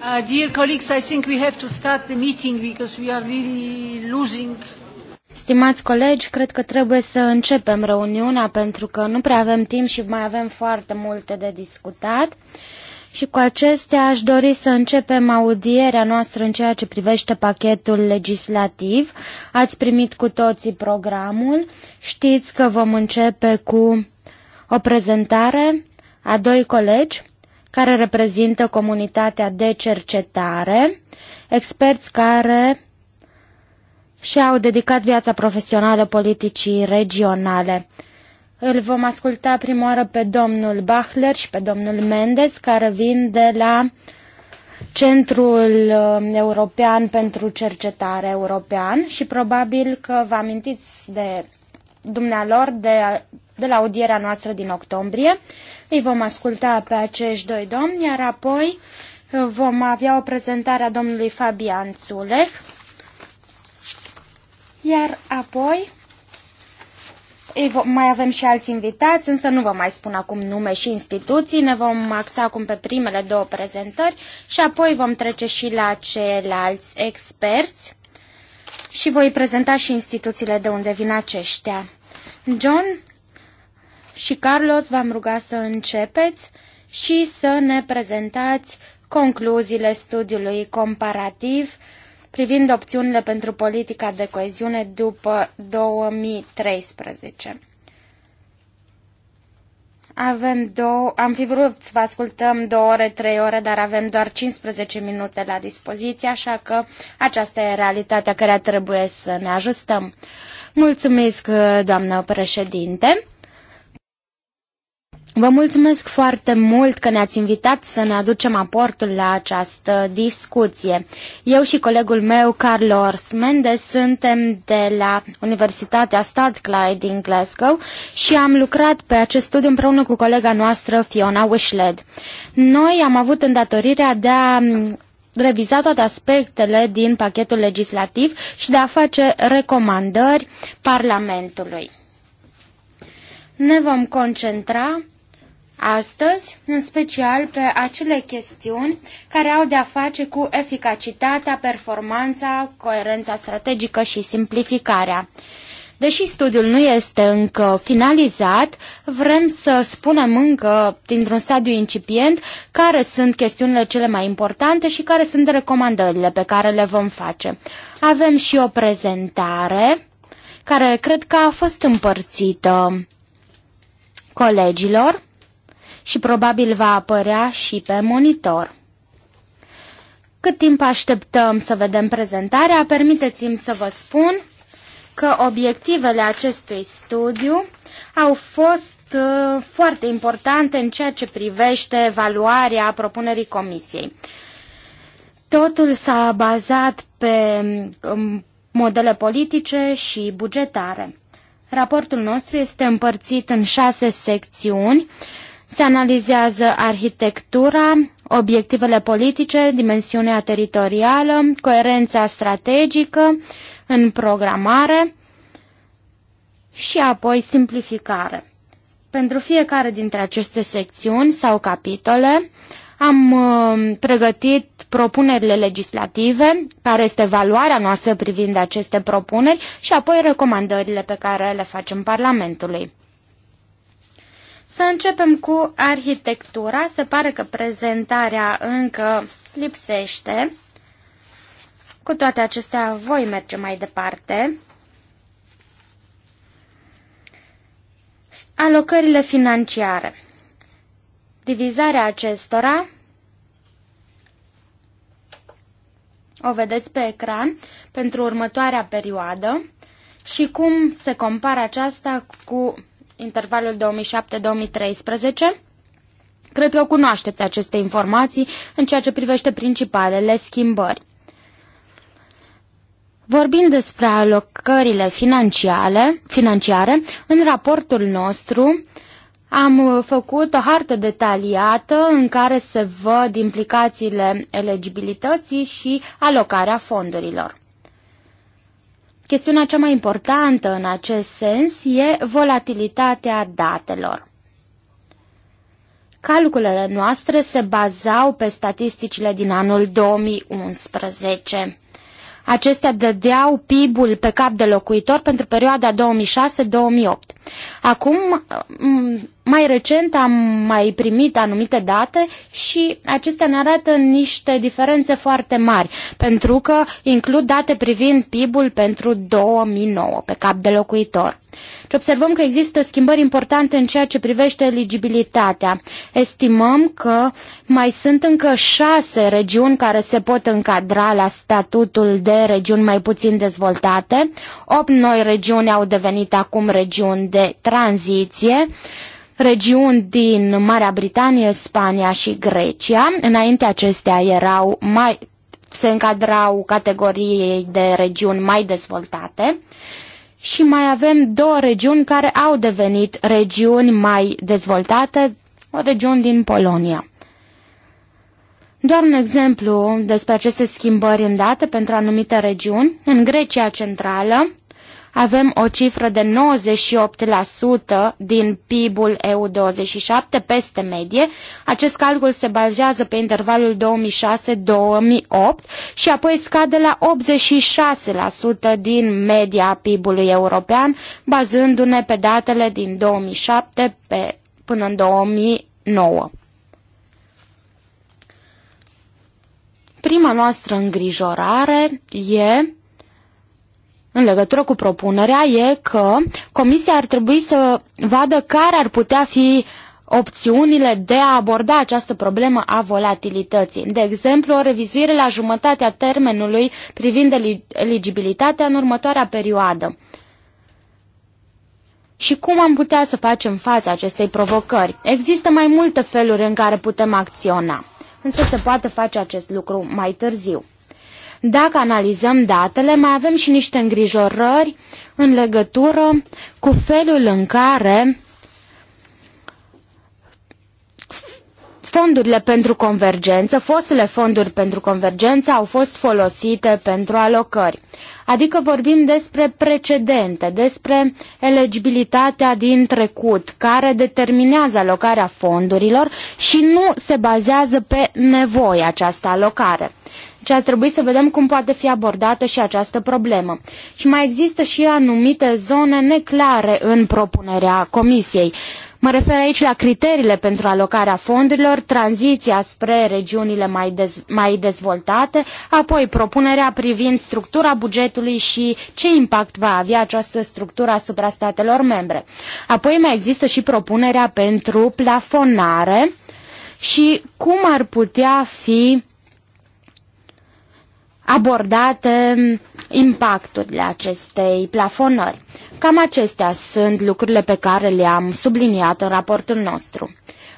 Uh, dear colleagues, I think we have to start the meeting because we are really losing. Stimați colegi, cred că trebuie să începem reuniunea pentru că nu prea avem timp și mai avem foarte multe de discutat. Și cu acestea aș dori să începem audierea noastră în ceea ce privește pachetul legislativ. Ați primit cu toții programul. Știți că vom începe cu o prezentare a doi colegi care reprezintă comunitatea de cercetare, experți care și-au dedicat viața profesională politicii regionale. Îl vom asculta prima oară pe domnul Bachler și pe domnul Mendes, care vin de la Centrul uh, European pentru Cercetare European și probabil că vă amintiți de dumnealor de, de la audierea noastră din octombrie. Îi vom asculta pe acești doi domni, iar apoi uh, vom avea o prezentare a domnului Fabian Țuleh, iar apoi mai avem și alți invitați, însă nu vă mai spun acum nume și instituții, ne vom axa acum pe primele două prezentări și apoi vom trece și la ceilalți experți și voi prezenta și instituțiile de unde vin aceștia. John și Carlos v-am rugat să începeți și să ne prezentați concluziile studiului comparativ privind opțiunile pentru politica de coeziune după 2013. Avem două, am fi vrut să vă ascultăm două ore, trei ore, dar avem doar 15 minute la dispoziție, așa că aceasta e realitatea care trebuie să ne ajustăm. Mulțumesc, doamnă președinte. Vă mulțumesc foarte mult că ne-ați invitat să ne aducem aportul la această discuție. Eu și colegul meu, Carlos Mendes, suntem de la Universitatea Startclyde din Glasgow și am lucrat pe acest studiu împreună cu colega noastră, Fiona Wishled. Noi am avut îndatorirea de a mm, reviza toate aspectele din pachetul legislativ și de a face recomandări Parlamentului. Ne vom concentra astăzi, în special pe acele chestiuni care au de-a face cu eficacitatea, performanța, coerența strategică și simplificarea. Deși studiul nu este încă finalizat, vrem să spunem încă, dintr-un stadiu incipient, care sunt chestiunile cele mai importante și care sunt recomandările pe care le vom face. Avem și o prezentare care cred că a fost împărțită colegilor și probabil va apărea și pe monitor. Cât timp așteptăm să vedem prezentarea, permiteți-mi să vă spun că obiectivele acestui studiu au fost uh, foarte importante în ceea ce privește evaluarea propunerii comisiei. Totul s-a bazat pe um, modele politice și bugetare. Raportul nostru este împărțit în șase secțiuni se analizează arhitectura, obiectivele politice, dimensiunea teritorială, coerența strategică în programare și apoi simplificare. Pentru fiecare dintre aceste secțiuni sau capitole am uh, pregătit propunerile legislative, care este valoarea noastră privind aceste propuneri și apoi recomandările pe care le facem Parlamentului. Să începem cu arhitectura. Se pare că prezentarea încă lipsește. Cu toate acestea, voi merge mai departe. Alocările financiare. Divizarea acestora o vedeți pe ecran pentru următoarea perioadă și cum se compară aceasta cu intervalul 2007-2013. Cred că cunoașteți aceste informații în ceea ce privește principalele schimbări. Vorbind despre alocările financiare, financiare în raportul nostru am făcut o hartă detaliată în care se văd implicațiile eligibilității și alocarea fondurilor. Chestiunea cea mai importantă în acest sens e volatilitatea datelor. Calculele noastre se bazau pe statisticile din anul 2011. Acestea dădeau PIB-ul pe cap de locuitor pentru perioada 2006-2008. Acum mai recent am mai primit anumite date și acestea ne arată niște diferențe foarte mari, pentru că includ date privind PIB-ul pentru 2009 pe cap de locuitor. Și observăm că există schimbări importante în ceea ce privește eligibilitatea. Estimăm că mai sunt încă șase regiuni care se pot încadra la statutul de regiuni mai puțin dezvoltate. Opt noi regiuni au devenit acum regiuni de tranziție regiuni din Marea Britanie, Spania și Grecia. Înainte acestea erau mai, se încadrau categoriei de regiuni mai dezvoltate și mai avem două regiuni care au devenit regiuni mai dezvoltate, o regiune din Polonia. Doar un exemplu despre aceste schimbări în date pentru anumite regiuni. În Grecia Centrală, avem o cifră de 98% din PIB-ul EU27 peste medie. Acest calcul se bazează pe intervalul 2006-2008 și apoi scade la 86% din media PIB-ului european, bazându-ne pe datele din 2007 pe, până în 2009. Prima noastră îngrijorare e în legătură cu propunerea e că Comisia ar trebui să vadă care ar putea fi opțiunile de a aborda această problemă a volatilității. De exemplu, o revizuire la jumătatea termenului privind eligibilitatea în următoarea perioadă. Și cum am putea să facem față acestei provocări? Există mai multe feluri în care putem acționa, însă se poate face acest lucru mai târziu. Dacă analizăm datele, mai avem și niște îngrijorări în legătură cu felul în care fondurile pentru convergență, fostele fonduri pentru convergență au fost folosite pentru alocări. Adică vorbim despre precedente, despre elegibilitatea din trecut, care determinează alocarea fondurilor și nu se bazează pe nevoie această alocare și deci ar trebui să vedem cum poate fi abordată și această problemă. Și mai există și anumite zone neclare în propunerea Comisiei. Mă refer aici la criteriile pentru alocarea fondurilor, tranziția spre regiunile mai, dez, mai dezvoltate, apoi propunerea privind structura bugetului și ce impact va avea această structură asupra statelor membre. Apoi mai există și propunerea pentru plafonare și cum ar putea fi abordate impacturile acestei plafonări. Cam acestea sunt lucrurile pe care le-am subliniat în raportul nostru.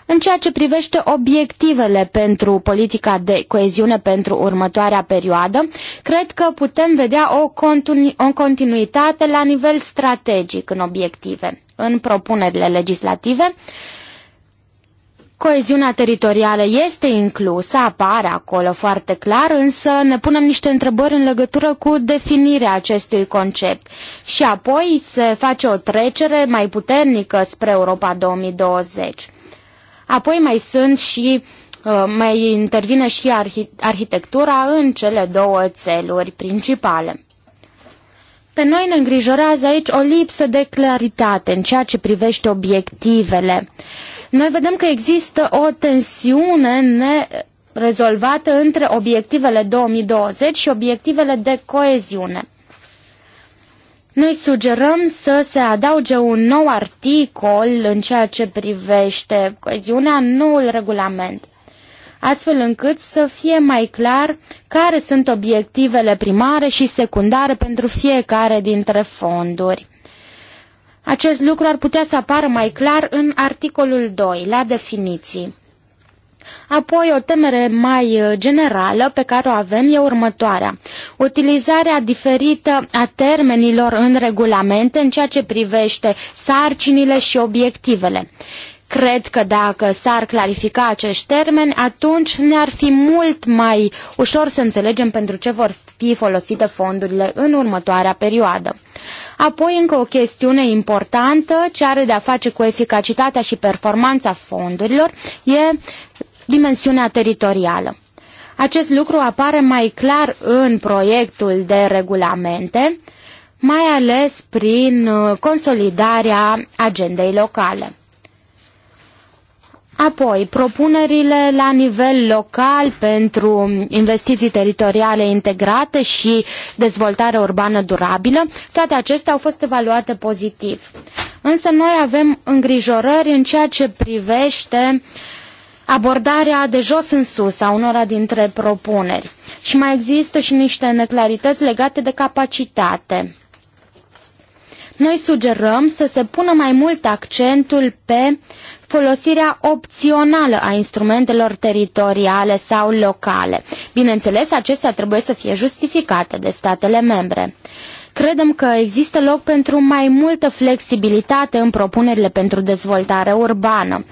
În ceea ce privește obiectivele pentru politica de coeziune pentru următoarea perioadă, cred că putem vedea o, continu o continuitate la nivel strategic în obiective, în propunerile legislative, Coeziunea teritorială este inclusă, apare acolo foarte clar, însă ne punem niște întrebări în legătură cu definirea acestui concept. Și apoi se face o trecere mai puternică spre Europa 2020. Apoi mai sunt și uh, mai intervine și arhi arhitectura în cele două țeluri principale. Pe noi ne îngrijorează aici o lipsă de claritate în ceea ce privește obiectivele. Uh, noi vedem că există o tensiune ne rezolvată între obiectivele 2020 și obiectivele de coeziune. Noi sugerăm să se adauge un nou articol în ceea ce privește coeziunea în noul regulament, astfel încât să fie mai clar care sunt obiectivele primare și secundare pentru fiecare dintre fonduri. Acest lucru ar putea să apară mai clar în articolul 2, la definiții. Apoi, o temere mai uh, generală pe care o avem e următoarea. Utilizarea diferită a termenilor în regulamente în ceea ce privește sarcinile și obiectivele. Cred că dacă s-ar clarifica acești termeni, atunci ne-ar fi mult mai ușor să înțelegem pentru ce vor fi folosite fondurile în următoarea perioadă. Apoi încă o chestiune importantă ce are de a face cu eficacitatea și performanța fondurilor e dimensiunea teritorială. Acest lucru apare mai clar în proiectul de regulamente, mai ales prin uh, consolidarea agendei locale. Apoi, propunerile la nivel local pentru investiții teritoriale integrate și dezvoltare urbană durabilă, toate acestea au fost evaluate pozitiv. Însă noi avem îngrijorări în ceea ce privește abordarea de jos în sus a unora dintre propuneri. Și mai există și niște neclarități legate de capacitate. Noi sugerăm să se pună mai mult accentul pe folosirea opțională a instrumentelor teritoriale sau locale. Bineînțeles, acestea trebuie să fie justificate de statele membre. Credem că există loc pentru mai multă flexibilitate în propunerile pentru dezvoltare urbană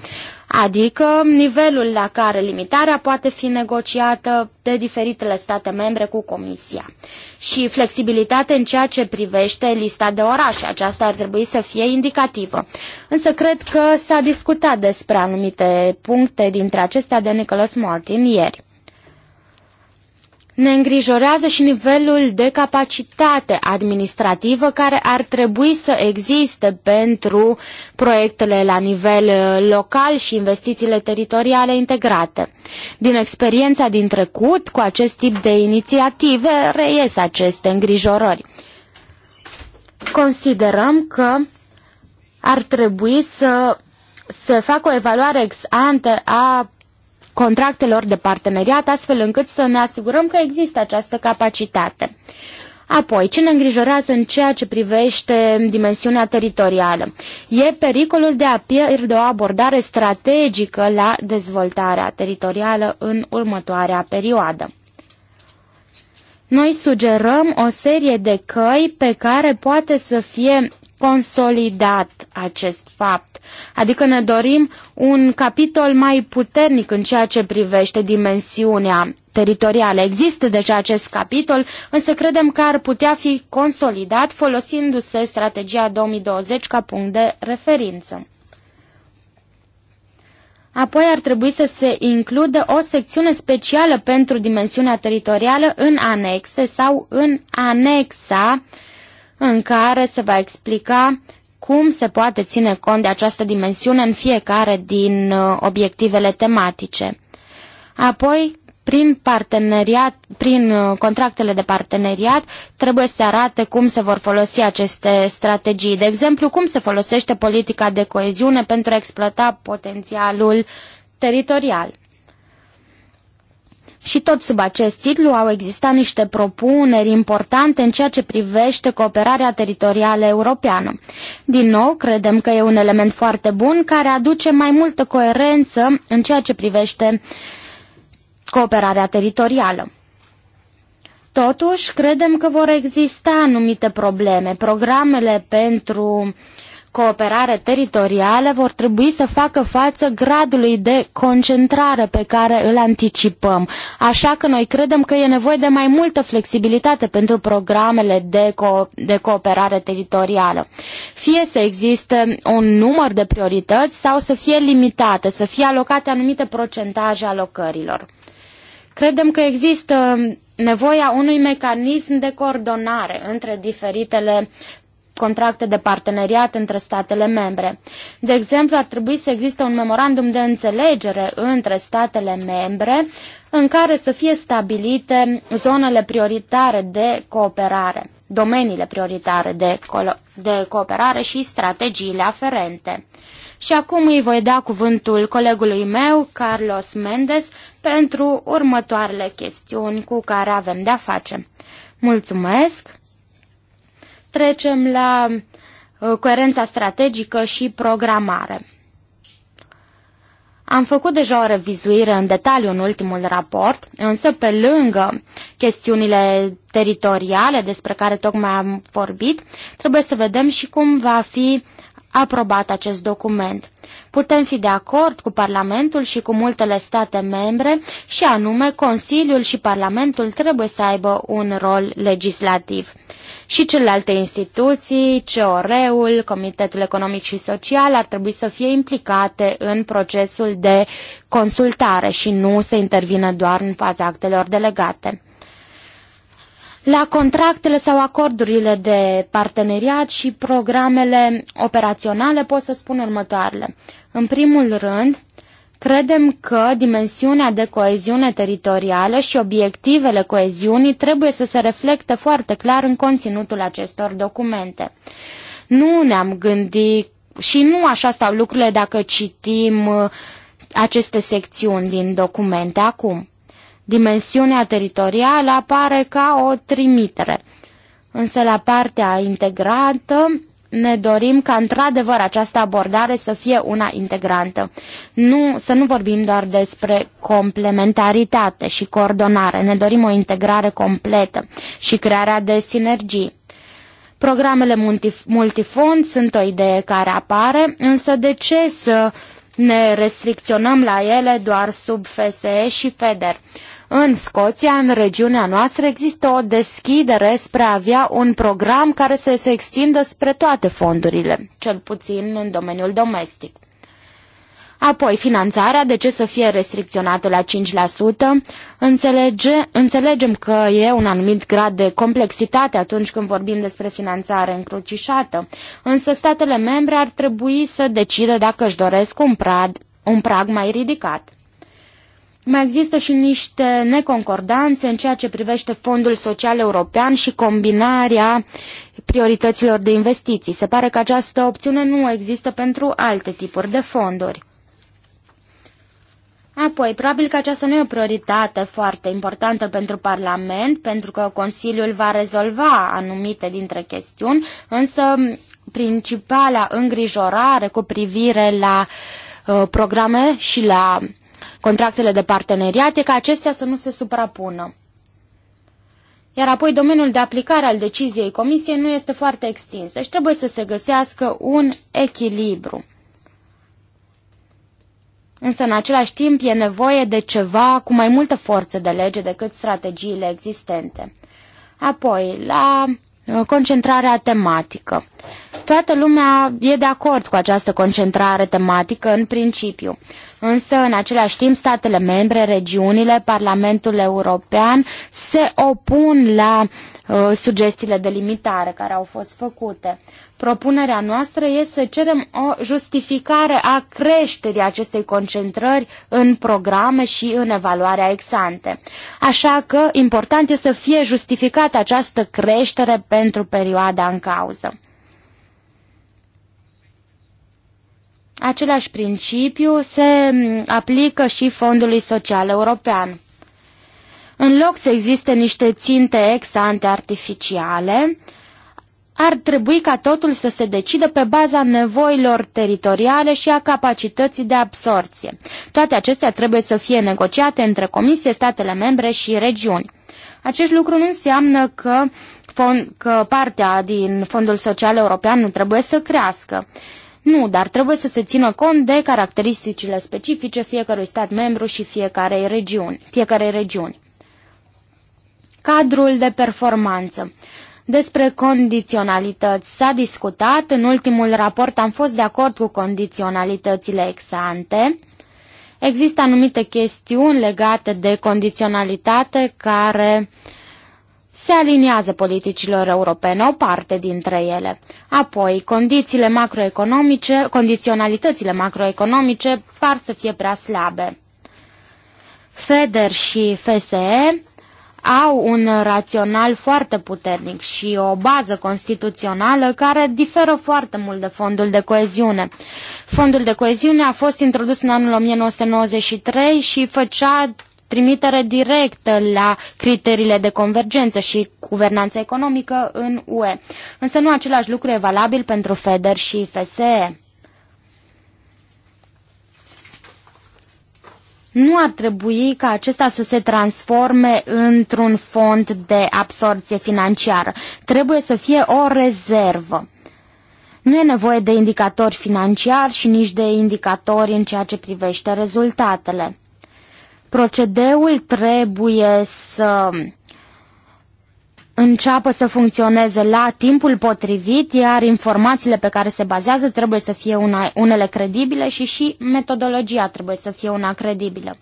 adică nivelul la care limitarea poate fi negociată de diferitele state membre cu Comisia. Și flexibilitate în ceea ce privește lista de orașe, aceasta ar trebui să fie indicativă. Însă cred că s-a discutat despre anumite puncte dintre acestea de Nicholas Martin ieri. Ne îngrijorează și nivelul de capacitate administrativă care ar trebui să existe pentru proiectele la nivel uh, local și investițiile teritoriale integrate. Din experiența din trecut cu acest tip de inițiative reies aceste îngrijorări. Considerăm că ar trebui să se facă o evaluare ex ante a contractelor de parteneriat, astfel încât să ne asigurăm că există această capacitate. Apoi, ce ne îngrijorează în ceea ce privește dimensiunea teritorială? E pericolul de a pierde o abordare strategică la dezvoltarea teritorială în următoarea perioadă. Noi sugerăm o serie de căi pe care poate să fie consolidat acest fapt. Adică ne dorim un capitol mai puternic în ceea ce privește dimensiunea teritorială. Există deja acest capitol, însă credem că ar putea fi consolidat folosindu-se strategia 2020 ca punct de referință. Apoi ar trebui să se includă o secțiune specială pentru dimensiunea teritorială în anexe sau în anexa uh, în care se va explica cum se poate ține cont de această dimensiune în fiecare din uh, obiectivele tematice. Apoi, prin, parteneriat, prin uh, contractele de parteneriat trebuie să arate cum se vor folosi aceste strategii. De exemplu, cum se folosește politica de coeziune pentru a exploata potențialul teritorial. Și tot sub acest titlu au existat niște propuneri importante în ceea ce privește cooperarea teritorială europeană. Din nou, credem că e un element foarte bun care aduce mai multă coerență în ceea ce privește cooperarea teritorială. Totuși, credem că vor exista anumite probleme. Programele pentru uh, cooperare teritorială vor trebui să facă față gradului de concentrare pe care îl anticipăm. Așa că noi credem că e nevoie de mai multă flexibilitate pentru programele de, co- de cooperare teritorială. Fie să existe un număr de priorități sau să fie limitate, să fie alocate anumite procentaje alocărilor. Credem că există nevoia unui mecanism de coordonare între diferitele contracte de parteneriat între statele membre. De exemplu, ar trebui să existe un memorandum de înțelegere între statele membre în care să fie stabilite zonele prioritare de cooperare, domeniile prioritare de, de cooperare și strategiile aferente. Și acum îi voi da cuvântul colegului meu, Carlos Mendes, pentru următoarele chestiuni cu care avem de-a face. Mulțumesc! Trecem la uh, coerența strategică și programare. Am făcut deja o revizuire în detaliu în ultimul raport, însă pe lângă chestiunile teritoriale despre care tocmai am vorbit, trebuie să vedem și cum va fi aprobat acest document. Putem fi de acord cu Parlamentul și cu multele state membre și anume Consiliul și Parlamentul trebuie să aibă un rol legislativ. Și celelalte instituții, COR-ul, Comitetul Economic și Social ar trebui să fie implicate în procesul de consultare și nu să intervină doar în faza actelor delegate la contractele sau acordurile de parteneriat și programele operaționale pot să spun următoarele. În primul rând, Credem că dimensiunea de coeziune teritorială și obiectivele coeziunii trebuie să se reflecte foarte clar în conținutul acestor documente. Nu ne-am gândit și nu așa stau lucrurile dacă citim uh, aceste secțiuni din documente acum. Dimensiunea teritorială apare ca o trimitere, însă la partea integrată ne dorim ca într-adevăr această abordare să fie una integrantă. Nu, să nu vorbim doar despre complementaritate și coordonare, ne dorim o integrare completă și crearea de sinergii. Programele multifond sunt o idee care apare, însă de ce să ne restricționăm la ele doar sub FSE și FEDER? În Scoția, în regiunea noastră, există o deschidere spre a avea un program care să se extindă spre toate fondurile, cel puțin în domeniul domestic. Apoi, finanțarea, de ce să fie restricționată la 5%? Înțelege, înțelegem că e un anumit grad de complexitate atunci când vorbim despre finanțare încrucișată, însă statele membre ar trebui să decidă dacă își doresc un prad, un prag mai ridicat. Mai există și niște neconcordanțe în ceea ce privește Fondul Social European și combinarea priorităților de investiții. Se pare că această opțiune nu există pentru alte tipuri de fonduri. Apoi, probabil că aceasta nu e o prioritate foarte importantă pentru Parlament, pentru că Consiliul va rezolva anumite dintre chestiuni, însă principala îngrijorare cu privire la uh, programe și la contractele de parteneriat e ca acestea să nu se suprapună. Iar apoi domeniul de aplicare al deciziei Comisiei nu este foarte extins, deci trebuie să se găsească un echilibru. Însă, în același timp, e nevoie de ceva cu mai multă forță de lege decât strategiile existente. Apoi, la Uh, concentrarea tematică. Toată lumea e de acord cu această concentrare tematică în principiu, însă în același timp statele membre, regiunile, Parlamentul European se opun la uh, sugestiile de limitare care au fost făcute. Propunerea noastră este să cerem o justificare a creșterii acestei concentrări în programe și în evaluarea exante. Așa că important este să fie justificată această creștere pentru perioada în cauză. Același principiu se aplică și Fondului Social European. În loc să existe niște ținte ex ante artificiale, uh, ar trebui ca totul să se decidă pe baza nevoilor teritoriale și a capacității de absorție. Toate acestea trebuie să fie negociate între Comisie, statele membre și regiuni. Acest lucru nu înseamnă că, fond, că partea din Fondul Social European nu trebuie să crească. Nu, dar trebuie să se țină cont de caracteristicile specifice fiecărui stat membru și fiecarei regiuni. Fiecare regiuni. Cadrul de performanță. Despre condiționalități s-a discutat, în ultimul raport am fost de acord cu condiționalitățile exante. Există anumite chestiuni legate de condiționalitate care se aliniază politicilor europene, o parte dintre ele. Apoi, condițiile macroeconomice, condiționalitățile macroeconomice par să fie prea slabe. FEDER și FSE au un rațional foarte puternic și o bază constituțională care diferă foarte mult de fondul de coeziune. Fondul de coeziune a fost introdus în anul 1993 și făcea trimitere directă la criteriile de convergență și guvernanță economică în UE. Însă nu același lucru e valabil pentru FEDER și FSE. nu ar trebui ca acesta să se transforme într-un fond de absorție financiară. Trebuie să fie o rezervă. Nu e nevoie de indicatori financiari și nici de indicatori în ceea ce privește rezultatele. Procedeul trebuie să înceapă să funcționeze la timpul potrivit, iar informațiile pe care se bazează trebuie să fie una, unele credibile și și metodologia trebuie să fie una credibilă.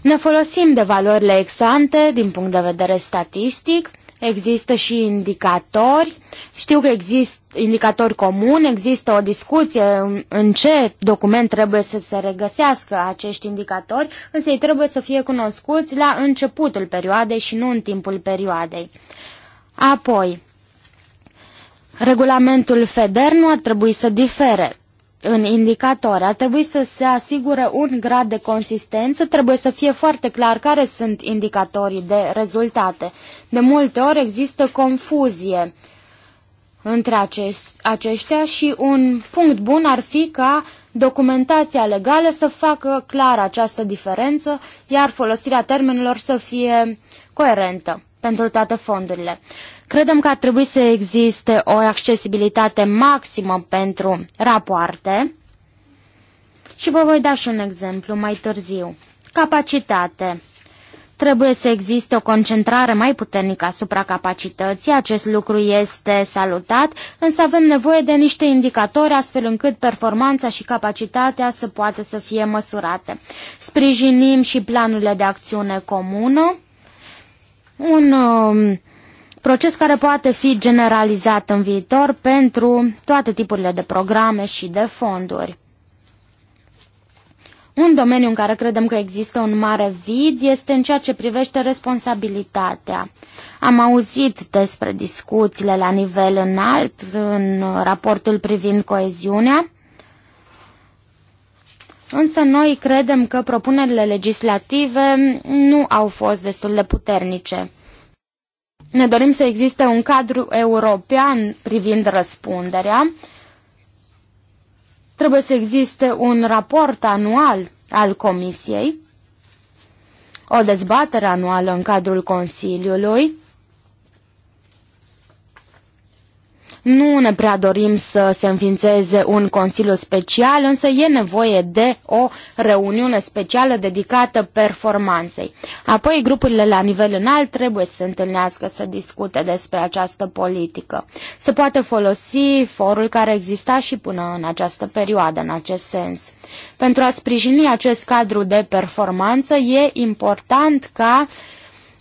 Ne folosim de valorile exante din punct de vedere statistic, Există și indicatori. Știu că există indicatori comuni, există o discuție în ce document trebuie să se regăsească acești indicatori, însă ei trebuie să fie cunoscuți la începutul perioadei și nu în timpul perioadei. Apoi, regulamentul FEDER nu ar trebui să difere în indicator. Ar trebui să se asigure un grad de consistență, trebuie să fie foarte clar care sunt indicatorii de rezultate. De multe ori există confuzie între aceștia și un punct bun ar fi ca documentația legală să facă clar această diferență, iar folosirea termenilor să fie coerentă pentru toate fondurile. Credem că ar trebui să existe o accesibilitate maximă pentru rapoarte și vă voi da și un exemplu mai târziu. Capacitate. Trebuie să existe o concentrare mai puternică asupra capacității, acest lucru este salutat, însă avem nevoie de niște indicatori astfel încât performanța și capacitatea să poată să fie măsurate. Sprijinim și planurile de acțiune comună. Un uh, proces care poate fi generalizat în viitor pentru toate tipurile de programe și de fonduri. Un domeniu în care credem că există un mare vid este în ceea ce privește responsabilitatea. Am auzit despre discuțiile la nivel înalt în raportul privind coeziunea, însă noi credem că propunerile legislative nu au fost destul de puternice. Ne dorim să existe un cadru european privind răspunderea. Trebuie să existe un raport anual al Comisiei, o dezbatere anuală în cadrul Consiliului Nu ne prea dorim să se înființeze un consiliu special, însă e nevoie de o reuniune specială dedicată performanței. Apoi grupurile la nivel înalt trebuie să se întâlnească să discute despre această politică. Se poate folosi forul care exista și până în această perioadă în acest sens. Pentru a sprijini acest cadru de performanță e important ca uh,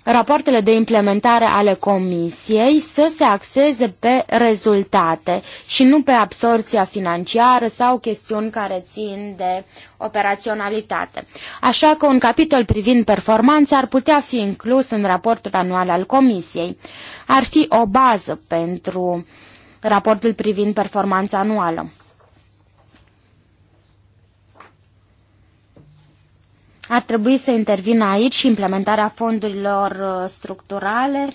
rapoartele de implementare ale comisiei să se axeze pe rezultate și nu pe absorția financiară sau chestiuni care țin de operaționalitate. Așa că un capitol privind performanța ar putea fi inclus în raportul anual al comisiei. Ar fi o bază pentru raportul privind performanța anuală. Ar trebui să intervină aici și implementarea fondurilor uh, structurale.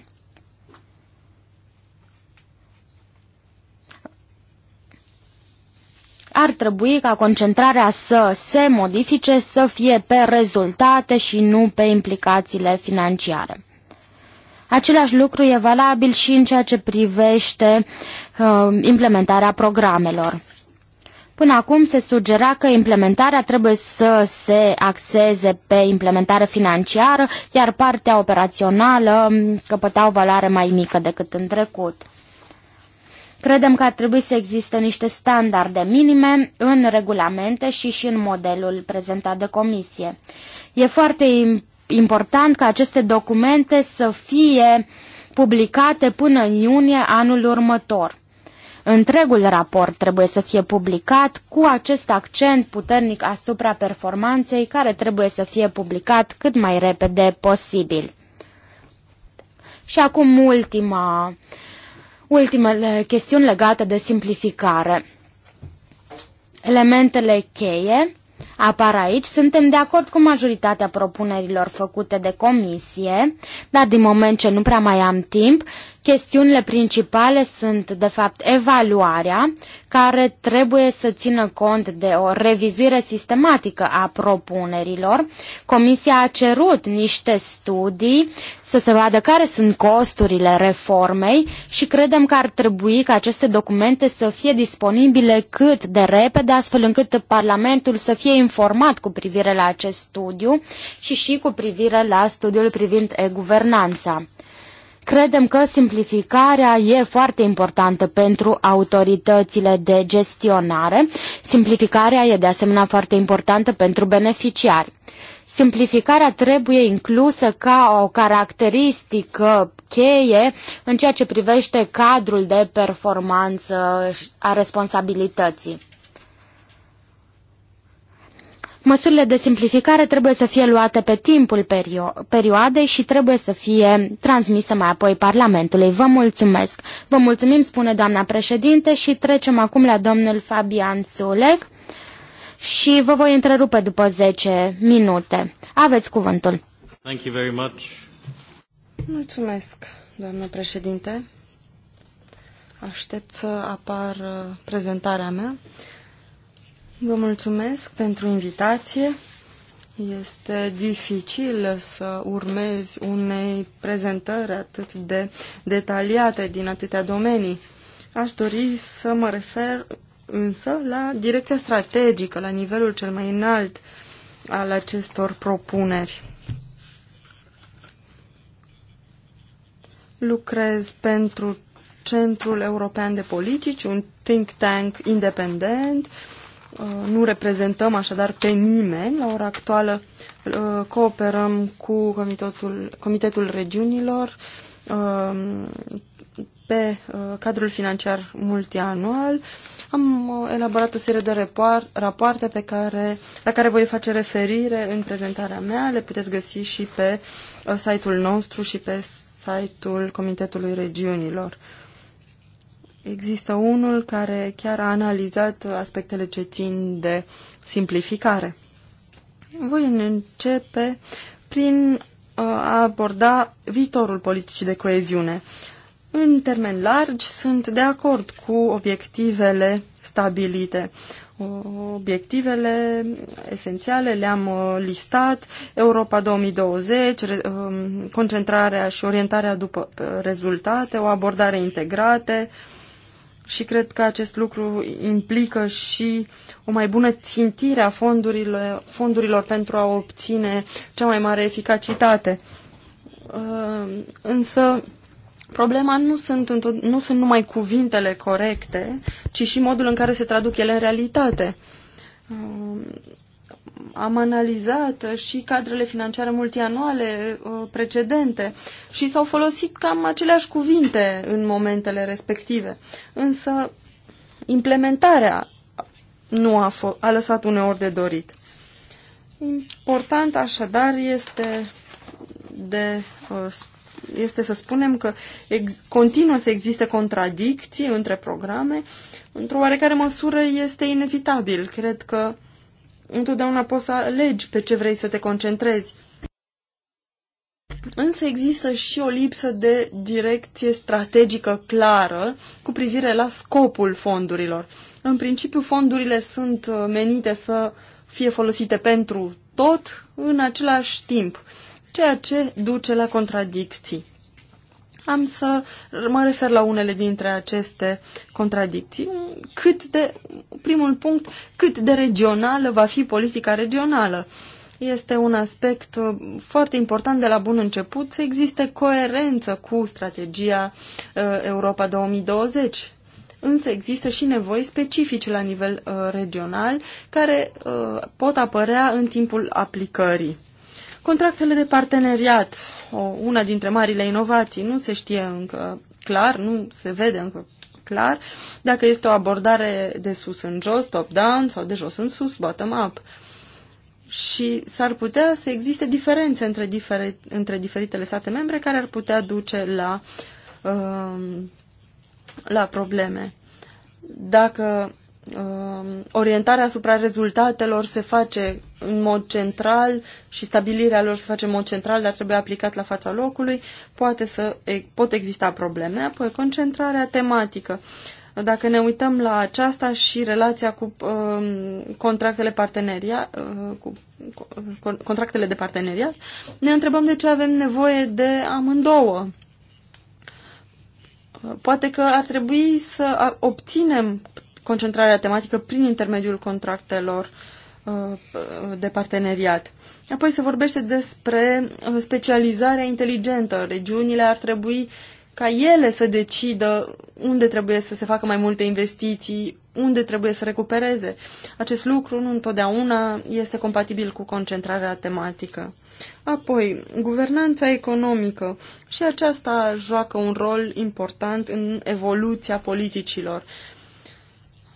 Ar trebui ca concentrarea să se modifice, să fie pe rezultate și nu pe implicațiile financiare. Același lucru e valabil și în ceea ce privește uh, implementarea programelor. Până acum se sugera că implementarea trebuie să se axeze pe implementare financiară, iar partea operațională mm, căpăta o valoare mai mică decât în trecut. Credem că ar trebui să existe niște standarde minime în regulamente și și în modelul prezentat de comisie. E foarte important ca aceste documente să fie publicate până în iunie anul următor. Întregul raport trebuie să fie publicat cu acest accent puternic asupra performanței care trebuie să fie publicat cât mai repede posibil. Și acum ultima, ultima chestiune legată de simplificare. Elementele cheie apar aici. Suntem de acord cu majoritatea propunerilor făcute de comisie, dar din moment ce nu prea mai am timp, Chestiunile principale sunt, de fapt, evaluarea, care trebuie să țină cont de o revizuire sistematică a propunerilor. Comisia a cerut niște studii să se vadă care sunt costurile reformei și credem că ar trebui ca aceste documente să fie disponibile cât de repede, astfel încât Parlamentul să fie informat cu privire la acest studiu și și cu privire la studiul privind e-guvernanța. Credem că simplificarea e foarte importantă pentru autoritățile de gestionare. Simplificarea e de asemenea foarte importantă pentru beneficiari. Simplificarea trebuie inclusă ca o caracteristică cheie în ceea ce privește cadrul de performanță a responsabilității. Măsurile de simplificare trebuie să fie luate pe timpul perio- perioadei și trebuie să fie transmise mai apoi Parlamentului. Vă mulțumesc! Vă mulțumim, spune doamna președinte, și trecem acum la domnul Fabian Sulec și vă voi întrerupe după 10 minute. Aveți cuvântul. Thank you very much. Mulțumesc, doamnă președinte. Aștept să apar prezentarea mea. Vă mulțumesc pentru invitație. Este dificil să urmezi unei prezentări atât de detaliate din atâtea domenii. Aș dori să mă refer însă la direcția strategică, la nivelul cel mai înalt al acestor propuneri. Lucrez pentru Centrul European de Politici, un think tank independent uh, Uh, nu reprezentăm așadar pe nimeni. La ora actuală uh, cooperăm cu Comitetul, Comitetul Regiunilor uh, pe cadrul financiar multianual. Am elaborat o serie de rapoarte pe care, la care voi face referire în prezentarea mea. Le puteți găsi și pe site-ul nostru și pe site-ul Comitetului Regiunilor. Uh, Există unul care chiar a analizat aspectele ce țin de simplificare. Voi începe prin uh, a aborda viitorul politicii de coeziune. În termen largi, sunt de acord cu obiectivele stabilite. Obiectivele esențiale le-am uh, listat, Europa 2020, um, concentrarea și orientarea după uh, rezultate, o abordare integrate, și cred că acest lucru implică și o mai bună țintire a fondurilor, fondurilor pentru a obține cea mai mare eficacitate. Uh, însă problema nu sunt, nu sunt numai cuvintele corecte, ci și modul în care se traduc ele în realitate. Uh, am analizat și cadrele financiare multianuale uh, precedente și s-au folosit cam aceleași cuvinte în momentele respective. Însă implementarea nu a, a lăsat uneori de dorit. Important așadar este, de, uh, este să spunem că ex, continuă să existe contradicții între programe. Într-o oarecare măsură este inevitabil. Cred că întotdeauna poți să alegi pe ce vrei să te concentrezi. Însă există și o lipsă de direcție strategică clară cu privire la scopul fondurilor. În principiu, fondurile sunt uh, menite să fie folosite pentru tot în același timp, ceea ce duce la contradicții. Am să mă refer la unele dintre aceste contradicții. Cât de, primul punct, cât de regională va fi politica regională? Este un aspect uh, foarte important de la bun început să existe coerență cu strategia uh, Europa 2020 însă există și nevoi specifice la nivel uh, regional care uh, pot apărea în timpul aplicării. Contractele de parteneriat o una dintre marile inovații. Nu se știe încă clar, nu se vede încă clar dacă este o abordare de sus în jos, top-down sau de jos în sus, bottom-up. Și s-ar putea să existe diferențe între, difere, între diferitele state membre care ar putea duce la, uh, la probleme. Dacă Um, orientarea asupra rezultatelor se face în mod central și stabilirea lor se face în mod central, dar trebuie aplicat la fața locului, poate să, pot exista probleme. Apoi, concentrarea tematică. Dacă ne uităm la aceasta și relația cu uh, contractele parteneria, uh, cu contractele de parteneriat, ne întrebăm de ce avem nevoie de amândouă. Uh, poate că ar trebui să obținem concentrarea tematică prin intermediul contractelor uh, de parteneriat. Apoi se vorbește despre uh, specializarea inteligentă. Regiunile ar trebui ca ele să decidă unde trebuie să se facă mai multe investiții, unde trebuie să recupereze. Acest lucru nu întotdeauna este compatibil cu concentrarea tematică. Apoi, guvernanța economică. Și aceasta joacă un rol important în evoluția politicilor. Uh,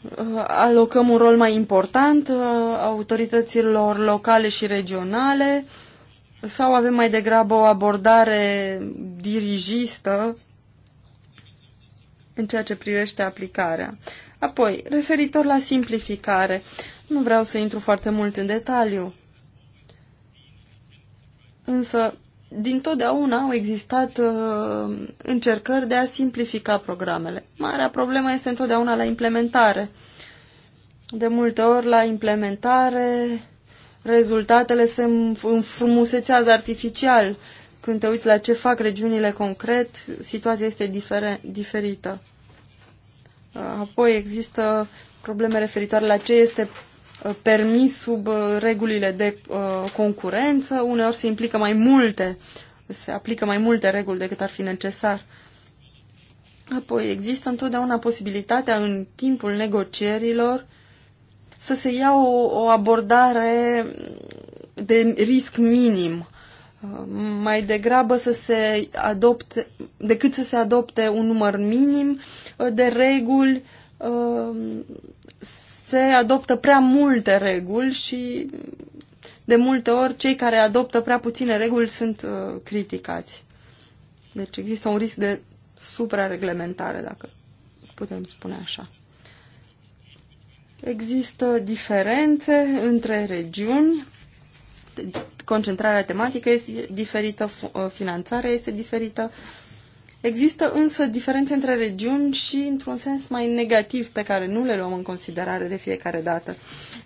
Uh, alocăm un rol mai important uh, autorităților locale și regionale sau avem mai degrabă o abordare dirigistă în ceea ce privește aplicarea. Apoi, referitor la simplificare, nu vreau să intru foarte mult în detaliu, însă din totdeauna au existat uh, încercări de a simplifica programele. Marea problemă este întotdeauna la implementare. De multe ori la implementare rezultatele se înfrumusețează artificial. Când te uiți la ce fac regiunile concret, situația este diferită. Uh, apoi există probleme referitoare la ce este Uh, permis sub uh, regulile de uh, concurență, uneori se implică mai multe, se aplică mai multe reguli decât ar fi necesar. Apoi există întotdeauna posibilitatea în timpul negocierilor să se ia o, o abordare de risc minim, mai degrabă să se adopte, decât să se adopte un număr minim de reguli se adoptă prea multe reguli și de multe ori cei care adoptă prea puține reguli sunt uh, criticați. Deci există un risc de suprareglementare, dacă putem spune așa. Există diferențe între regiuni, concentrarea tematică este diferită, uh, finanțarea este diferită, Există însă diferențe între regiuni și într-un sens mai negativ pe care nu le luăm în considerare de fiecare dată.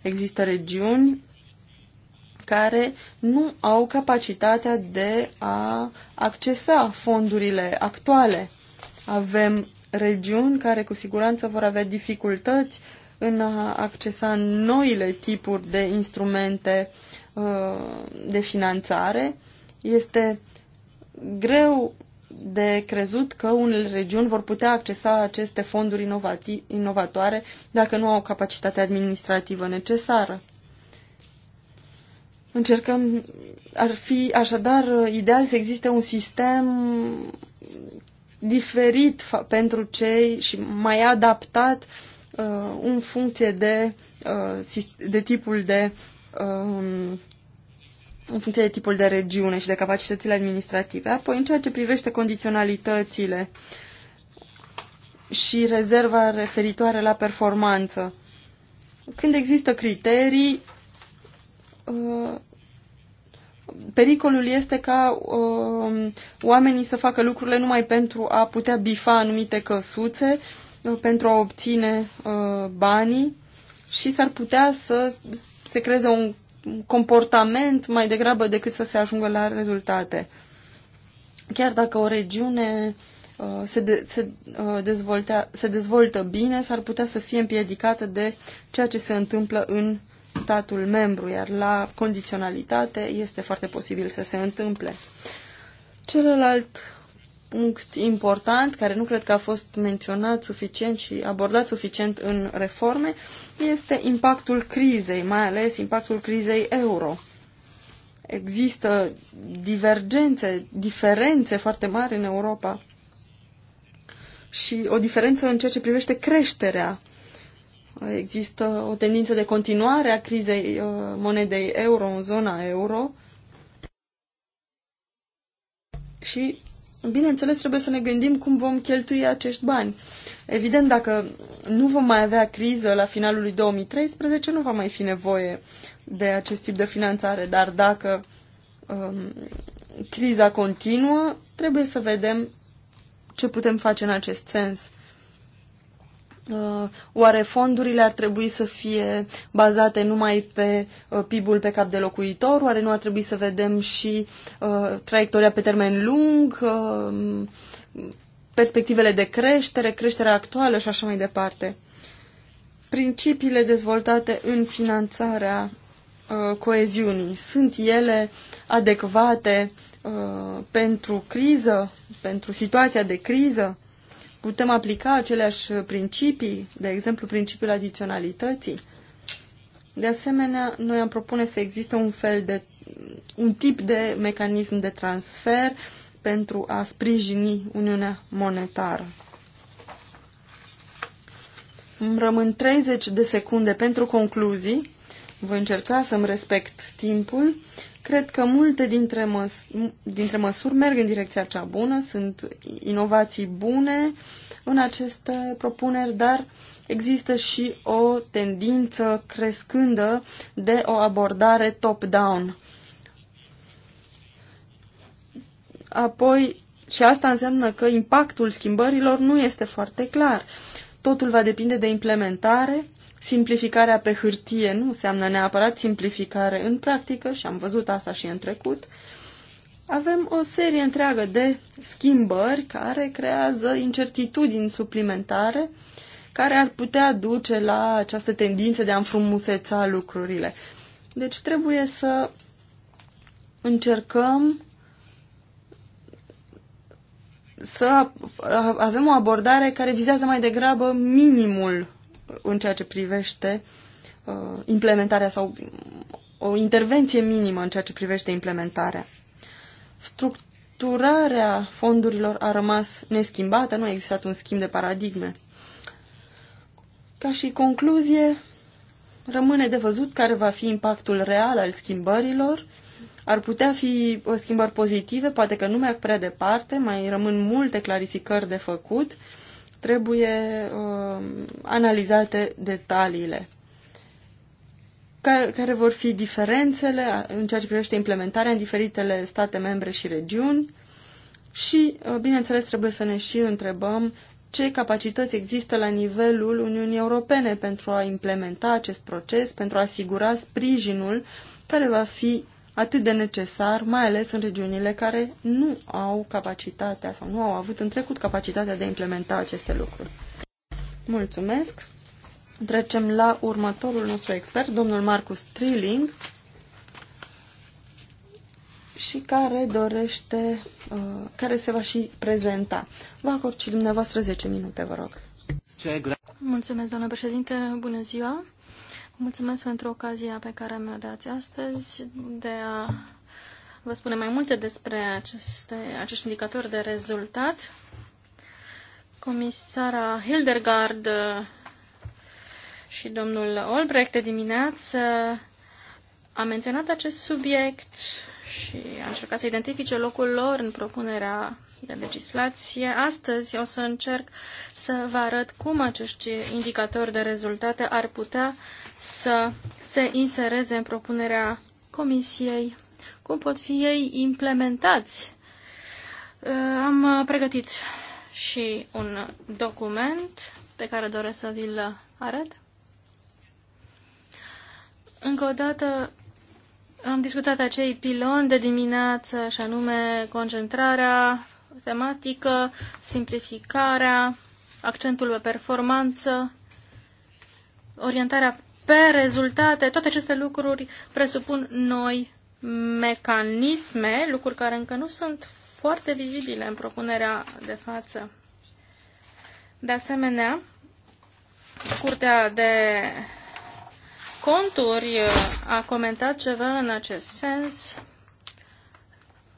Există regiuni care nu au capacitatea de a accesa fondurile actuale. Avem regiuni care cu siguranță vor avea dificultăți în a accesa noile tipuri de instrumente uh, de finanțare. Este greu de crezut că unele regiuni vor putea accesa aceste fonduri inovatoare dacă nu au capacitatea administrativă necesară. Încercăm, ar fi așadar ideal să existe un sistem diferit pentru cei și mai adaptat uh, în funcție de, uh, de tipul de uh, în funcție de tipul de regiune și de capacitățile administrative. Apoi, în ceea ce privește condiționalitățile și rezerva referitoare la performanță, când există criterii, uh, pericolul este ca uh, oamenii să facă lucrurile numai pentru a putea bifa anumite căsuțe, uh, pentru a obține banii și s-ar putea să se creeze un comportament mai degrabă decât să se ajungă la rezultate. Chiar dacă o regiune uh, se, de, se, uh, dezvoltea, se dezvoltă bine, s-ar putea să fie împiedicată de ceea ce se întâmplă în statul membru, iar la condiționalitate este foarte posibil să se întâmple. Celălalt punct important, care nu cred că a fost menționat suficient și abordat suficient în reforme, este impactul crizei, mai ales impactul crizei euro. Există divergențe, diferențe foarte mari în Europa și o diferență în ceea ce privește creșterea. Există o tendință de continuare a crizei uh, monedei euro în zona euro și bineînțeles, trebuie să ne gândim cum vom cheltui acești bani. Evident, dacă nu vom mai avea criză la finalul lui 2013, nu va mai fi nevoie de acest tip de finanțare, dar dacă um, criza continuă, trebuie să vedem ce putem face în acest sens. Uh, oare fondurile ar trebui să fie bazate numai pe uh, PIB-ul pe cap de locuitor? Oare nu ar trebui să vedem și uh, traiectoria pe termen lung, perspectivele de creștere, creșterea actuală și așa mai departe? Principiile dezvoltate în finanțarea coeziunii, sunt ele adecvate pentru criză, pentru situația de criză? putem aplica aceleași principii, de exemplu principiul adiționalității. De asemenea, noi am propune să existe un fel de un tip de mecanism de transfer pentru a sprijini Uniunea Monetară. Îmi rămân 30 de secunde pentru concluzii. Voi încerca să-mi respect timpul. Cred că multe dintre, măs- dintre măsuri merg în direcția cea bună, sunt inovații bune în aceste propuneri, dar există și o tendință crescândă de o abordare top-down. Apoi, și asta înseamnă că impactul schimbărilor nu este foarte clar. Totul va depinde de implementare simplificarea pe hârtie nu înseamnă neapărat simplificare în practică și am văzut asta și în trecut. Avem o serie întreagă de schimbări care creează incertitudini suplimentare care ar putea duce la această tendință de a înfrumuseța lucrurile. Deci trebuie să încercăm să avem o abordare care vizează mai degrabă minimul în ceea ce privește uh, implementarea sau o intervenție minimă în ceea ce privește implementarea. Structurarea fondurilor a rămas neschimbată, nu a existat un schimb de paradigme. Ca și concluzie, rămâne de văzut care va fi impactul real al schimbărilor. Ar putea fi uh, schimbări pozitive, poate că nu merg prea departe, mai rămân multe clarificări de făcut trebuie uh, analizate detaliile. Care, care vor fi diferențele în ceea ce privește implementarea în diferitele state membre și regiuni și, uh, bineînțeles, trebuie să ne și întrebăm ce capacități există la nivelul Uniunii Europene pentru a implementa acest proces, pentru a asigura sprijinul care va fi atât de necesar, mai ales în regiunile care nu au capacitatea sau nu au avut în trecut capacitatea de a implementa aceste lucruri. Mulțumesc! Trecem la următorul nostru expert, domnul Marcus Trilling, și care dorește, uh, care se va și prezenta. Vă acord și dumneavoastră 10 minute, vă rog. Mulțumesc, doamnă președinte, bună ziua! Mulțumesc pentru ocazia pe care mi-o dați astăzi de a vă spune mai multe despre aceste, acești indicatori de rezultat. Comisara Hildegard și domnul Olbrecht de dimineață a menționat acest subiect și a încercat să identifice locul lor în propunerea de legislație. Astăzi o să încerc să vă arăt cum acești indicatori de rezultate ar putea să se insereze în propunerea Comisiei, cum pot fi ei implementați. Uh, am pregătit și un document pe care doresc să vi-l arăt. Încă o dată am discutat acei piloni de dimineață, și anume concentrarea tematică, simplificarea, accentul pe performanță, orientarea pe rezultate, toate aceste lucruri presupun noi mecanisme, lucruri care încă nu sunt foarte vizibile în propunerea de față. De asemenea, Curtea de Conturi a comentat ceva în acest sens,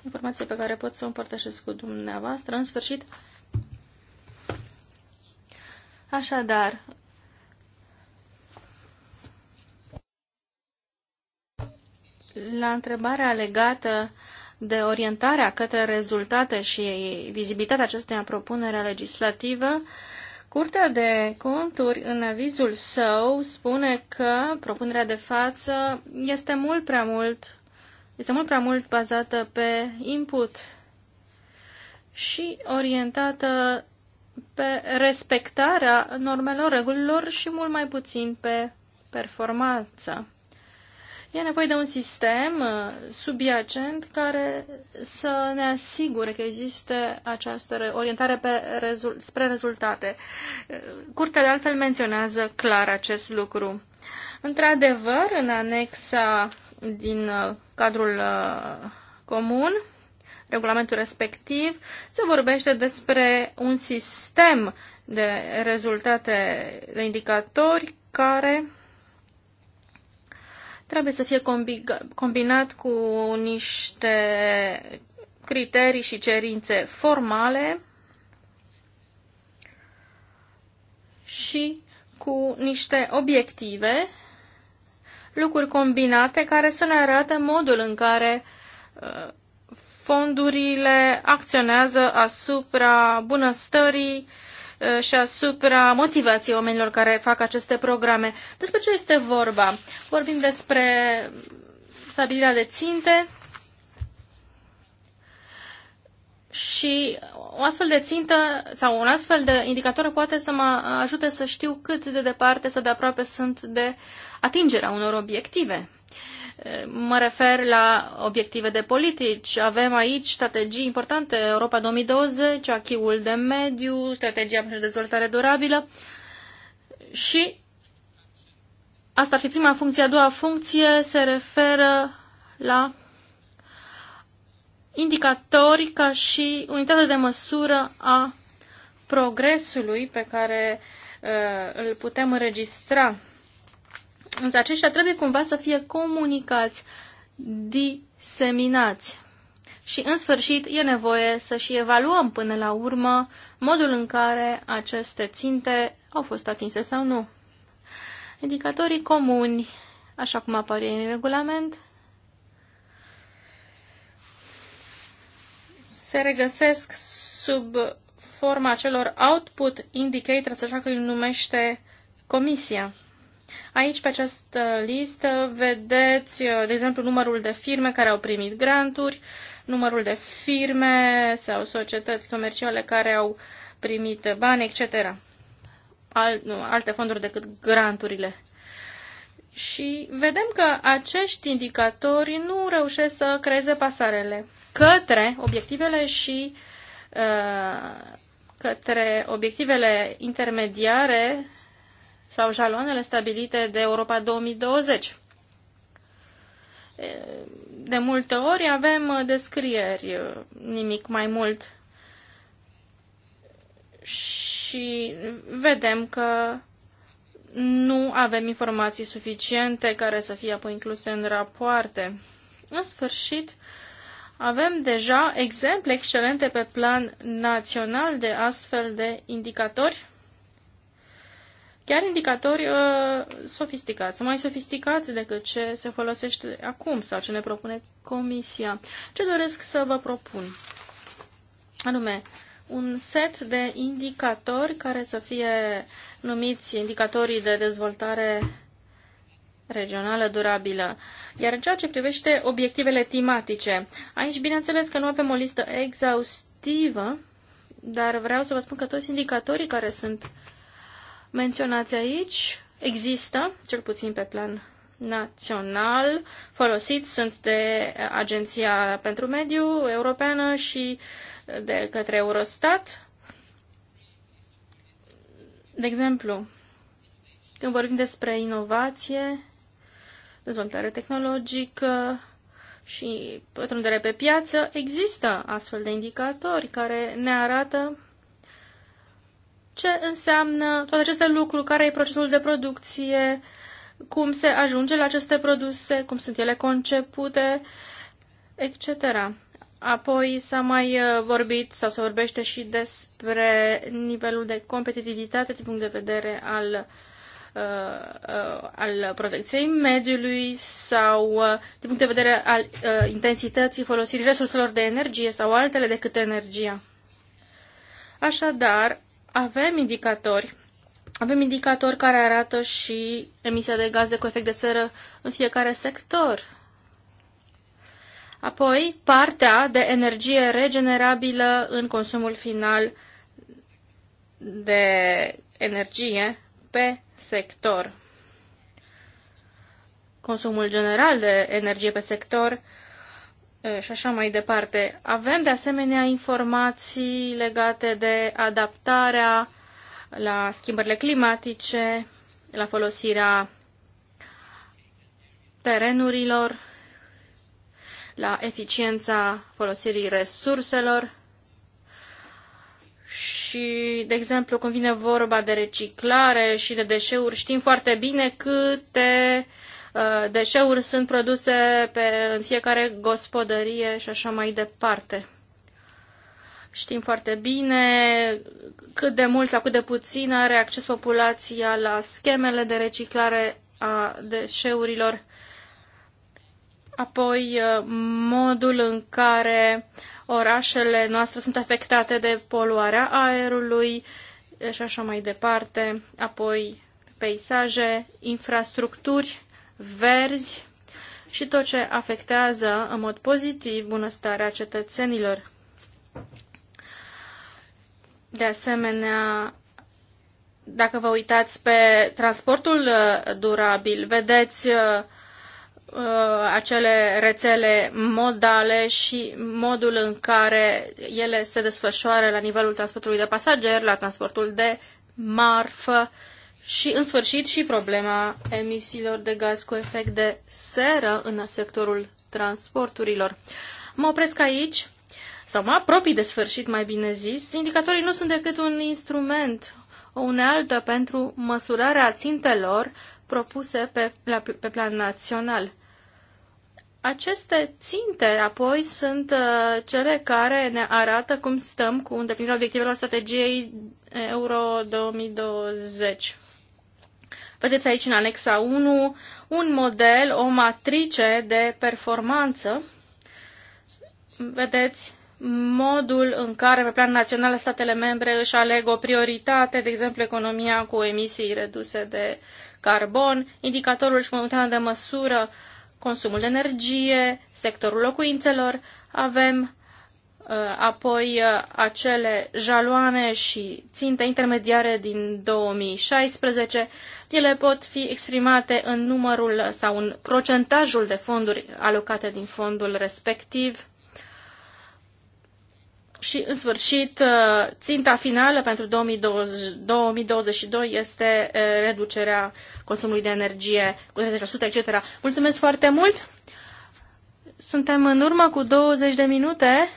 informație pe care pot să o împărtășesc cu dumneavoastră. În sfârșit, Așadar, la întrebarea legată de orientarea către rezultate și vizibilitatea acestei propunere legislativă, Curtea de Conturi, în avizul său, spune că propunerea de față este mult prea mult, este mult prea mult bazată pe input și orientată pe respectarea normelor, regulilor și mult mai puțin pe performanță. E nevoie de un sistem uh, subiacent care să ne asigure că există această orientare pe rezul- spre rezultate. Uh, curtea de altfel menționează clar acest lucru. Într-adevăr, în anexa din uh, cadrul comun, regulamentul respectiv, se vorbește despre un sistem de rezultate, de indicatori care trebuie să fie combinat cu niște criterii și cerințe formale și cu niște obiective, lucruri combinate care să ne arate modul în care uh, fondurile acționează asupra bunăstării uh, și asupra motivației oamenilor care fac aceste programe. Despre ce este vorba? Vorbim despre stabilirea de ținte și o astfel de țintă sau un astfel de indicator poate să mă ajute să știu cât de departe sau de aproape sunt de atingerea unor obiective. Mă refer la obiective de politici. Avem aici strategii importante, Europa 2020, achiul de mediu, strategia pentru dezvoltare durabilă și asta ar fi prima funcție. A doua funcție se referă la indicatori ca și unitate de măsură a progresului pe care uh, îl putem înregistra Însă aceștia trebuie cumva să fie comunicați, diseminați. Și, în sfârșit, e nevoie să și evaluăm până la urmă modul în care aceste ținte au fost atinse sau nu. Indicatorii comuni, așa cum apar în regulament, se regăsesc sub forma celor output indicators, așa că îi numește comisia. Aici, pe această listă, vedeți, uh, de exemplu, numărul de firme care au primit granturi, numărul de firme sau societăți comerciale care au primit bani, etc. Al, nu, alte fonduri decât granturile. Și vedem că acești indicatori nu reușesc să creeze pasarele către obiectivele și uh, către obiectivele intermediare sau jalonele stabilite de Europa 2020. De multe ori avem descrieri, nimic mai mult. Și vedem că nu avem informații suficiente care să fie apoi incluse în rapoarte. În sfârșit, avem deja exemple excelente pe plan național de astfel de indicatori chiar indicatori uh, sofisticați, mai sofisticați decât ce se folosește acum sau ce ne propune Comisia. Ce doresc să vă propun? Anume, un set de indicatori care să fie numiți indicatorii de dezvoltare regională durabilă. Iar în ceea ce privește obiectivele tematice, aici bineînțeles că nu avem o listă exhaustivă, dar vreau să vă spun că toți indicatorii care sunt uh, menționați aici există, cel puțin pe plan național, folosiți sunt de Agenția pentru Mediu Europeană și de către Eurostat. De exemplu, când vorbim despre inovație, dezvoltare tehnologică și pătrundere pe piață, există astfel de indicatori care ne arată ce înseamnă toate aceste lucruri, care e procesul de producție, cum se ajunge la aceste produse, cum sunt ele concepute, etc. Apoi s-a mai uh, vorbit sau se vorbește și despre nivelul de competitivitate din punct de vedere al, uh, uh, al protecției mediului sau din punct de vedere al intensității folosirii resurselor de energie sau altele decât energia. Așadar, avem indicatori. Avem indicatori care arată și emisia de gaze cu efect de seră în fiecare sector. Apoi, partea de energie regenerabilă în consumul final de energie pe sector. Consumul general de energie pe sector și așa mai departe. Avem de asemenea informații legate de adaptarea la schimbările climatice, la folosirea terenurilor, la eficiența folosirii resurselor și, de exemplu, când vine vorba de reciclare și de deșeuri, știm foarte bine câte uh, Uh, deșeuri sunt produse pe, în fiecare gospodărie și așa mai departe. Știm foarte bine cât de mult sau cât de puțin are acces populația la schemele de reciclare a deșeurilor, apoi uh, modul în care orașele noastre sunt afectate de poluarea aerului și așa mai departe, apoi peisaje, infrastructuri verzi și tot ce afectează în mod pozitiv bunăstarea cetățenilor. De asemenea, dacă vă uitați pe transportul uh, durabil, vedeți uh, uh, acele rețele modale și modul în care ele se desfășoară la nivelul transportului de pasageri, la transportul de marfă și, în sfârșit, și problema emisiilor de gaz cu efect de seră în sectorul transporturilor. Mă opresc aici, sau mă apropii de sfârșit, mai bine zis. Indicatorii nu sunt decât un instrument, o unealtă pentru măsurarea țintelor propuse pe, la, pe plan național. Aceste ținte, apoi, sunt uh, cele care ne arată cum stăm cu îndeplinirea obiectivelor strategiei Euro 2020. Vedeți aici în anexa 1 un model, o matrice de performanță. Vedeți modul în care pe plan național statele membre își aleg o prioritate, de exemplu economia cu emisii reduse de carbon, indicatorul și momentan de măsură, consumul de energie, sectorul locuințelor, avem uh, apoi uh, acele jaloane și ținte intermediare din 2016 ele pot fi exprimate în numărul sau în procentajul de fonduri alocate din fondul respectiv. Și, în sfârșit, uh, ținta finală pentru 2020, 2022 este uh, reducerea consumului de energie cu 30%, etc. Mulțumesc foarte mult! Suntem în urmă cu 20 de minute.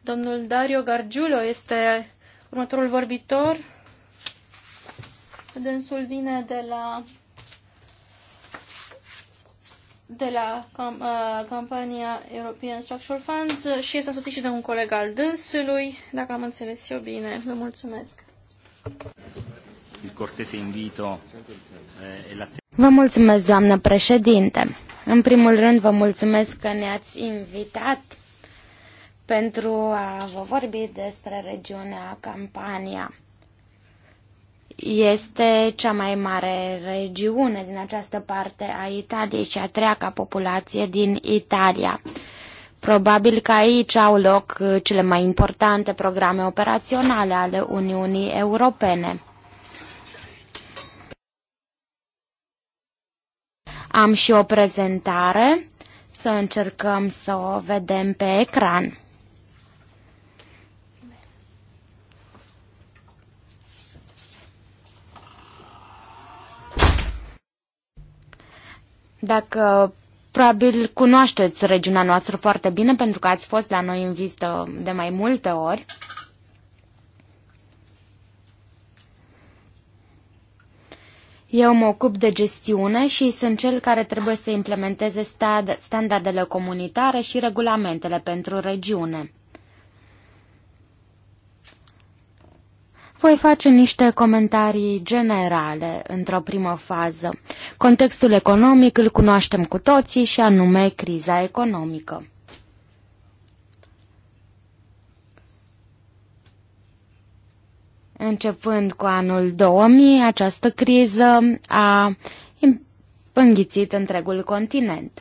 Domnul Dario Gargiulo este următorul vorbitor. Dânsul vine de la de la cam, uh, campania European Structural Funds și este asociat și de un coleg al dânsului, dacă am înțeles eu bine. Vă mulțumesc. Il cortese invito eh, Vă mulțumesc, doamnă președinte. În primul rând, vă mulțumesc că ne-ați invitat pentru a vă vorbi despre regiunea Campania este cea mai mare regiune din această parte a Italiei și a treia ca populație din Italia. Probabil că aici au loc uh, cele mai importante programe operaționale ale Uniunii Europene. Am și o prezentare, să încercăm să o vedem pe ecran. Dacă probabil cunoașteți regiunea noastră foarte bine pentru că ați fost la noi în vizită de mai multe ori. Eu mă ocup de gestiune și sunt cel care trebuie să implementeze standardele comunitare și regulamentele pentru regiune. Voi face niște comentarii generale într-o primă fază. Contextul economic îl cunoaștem cu toții și anume criza economică. Începând cu anul 2000, această criză a înghițit întregul continent.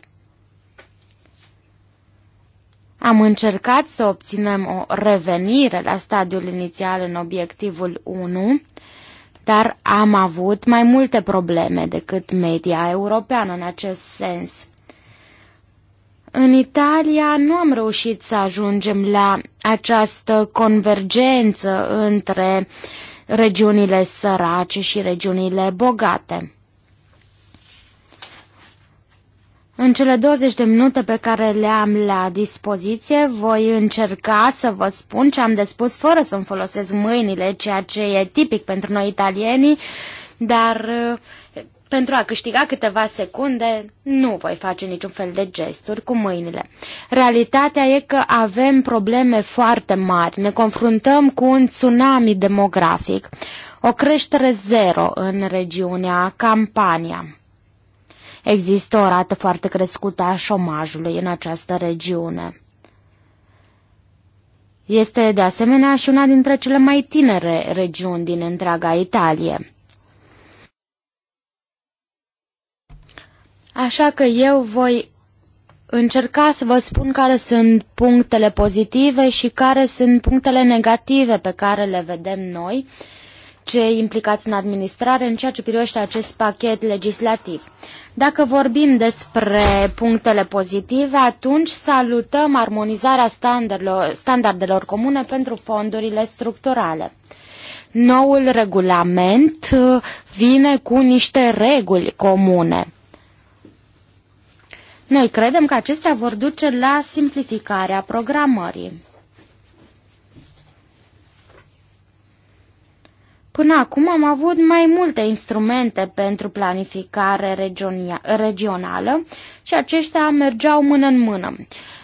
Am încercat să obținem o revenire la stadiul inițial în obiectivul 1, dar am avut mai multe probleme decât media europeană în acest sens. În Italia nu am reușit să ajungem la această convergență între regiunile sărace și regiunile bogate. În cele 20 de minute pe care le am la dispoziție, voi încerca să vă spun ce am de spus fără să-mi folosesc mâinile, ceea ce e tipic pentru noi italienii, dar eh, pentru a câștiga câteva secunde, nu voi face niciun fel de gesturi cu mâinile. Realitatea e că avem probleme foarte mari. Ne confruntăm cu un tsunami demografic, o creștere zero în regiunea Campania. Există o rată foarte crescută a șomajului în această regiune. Este de asemenea și una dintre cele mai tinere regiuni din întreaga Italie. Așa că eu voi încerca să vă spun care sunt punctele pozitive și care sunt punctele negative pe care le vedem noi cei implicați în administrare în ceea ce privește acest pachet legislativ. Dacă vorbim despre punctele pozitive, atunci salutăm armonizarea standardelor, standardelor comune pentru fondurile structurale noul regulament uh, vine cu niște reguli comune. Noi credem că acestea vor duce la simplificarea programării. Până acum am avut mai multe instrumente pentru planificare regională și aceștia mergeau mână în mână.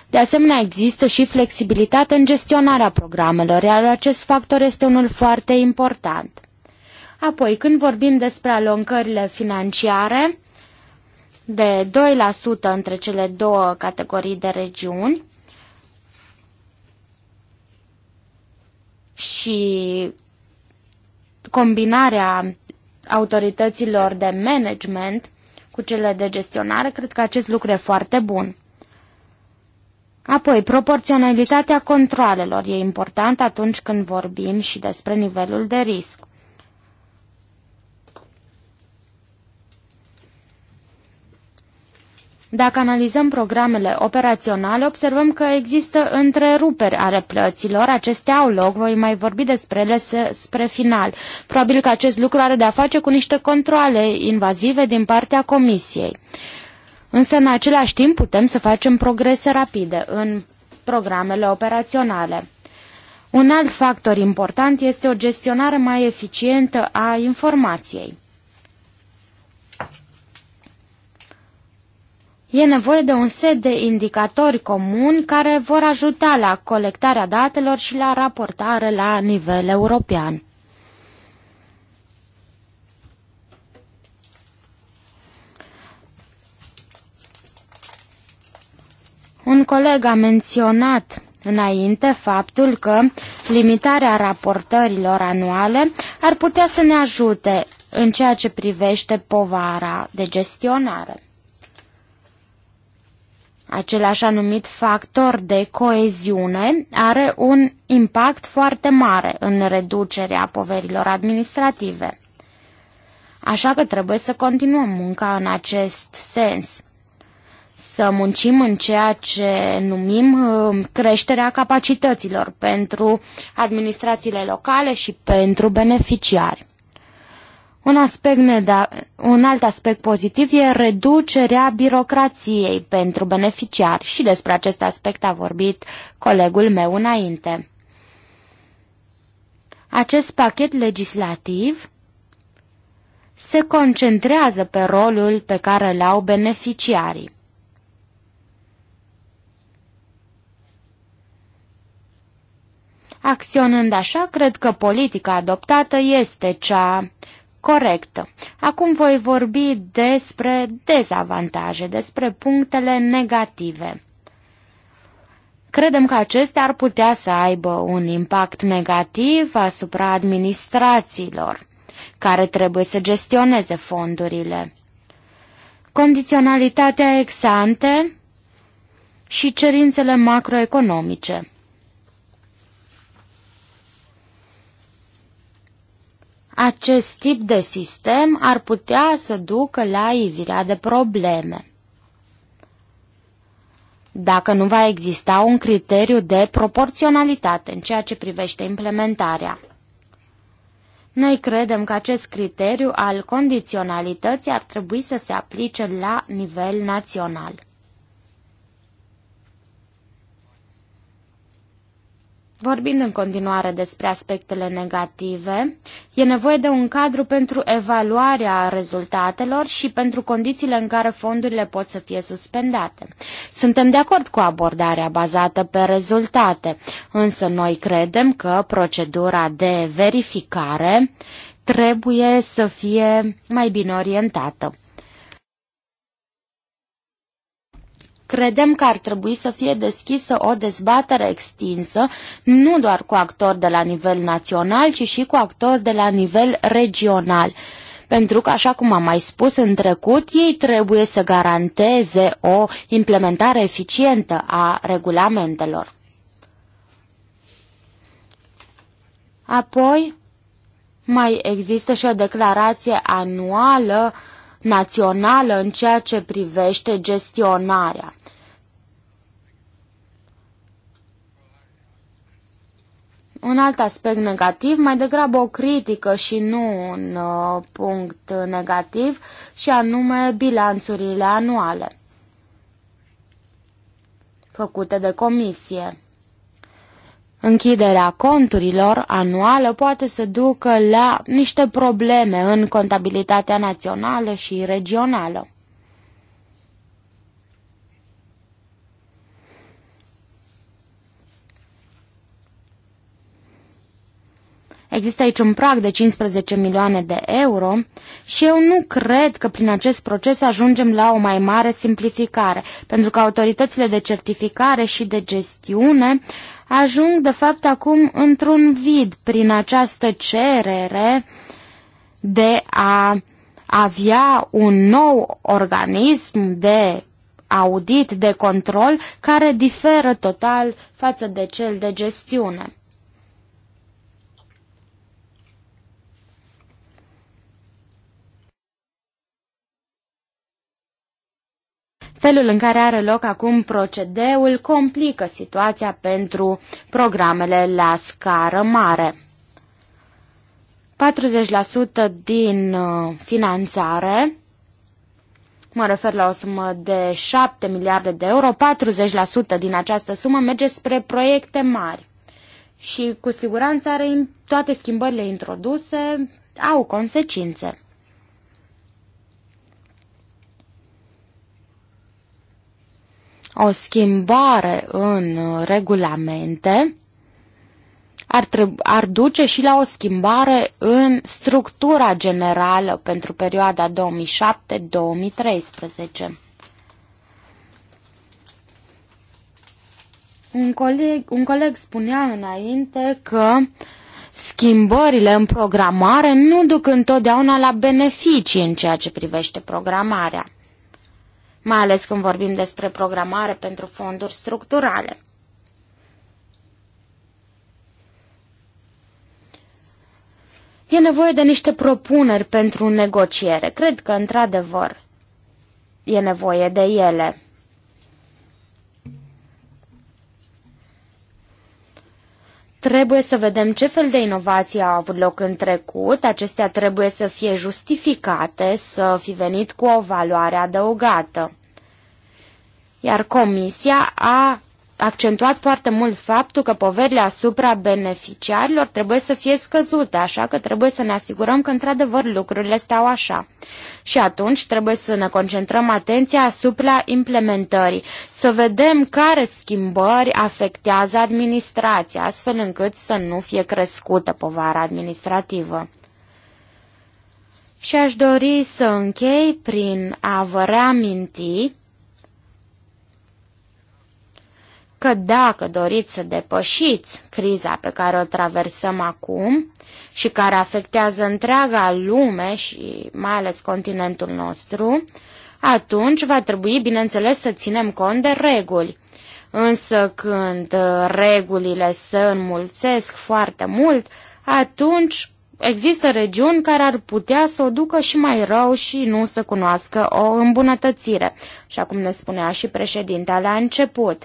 De asemenea, există și flexibilitate în gestionarea programelor, iar acest factor este unul foarte important. Apoi, când vorbim despre alocările financiare, de 2% între cele două categorii de regiuni și combinarea autorităților de management cu cele de gestionare, cred că acest lucru e foarte bun. Apoi, proporționalitatea controalelor e importantă atunci când vorbim și despre nivelul de risc. Dacă analizăm programele operaționale, observăm că există întreruperi ale plăților. Acestea au loc, voi mai vorbi despre ele spre final. Probabil că acest lucru are de-a face cu niște controle invazive din partea Comisiei. Însă, în același timp, putem să facem progrese rapide în programele operaționale. Un alt factor important este o gestionare mai eficientă a informației. E nevoie de un set de indicatori comuni care vor ajuta la colectarea datelor și la raportare la nivel european. Un coleg a menționat înainte faptul că limitarea raportărilor anuale ar putea să ne ajute în ceea ce privește povara de gestionare acel așa numit factor de coeziune are un impact foarte mare în reducerea poverilor administrative. Așa că trebuie să continuăm munca în acest sens. Să muncim în ceea ce numim uh, creșterea capacităților pentru administrațiile locale și pentru beneficiari. Un, aspect neda, un alt aspect pozitiv e reducerea birocrației pentru beneficiari și despre acest aspect a vorbit colegul meu înainte. Acest pachet legislativ se concentrează pe rolul pe care îl au beneficiarii. Acționând așa, cred că politica adoptată este cea corectă. Acum voi vorbi despre dezavantaje, despre punctele negative. Credem că acestea ar putea să aibă un impact negativ asupra administrațiilor care trebuie să gestioneze fondurile. Condiționalitatea ex ante și cerințele macroeconomice. Acest tip de sistem ar putea să ducă la ivirea de probleme. Dacă nu va exista un criteriu de proporționalitate în ceea ce privește implementarea. Noi credem că acest criteriu al condiționalității ar trebui să se aplice la nivel național. Vorbind în continuare despre aspectele negative, e nevoie de un cadru pentru evaluarea rezultatelor și pentru condițiile în care fondurile pot să fie suspendate. Suntem de acord cu abordarea bazată pe rezultate, însă noi credem că procedura de verificare trebuie să fie mai bine orientată. Credem că ar trebui să fie deschisă o dezbatere extinsă, nu doar cu actori de la nivel național, ci și cu actori de la nivel regional. Pentru că, așa cum am mai spus în trecut, ei trebuie să garanteze o implementare eficientă a regulamentelor. Apoi, mai există și o declarație anuală uh, națională în ceea ce privește gestionarea. un alt aspect negativ, mai degrabă o critică și nu un uh, punct negativ, și anume bilanțurile anuale făcute de comisie. Închiderea conturilor anuală poate să ducă la niște probleme în contabilitatea națională și regională. Există aici un prag de 15 milioane de euro și eu nu cred că prin acest proces ajungem la o mai mare simplificare, pentru că autoritățile de certificare și de gestiune ajung de fapt acum într-un vid prin această cerere de a avea un nou organism de audit, de control, care diferă total față de cel de gestiune. Felul în care are loc acum procedeul complică situația pentru programele la scară mare. 40% din uh, finanțare, mă refer la o sumă de 7 miliarde de euro, 40% din această sumă merge spre proiecte mari. Și cu siguranță are toate schimbările introduse au consecințe. o schimbare în uh, regulamente ar, ar duce și la o schimbare în structura generală pentru perioada 2007-2013. Un coleg, un coleg spunea înainte că schimbările în programare nu duc întotdeauna la beneficii în ceea ce privește programarea mai ales când vorbim despre programare pentru fonduri structurale. E nevoie de niște propuneri pentru negociere. Cred că, într-adevăr, e nevoie de ele. Trebuie să vedem ce fel de inovații au avut loc în trecut, acestea trebuie să fie justificate, să fi venit cu o valoare adăugată. Iar Comisia a accentuat foarte mult faptul că poverile asupra beneficiarilor trebuie să fie scăzute, așa că trebuie să ne asigurăm că într-adevăr lucrurile stau așa. Și atunci trebuie să ne concentrăm atenția asupra implementării, să vedem care schimbări afectează administrația, astfel încât să nu fie crescută povara administrativă. Și aș dori să închei prin a vă reaminti că dacă doriți să depășiți criza pe care o traversăm acum și care afectează întreaga lume și mai ales continentul nostru, atunci va trebui, bineînțeles, să ținem cont de reguli. Însă când uh, regulile se înmulțesc foarte mult, atunci există regiuni care ar putea să o ducă și mai rău și nu să cunoască o îmbunătățire, și acum ne spunea și președintele la început.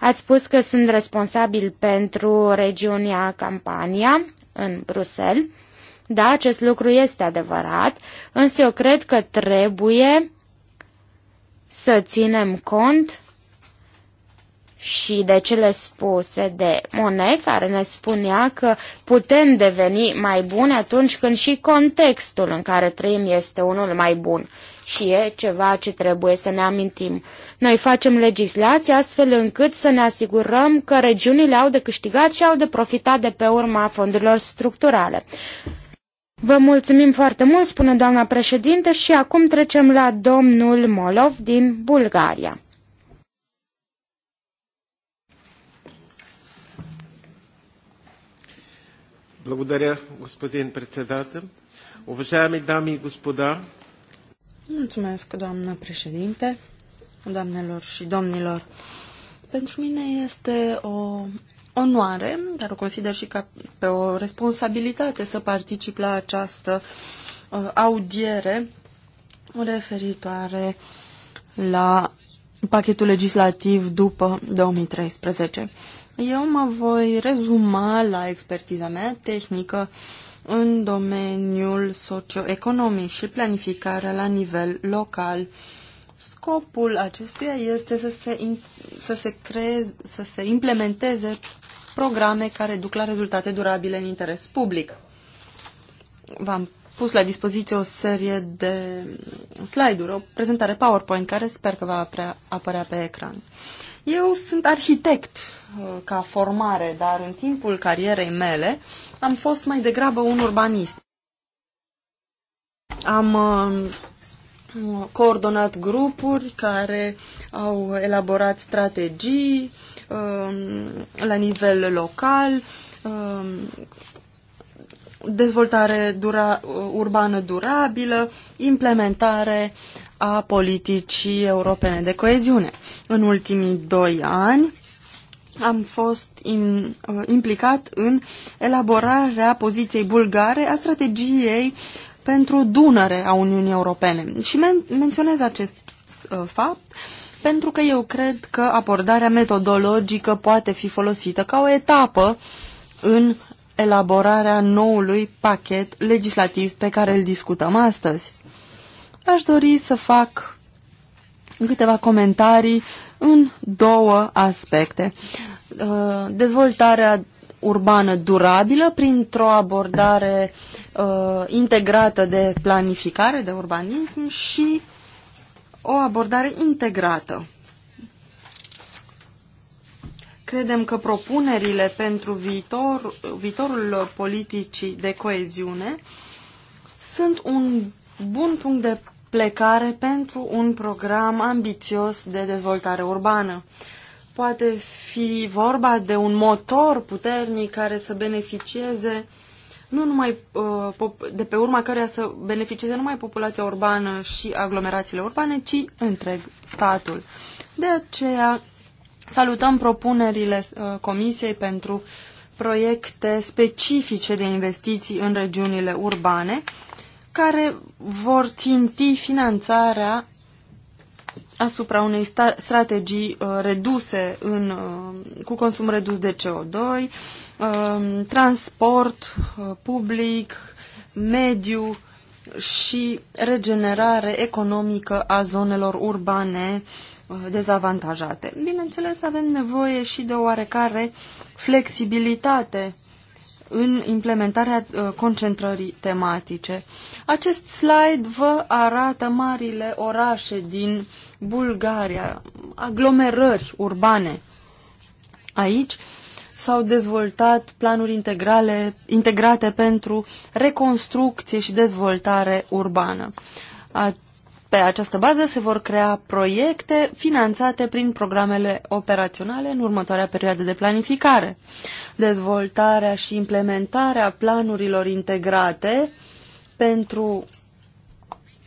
Ați spus că sunt responsabil pentru regiunea Campania în Bruxelles. Da, acest lucru este adevărat, însă eu cred că trebuie să ținem cont și de cele spuse de Monet, care ne spunea că putem deveni mai buni atunci când și contextul în care trăim este unul mai bun și e ceva ce trebuie să ne amintim. Noi facem legislație astfel încât să ne asigurăm că regiunile au de câștigat și au de profitat de pe urma fondurilor structurale. Vă mulțumim foarte mult, spune doamna președinte, și acum trecem la domnul Molov din Bulgaria. Благодаря, господин председател. Уважаеми дами и господа, Mulțumesc, doamnă președinte, doamnelor și domnilor. Pentru mine este o onoare, dar o consider și ca pe o responsabilitate să particip la această uh, audiere referitoare la pachetul legislativ după 2013. Eu mă voi rezuma la expertiza mea tehnică în domeniul socioeconomic și planificarea la nivel local. Scopul acestuia este să se, să se, creeze, să se implementeze programe care duc la rezultate durabile în interes public. V-am pus la dispoziție o serie de slide-uri, o prezentare PowerPoint care sper că va apărea pe ecran. Eu sunt arhitect uh, ca formare, dar în timpul carierei mele am fost mai degrabă un urbanist. Am uh, coordonat grupuri care au elaborat strategii uh, la nivel local, uh, dezvoltare dura, uh, urbană durabilă, implementare a politicii europene de coeziune. În ultimii doi ani am fost in, uh, implicat în elaborarea poziției bulgare a strategiei pentru Dunăre a Uniunii Europene. Și men- menționez acest uh, fapt pentru că eu cred că abordarea metodologică poate fi folosită ca o etapă în elaborarea noului pachet legislativ pe care îl discutăm astăzi. Aș dori să fac câteva comentarii în două aspecte. Uh, dezvoltarea urbană durabilă printr-o abordare uh, integrată de planificare, de urbanism și o abordare integrată. Credem că propunerile pentru viitor, viitorul politicii de coeziune sunt un bun punct de plecare pentru un program ambițios de dezvoltare urbană. Uh, poate fi vorba de un motor puternic care să beneficieze nu numai uh, de pe urma căreia să beneficieze numai populația urbană și aglomerațiile urbane, ci întreg statul. De aceea salutăm propunerile uh, Comisiei pentru proiecte specifice de investiții în regiunile urbane, care vor ținti finanțarea asupra unei strategii uh, reduse în, uh, cu consum redus de CO2, um, transport uh, public, mediu și regenerare economică a zonelor urbane dezavantajate. Bineînțeles, avem nevoie și de oarecare flexibilitate în implementarea uh, concentrării tematice. Acest slide vă arată marile orașe din Bulgaria, aglomerări urbane. Aici s-au dezvoltat planuri integrale, integrate pentru reconstrucție și dezvoltare urbană. Pe această bază se vor crea proiecte finanțate prin programele operaționale în următoarea perioadă de planificare. Dezvoltarea și implementarea planurilor integrate pentru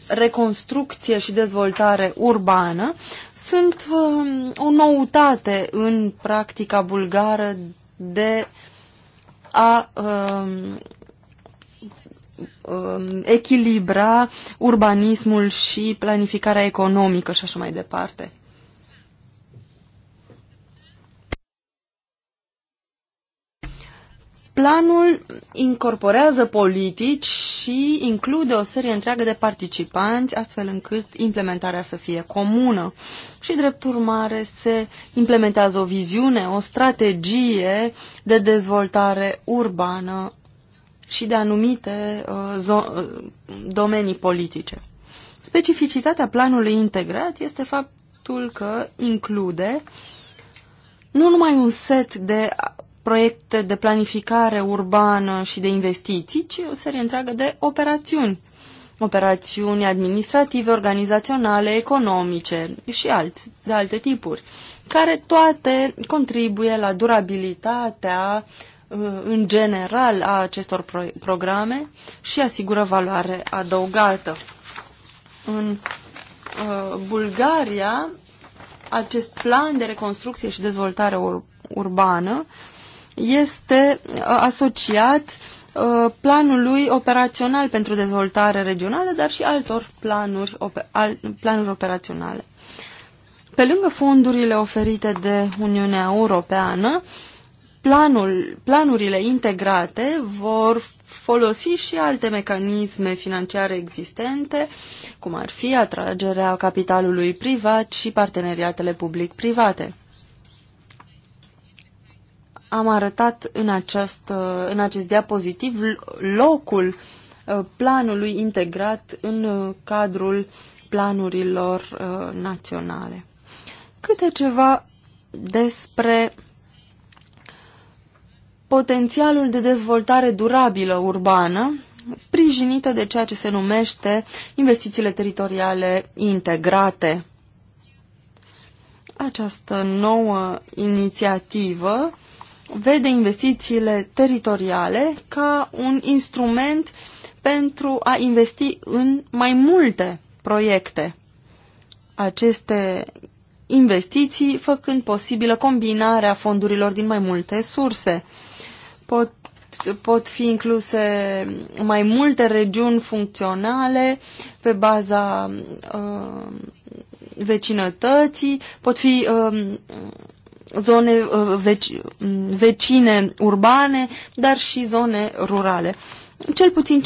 reconstrucție și dezvoltare urbană sunt um, o noutate în practica bulgară de a um, Um, echilibra urbanismul și planificarea economică și așa mai departe. Planul incorporează politici și include o serie întreagă de participanți, astfel încât implementarea să fie comună. Și, drept urmare, se implementează o viziune, o strategie de dezvoltare urbană și de anumite uh, uh, domenii politice. Specificitatea planului integrat este faptul că include nu numai un set de proiecte de planificare urbană și de investiții, ci o serie întreagă de operațiuni. Operațiuni administrative, organizaționale, economice și alt, de alte tipuri, care toate contribuie la durabilitatea Uh, în general a acestor pro programe și asigură valoare adăugată. În uh, Bulgaria, acest plan de reconstrucție și dezvoltare ur urbană este uh, asociat uh, planului operațional pentru dezvoltare regională, dar și altor planuri, op al planuri operaționale. Pe lângă fondurile oferite de Uniunea Europeană, uh, planul, planurile integrate vor folosi și alte mecanisme financiare existente, cum ar fi atragerea capitalului privat și parteneriatele public-private. Am arătat în, acest, în acest diapozitiv locul uh, planului integrat în uh, cadrul planurilor uh, naționale. Câte ceva despre potențialul de dezvoltare durabilă urbană, sprijinită de ceea ce se numește investițiile teritoriale integrate. Această nouă inițiativă vede investițiile teritoriale ca un instrument pentru a investi în mai multe proiecte. Aceste investiții făcând posibilă combinarea fondurilor din mai multe surse pot, pot fi incluse mai multe regiuni funcționale pe baza uh, vecinătății, pot fi uh, zone uh, veci, vecine urbane, dar și zone rurale. Cel puțin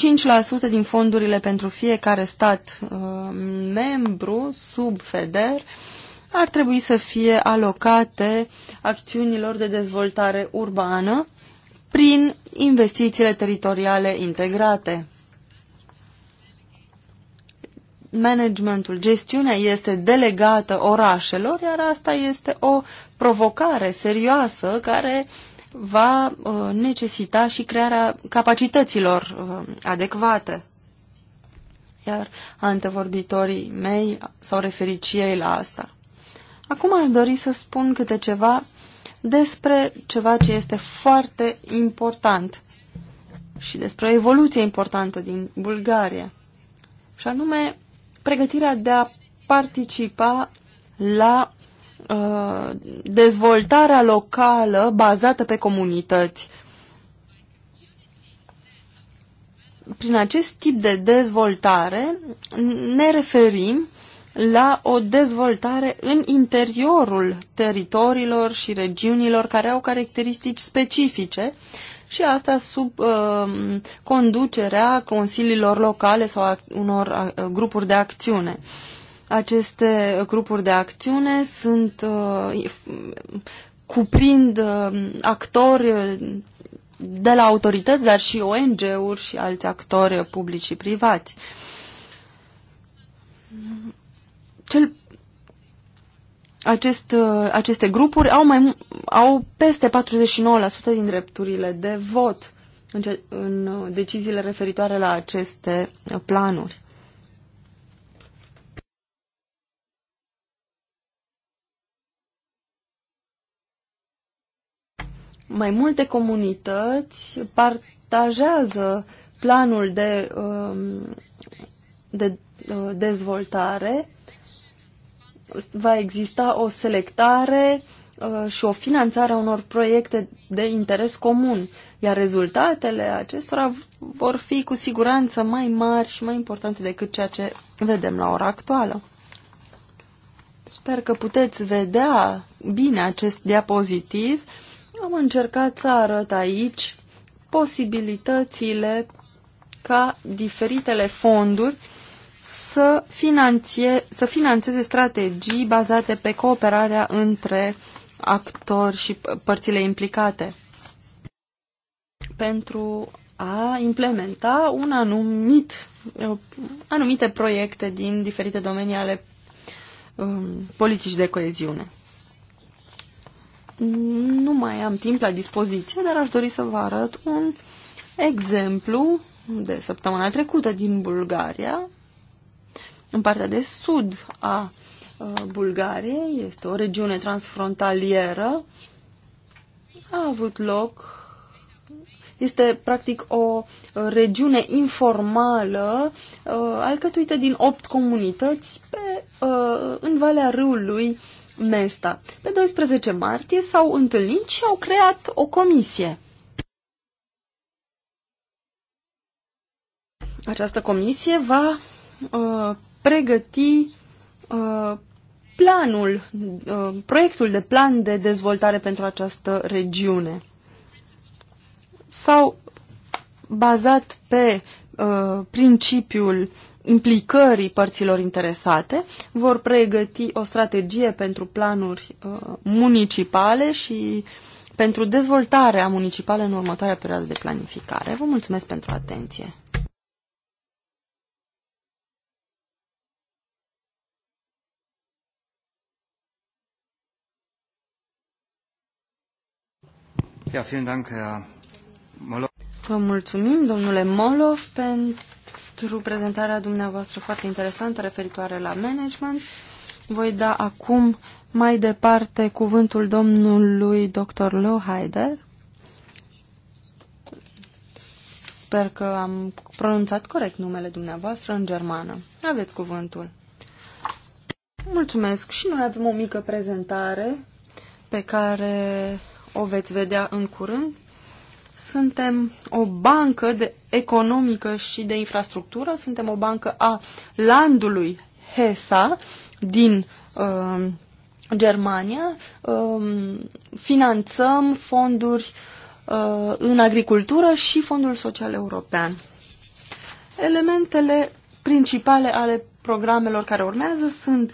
5% din fondurile pentru fiecare stat uh, membru sub FEDER ar trebui să fie alocate acțiunilor de dezvoltare urbană prin investițiile teritoriale integrate. Managementul, gestiunea este delegată orașelor, iar asta este o provocare serioasă care va uh, necesita și crearea capacităților uh, adecvate. Iar antevorbitorii mei s-au referit și ei la asta. Acum aș dori să spun câte ceva despre ceva ce este foarte important și despre o evoluție importantă din Bulgaria, și anume pregătirea de a participa la uh, dezvoltarea locală bazată pe comunități. Prin acest tip de dezvoltare ne referim la o dezvoltare în interiorul teritoriilor și regiunilor care au caracteristici specifice și asta sub uh, conducerea consiliilor locale sau unor a, uh, grupuri de acțiune. Aceste grupuri de acțiune sunt uh, cuprind uh, actori uh, de la autorități, dar și ONG-uri și alți actori publici și privați. Uh, cel, acest, uh, aceste grupuri au, mai, au peste 49% din drepturile de vot în, ce, în uh, deciziile referitoare la aceste uh, planuri. Mai multe comunități partajează planul de, um, de dezvoltare va exista o selectare uh, și o finanțare a unor proiecte de interes comun, iar rezultatele acestora vor fi cu siguranță mai mari și mai importante decât ceea ce vedem la ora actuală. Sper că puteți vedea bine acest diapozitiv. Am încercat să arăt aici posibilitățile ca diferitele fonduri să, finanție, să finanțeze strategii bazate pe cooperarea între actori și părțile implicate pentru a implementa un anumit, uh, anumite proiecte din diferite domenii ale um, politici de coeziune. Nu mai am timp la dispoziție, dar aș dori să vă arăt un exemplu de săptămâna trecută din Bulgaria, în partea de sud a uh, Bulgariei, este o regiune transfrontalieră, a avut loc, este practic o uh, regiune informală uh, alcătuită din opt comunități pe, în valea râului Mesta. Pe 12 martie s-au întâlnit și au creat o comisie. Această comisie va pregăti uh, planul, uh, proiectul de plan de dezvoltare pentru această regiune. S-au bazat pe uh, principiul implicării părților interesate, vor pregăti o strategie pentru planuri municipale și pentru dezvoltarea municipală în următoarea perioadă de planificare. Vă mulțumesc pentru atenție. Vă mulțumim, domnule Molov, pentru prezentarea dumneavoastră foarte interesantă referitoare la management. Voi da acum mai departe cuvântul domnului dr. Leo Sper că am pronunțat corect numele dumneavoastră în germană. Aveți cuvântul. Mulțumesc. Și noi avem o mică prezentare pe care o veți vedea în curând. Suntem o bancă de economică și de infrastructură, suntem o bancă a landului HESA din uh, Germania, uh, finanțăm fonduri uh, în agricultură și Fondul Social European. Elementele principale ale programelor care urmează sunt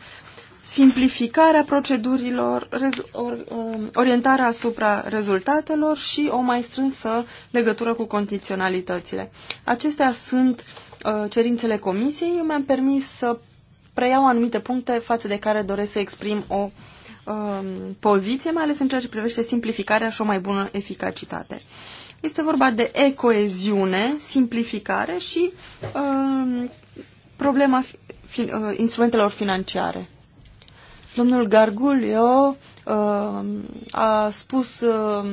simplificarea procedurilor, um, orientarea asupra rezultatelor și o mai strânsă legătură cu condiționalitățile. Acestea sunt uh, cerințele comisiei. Eu Mi-am permis să preiau anumite puncte față de care doresc să exprim o um, poziție, mai ales în ceea ce privește simplificarea și o mai bună eficacitate. Este vorba de ecoeziune, simplificare și uh, problema fi, uh, instrumentelor financiare. Domnul Gargulio uh, a spus, uh,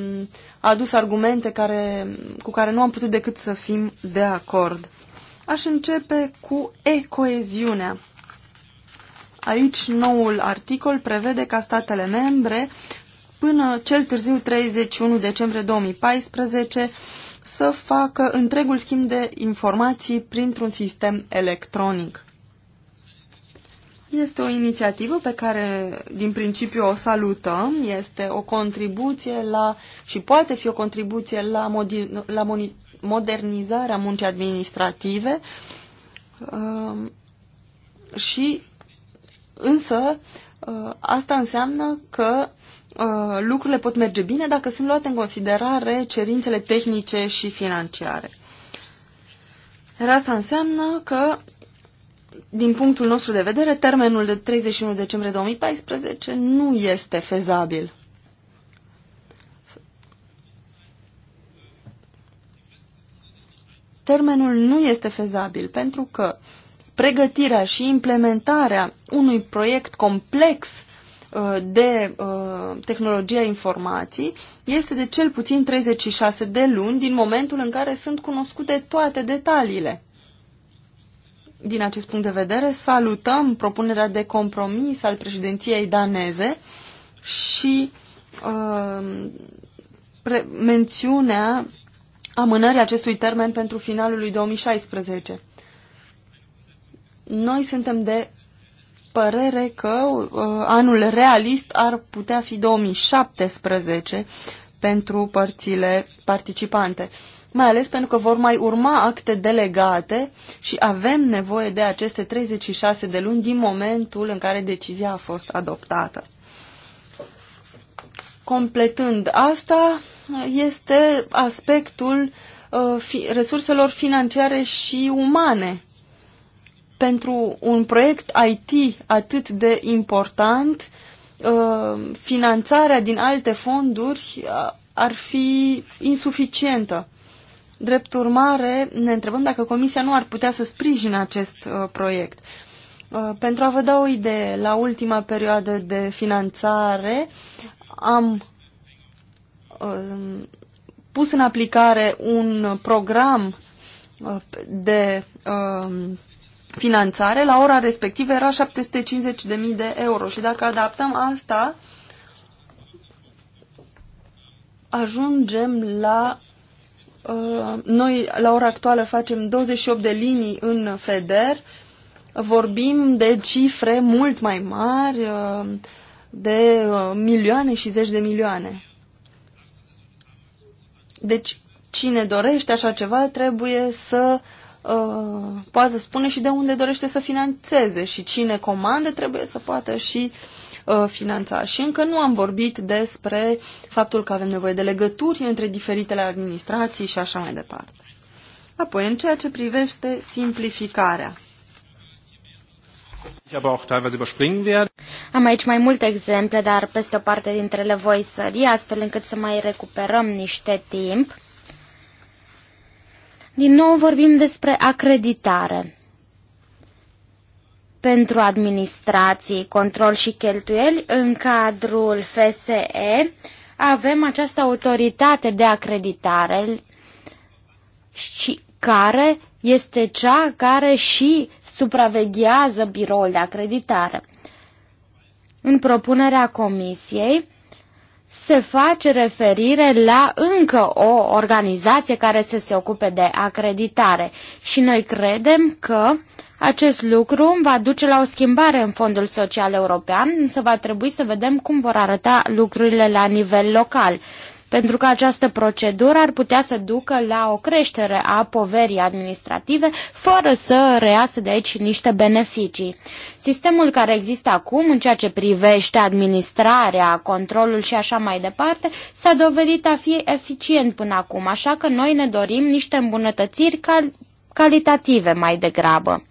a adus argumente care, cu care nu am putut decât să fim de acord. Aș începe cu e-coeziunea. Aici noul articol prevede ca statele membre până cel târziu 31 decembrie 2014 să facă întregul schimb de informații printr-un sistem electronic. Este o inițiativă pe care din principiu o salutăm, este o contribuție la și poate fi o contribuție la, modi, la modernizarea muncii administrative um, și însă uh, asta înseamnă că uh, lucrurile pot merge bine dacă sunt luate în considerare cerințele tehnice și financiare. Iar asta înseamnă că din punctul nostru de vedere, termenul de 31 decembrie 2014 nu este fezabil. Termenul nu este fezabil pentru că pregătirea și implementarea unui proiect complex uh, de uh, tehnologia informații este de cel puțin 36 de luni din momentul în care sunt cunoscute toate detaliile din acest punct de vedere, salutăm propunerea de compromis al președinției daneze și uh, mențiunea amânării acestui termen pentru finalul lui 2016. Noi suntem de părere că uh, anul realist ar putea fi 2017 pentru părțile participante. Uh, mai ales pentru că vor mai urma acte delegate și avem nevoie de aceste 36 de luni din momentul în care decizia a fost adoptată. Completând asta este aspectul uh, fi, resurselor financiare și umane. Pentru un proiect IT atât de important, uh, finanțarea din alte fonduri uh, ar fi insuficientă. Drept urmare, ne întrebăm dacă Comisia nu ar putea să sprijine acest uh, proiect. Uh, pentru a vă da o idee, la ultima perioadă de finanțare am uh, pus în aplicare un program uh, de uh, finanțare. La ora respectivă era 750.000 de euro și dacă adaptăm asta, ajungem la Uh, noi la ora actuală facem 28 de linii în FEDER, vorbim de cifre mult mai mari, uh, de uh, milioane și zeci de milioane. Deci, cine dorește așa ceva trebuie să poată spune și de unde dorește să financeze și cine comandă trebuie să poată și Uh, finanța. Și încă nu am vorbit despre faptul că avem nevoie de legături între diferitele administrații și așa mai departe. Apoi, în ceea ce privește simplificarea. Am aici mai multe exemple, dar peste o parte dintre ele voi sări, astfel încât să mai recuperăm niște timp. Din nou vorbim despre acreditare pentru administrații, control și cheltuieli în cadrul FSE avem această autoritate de acreditare și care este cea care și supraveghează biroul de acreditare. În propunerea comisiei se face referire la încă o organizație care să se ocupe de acreditare și noi credem că acest lucru va duce la o schimbare în Fondul Social European, însă va trebui să vedem cum vor arăta lucrurile la nivel local, pentru că această procedură ar putea să ducă la o creștere a poverii administrative, fără să reiasă de aici niște beneficii. Sistemul care există acum, în ceea ce privește administrarea, controlul și așa mai departe, s-a dovedit a fi eficient până acum, așa că noi ne dorim niște îmbunătățiri cal calitative mai degrabă.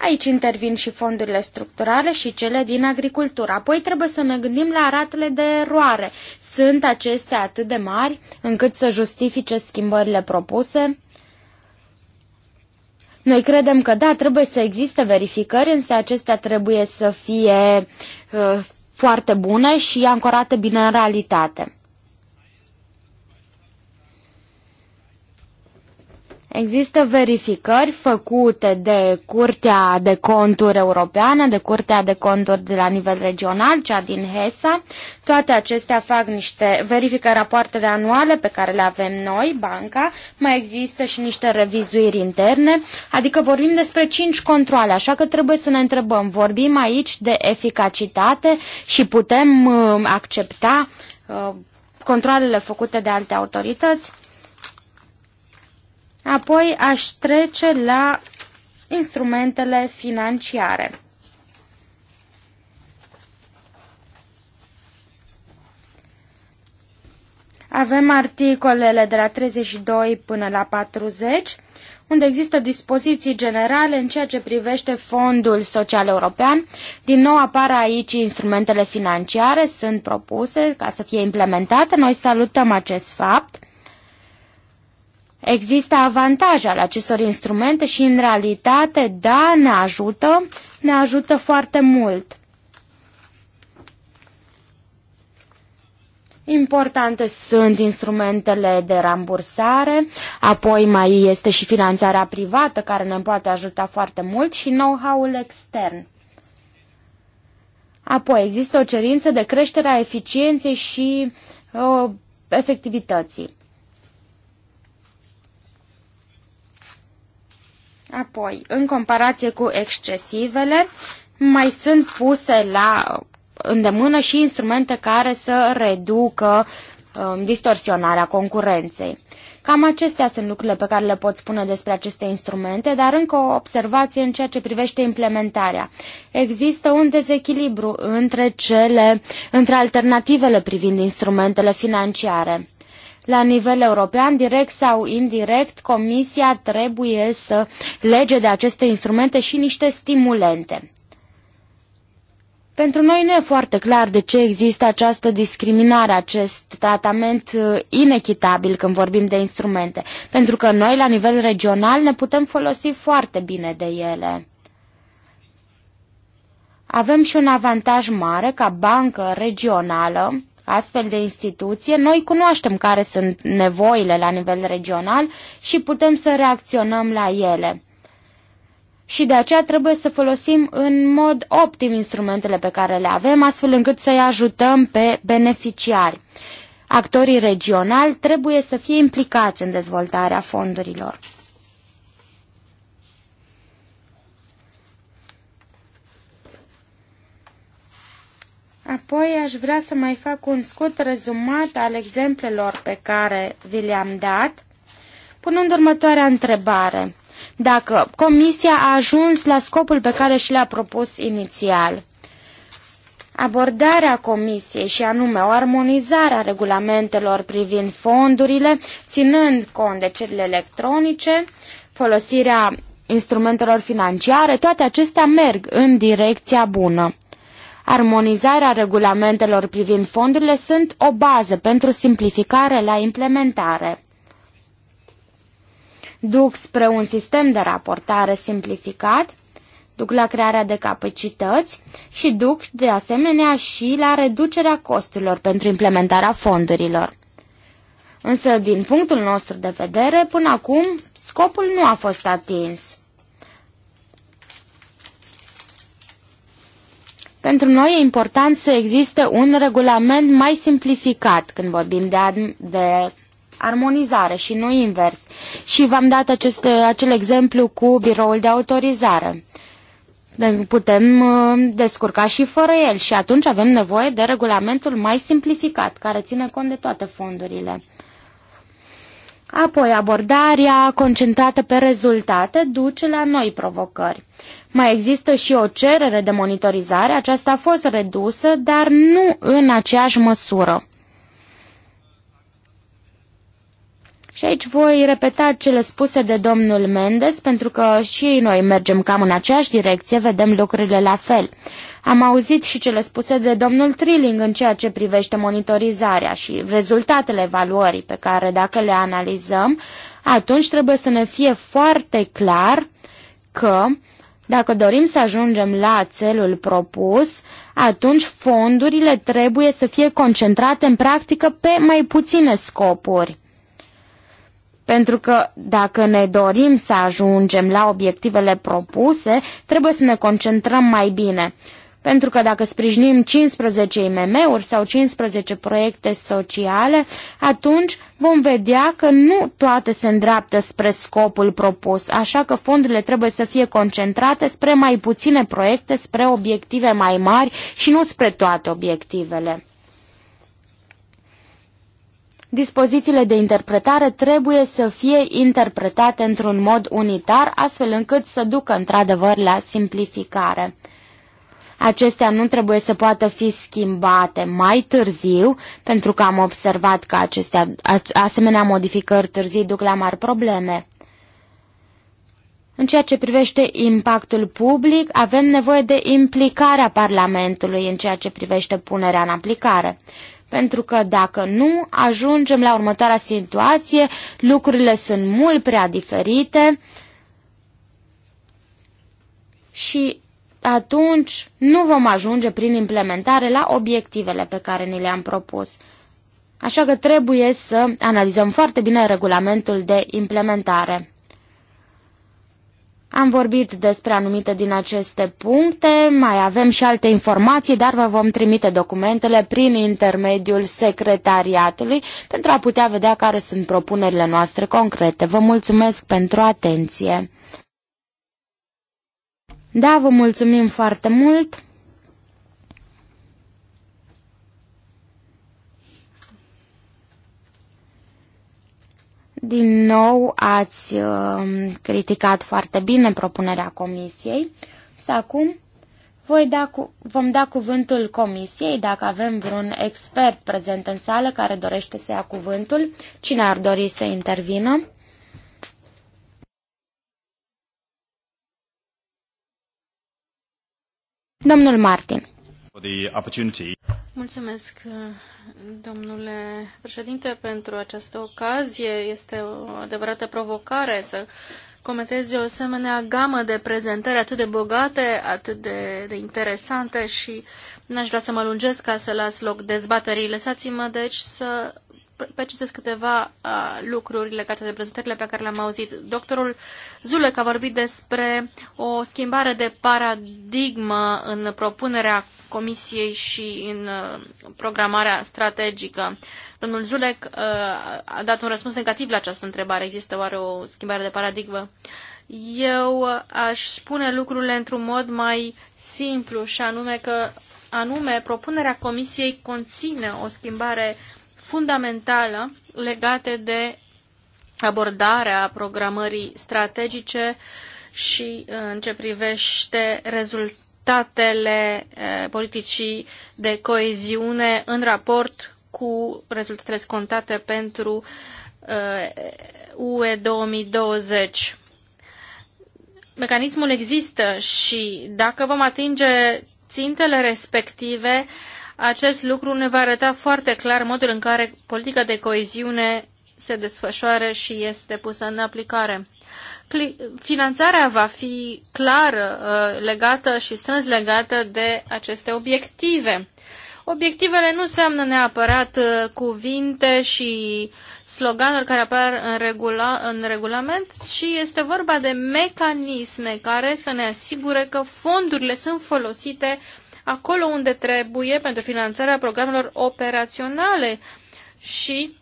Aici intervin și fondurile structurale și cele din agricultură. Apoi trebuie să ne gândim la ratele de eroare. Sunt acestea atât de mari încât să justifice schimbările propuse? Noi credem că da, trebuie să existe verificări, însă acestea trebuie să fie uh, foarte bune și ancorate bine în realitate. Există verificări făcute de Curtea de Conturi Europeană, de Curtea de Conturi de la nivel regional, cea din HESA. Toate acestea fac niște verifică rapoartele anuale pe care le avem noi, banca. Mai există și niște revizuiri interne, adică vorbim despre cinci controle, așa că trebuie să ne întrebăm, vorbim aici de eficacitate și putem uh, accepta uh, controlele făcute de alte autorități? Apoi aș trece la instrumentele financiare. Avem articolele de la 32 până la 40, unde există dispoziții generale în ceea ce privește Fondul Social European. Din nou apar aici instrumentele financiare, sunt propuse ca să fie implementate. Noi salutăm acest fapt. Există avantaje al acestor instrumente și, în realitate, da, ne ajută, ne ajută foarte mult. Importante sunt instrumentele de rambursare, apoi mai este și finanțarea privată care ne poate ajuta foarte mult și know-how-ul extern. Apoi există o cerință de creștere a eficienței și uh, efectivității. Apoi, în comparație cu excesivele, mai sunt puse la îndemână și instrumente care să reducă um, distorsionarea concurenței. Cam acestea sunt lucrurile pe care le pot spune despre aceste instrumente, dar încă o observație în ceea ce privește implementarea. Există un dezechilibru între, cele, între alternativele privind instrumentele financiare. La nivel european, direct sau indirect, Comisia trebuie să lege de aceste instrumente și niște stimulente. Pentru noi nu e foarte clar de ce există această discriminare, acest tratament uh, inechitabil când vorbim de instrumente, pentru că noi, la nivel regional, ne putem folosi foarte bine de ele. Avem și un avantaj mare ca bancă regională astfel de instituție, noi cunoaștem care sunt nevoile la nivel regional și putem să reacționăm la ele. Și de aceea trebuie să folosim în mod optim instrumentele pe care le avem, astfel încât să-i ajutăm pe beneficiari. Actorii regionali trebuie să fie implicați în dezvoltarea fondurilor. Apoi aș vrea să mai fac un scurt rezumat al exemplelor pe care vi le-am dat, punând următoarea întrebare. Dacă Comisia a ajuns la scopul pe care și l-a propus inițial, Abordarea Comisiei și anume o armonizare a regulamentelor privind fondurile, ținând cont de cerile electronice, folosirea instrumentelor financiare, toate acestea merg în direcția bună. Armonizarea regulamentelor privind fondurile sunt o bază pentru simplificare la implementare. Duc spre un sistem de raportare simplificat, duc la crearea de capacități și duc de asemenea și la reducerea costurilor pentru implementarea fondurilor. Însă, din punctul nostru de vedere, până acum, scopul nu a fost atins. Pentru noi e important să existe un regulament mai simplificat când vorbim de, de armonizare și nu invers. Și v-am dat acest, acel exemplu cu biroul de autorizare. Deci putem uh, descurca și fără el și atunci avem nevoie de regulamentul mai simplificat, care ține cont de toate fondurile. Apoi, abordarea concentrată pe rezultate duce la noi provocări. Mai există și o cerere de monitorizare, aceasta a fost redusă, dar nu în aceeași măsură. Și aici voi repeta cele spuse de domnul Mendes, pentru că și noi mergem cam în aceeași direcție, vedem lucrurile la fel. Am auzit și cele spuse de domnul Trilling în ceea ce privește monitorizarea și rezultatele evaluării pe care dacă le analizăm, atunci trebuie să ne fie foarte clar că uh, dacă dorim să ajungem la țelul propus, atunci fondurile trebuie să fie concentrate în practică pe mai puține scopuri. Pentru că dacă ne dorim să ajungem la obiectivele propuse, trebuie să ne concentrăm mai bine. Pentru că dacă sprijinim 15 IMM-uri sau 15 proiecte sociale, atunci vom vedea că nu toate se îndreaptă spre scopul propus, așa că fondurile trebuie să fie concentrate spre mai puține proiecte, spre obiective mai mari și nu spre toate obiectivele. Dispozițiile de interpretare trebuie să fie interpretate într-un mod unitar, astfel încât să ducă într-adevăr la simplificare. Acestea nu trebuie să poată fi schimbate mai târziu, pentru că am observat că acestea, asemenea modificări târzii duc la mari probleme. În ceea ce privește impactul public, avem nevoie de implicarea Parlamentului în ceea ce privește punerea în aplicare. Pentru că dacă nu, ajungem la următoarea situație, lucrurile sunt mult prea diferite și atunci nu vom ajunge prin implementare la obiectivele pe care ni le-am propus. Așa că trebuie să analizăm foarte bine regulamentul de implementare. Am vorbit despre anumite din aceste puncte, mai avem și alte informații, dar vă vom trimite documentele prin intermediul secretariatului pentru a putea vedea care sunt propunerile noastre concrete. Vă mulțumesc pentru atenție! Da, vă mulțumim foarte mult! Din nou ați uh, criticat foarte bine propunerea comisiei. Să acum voi da cu, vom da cuvântul comisiei dacă avem vreun expert prezent în sală care dorește să ia cuvântul. Cine ar dori să intervină? Domnul Martin. Mulțumesc, domnule președinte, pentru această ocazie. Este o adevărată provocare să comentezi o asemenea gamă de prezentări atât de bogate, atât de, de interesante și n-aș vrea să mă lungesc ca să las loc dezbaterii. Lăsați-mă, deci, să precizez câteva uh, lucruri legate de prezentările pe care le-am auzit. Doctorul Zulec a vorbit despre o schimbare de paradigmă în propunerea Comisiei și în uh, programarea strategică. Domnul Zulec uh, a dat un răspuns negativ la această întrebare. Există oare o schimbare de paradigmă? Eu aș spune lucrurile într-un mod mai simplu și anume că anume propunerea Comisiei conține o schimbare fundamentală legate de abordarea programării strategice și uh, în ce privește rezultatele uh, politicii de coeziune în raport cu rezultatele scontate pentru uh, UE 2020. Mecanismul există și dacă vom atinge țintele respective, uh, acest lucru ne va arăta foarte clar modul în care politica de coeziune se desfășoară și este pusă în aplicare. Finanțarea va fi clar uh, legată și strâns legată de aceste obiective. Obiectivele nu înseamnă neapărat uh, cuvinte și sloganuri care apar în, regula, în regulament, ci este vorba de mecanisme care să ne asigure că fondurile sunt folosite uh, acolo unde trebuie pentru finanțarea programelor operaționale și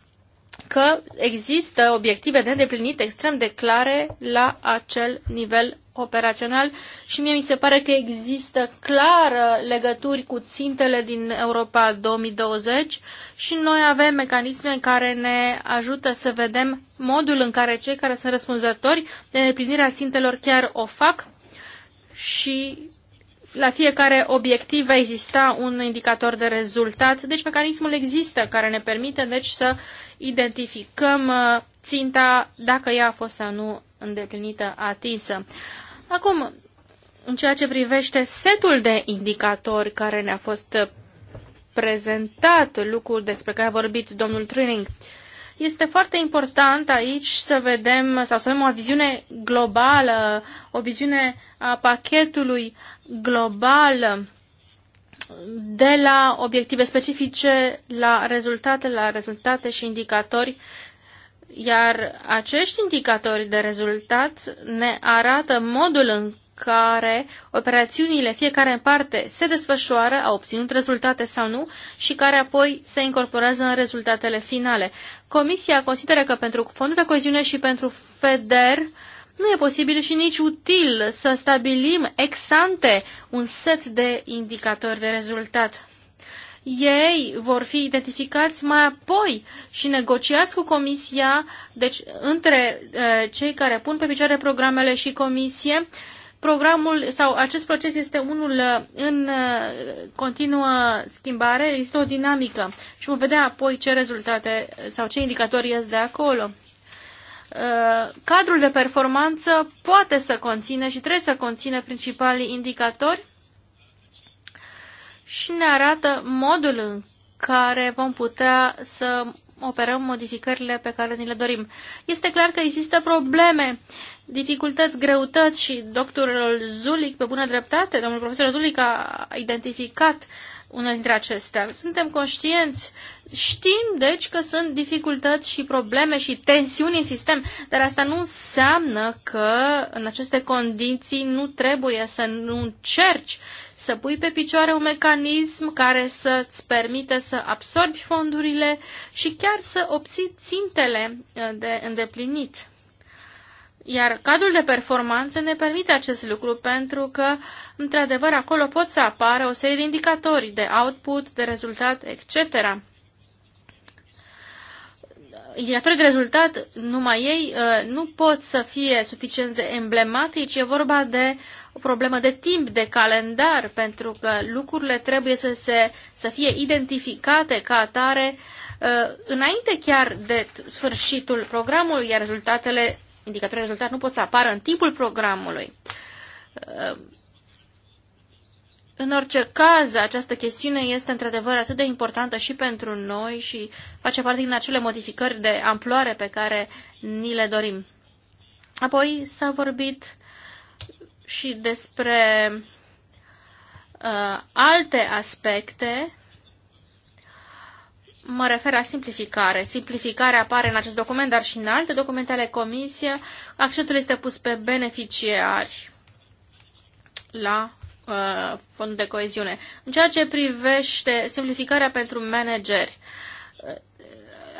că există obiective de îndeplinit extrem de clare la acel nivel operațional și mie mi se pare că există clar legături cu țintele din Europa 2020 și noi avem mecanisme care ne ajută să vedem modul în care cei care sunt răspunzători de îndeplinirea țintelor chiar o fac și la fiecare obiectiv va exista un indicator de rezultat, deci mecanismul există care ne permite deci să identificăm uh, ținta dacă ea a fost sau nu îndeplinită, atinsă. Acum, în ceea ce privește setul de indicatori care ne-a fost uh, prezentat, lucruri despre care a vorbit domnul Trining, este foarte important aici să vedem sau să avem o viziune globală, o viziune a pachetului global de la obiective specifice la rezultate, la rezultate și indicatori, iar acești indicatori de rezultat ne arată modul în care operațiunile fiecare în parte se desfășoară, a obținut rezultate sau nu și care apoi se incorporează în rezultatele finale. Comisia consideră că pentru Fondul de Coeziune și pentru FEDER uh, nu e posibil și nici util să stabilim ex ante un set de indicatori de rezultat. Ei vor fi identificați mai apoi și negociați cu comisia, deci între uh, cei care pun pe picioare programele și comisie, programul sau acest proces este unul uh, în uh, continuă schimbare, este o dinamică și vom vedea apoi ce rezultate sau ce indicatori ies de acolo. Uh, cadrul de performanță poate să conține și trebuie să conține principalii indicatori și ne arată modul în care vom putea să operăm modificările pe care ni le dorim. Este clar că există probleme, dificultăți, greutăți și doctorul Zulic, pe bună dreptate, domnul profesor Zulic a identificat uh, unele dintre acestea. Suntem conștienți, știm deci că sunt dificultăți și probleme și tensiuni în sistem, dar asta nu înseamnă că în aceste condiții nu trebuie să nu încerci să pui pe picioare un mecanism care să-ți permite să absorbi fondurile și chiar să obții țintele uh, de îndeplinit. Iar cadrul de performanță ne permite acest lucru pentru că, într-adevăr, acolo pot să apară o serie de indicatori de output, de rezultat, etc. Indicatorii de rezultat, numai ei, uh, nu pot să fie suficient de emblematici, e vorba de o problemă de timp, de calendar, pentru că lucrurile trebuie să, se, să fie identificate ca atare uh, înainte chiar de sfârșitul programului, iar rezultatele indicatorii rezultat nu pot să apară în timpul programului. În orice caz, această chestiune este într-adevăr atât de importantă și pentru noi și face parte din acele modificări de amploare pe care ni le dorim. Apoi s-a vorbit și despre uh, alte aspecte Mă refer la simplificare. Simplificarea apare în acest document, dar și în alte documente ale Comisiei. Accentul este pus pe beneficiari la uh, fondul de coeziune. În ceea ce privește simplificarea pentru manageri, uh,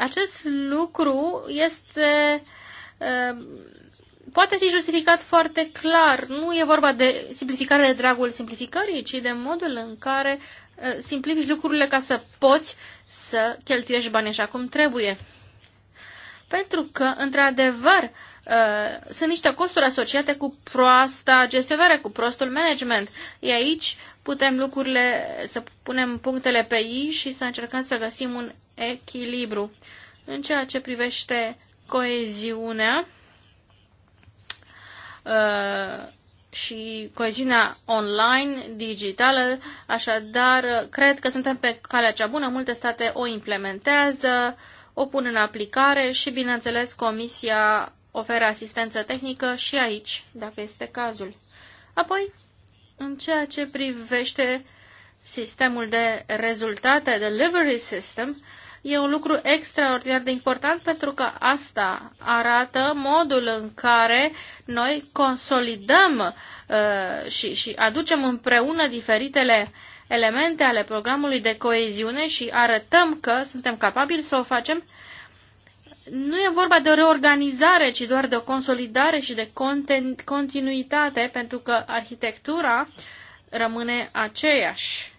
acest lucru este uh, poate fi justificat foarte clar. Nu e vorba de simplificare de dragul simplificării, ci de modul în care Eh, simplifici lucrurile ca să poți să cheltuiești banii așa cum trebuie. Pentru că, într-adevăr, eh, sunt niște costuri asociate cu proasta gestionare, cu prostul management. E aici putem lucrurile, să punem punctele pe i și să încercăm să găsim un echilibru. În ceea ce privește coeziunea, eh, și coeziunea online, digitală, așadar cred că suntem pe calea cea bună, multe state o implementează, o pun în aplicare și, bineînțeles, Comisia oferă asistență tehnică și aici, dacă este cazul. Apoi, în ceea ce privește sistemul de rezultate, delivery system, E un lucru extraordinar de important pentru că asta arată modul în care noi consolidăm uh, și, și aducem împreună diferitele elemente ale programului de coeziune și arătăm că suntem capabili să o facem. Nu e vorba de o reorganizare, ci doar de o consolidare și de continuitate, pentru că arhitectura rămâne aceeași.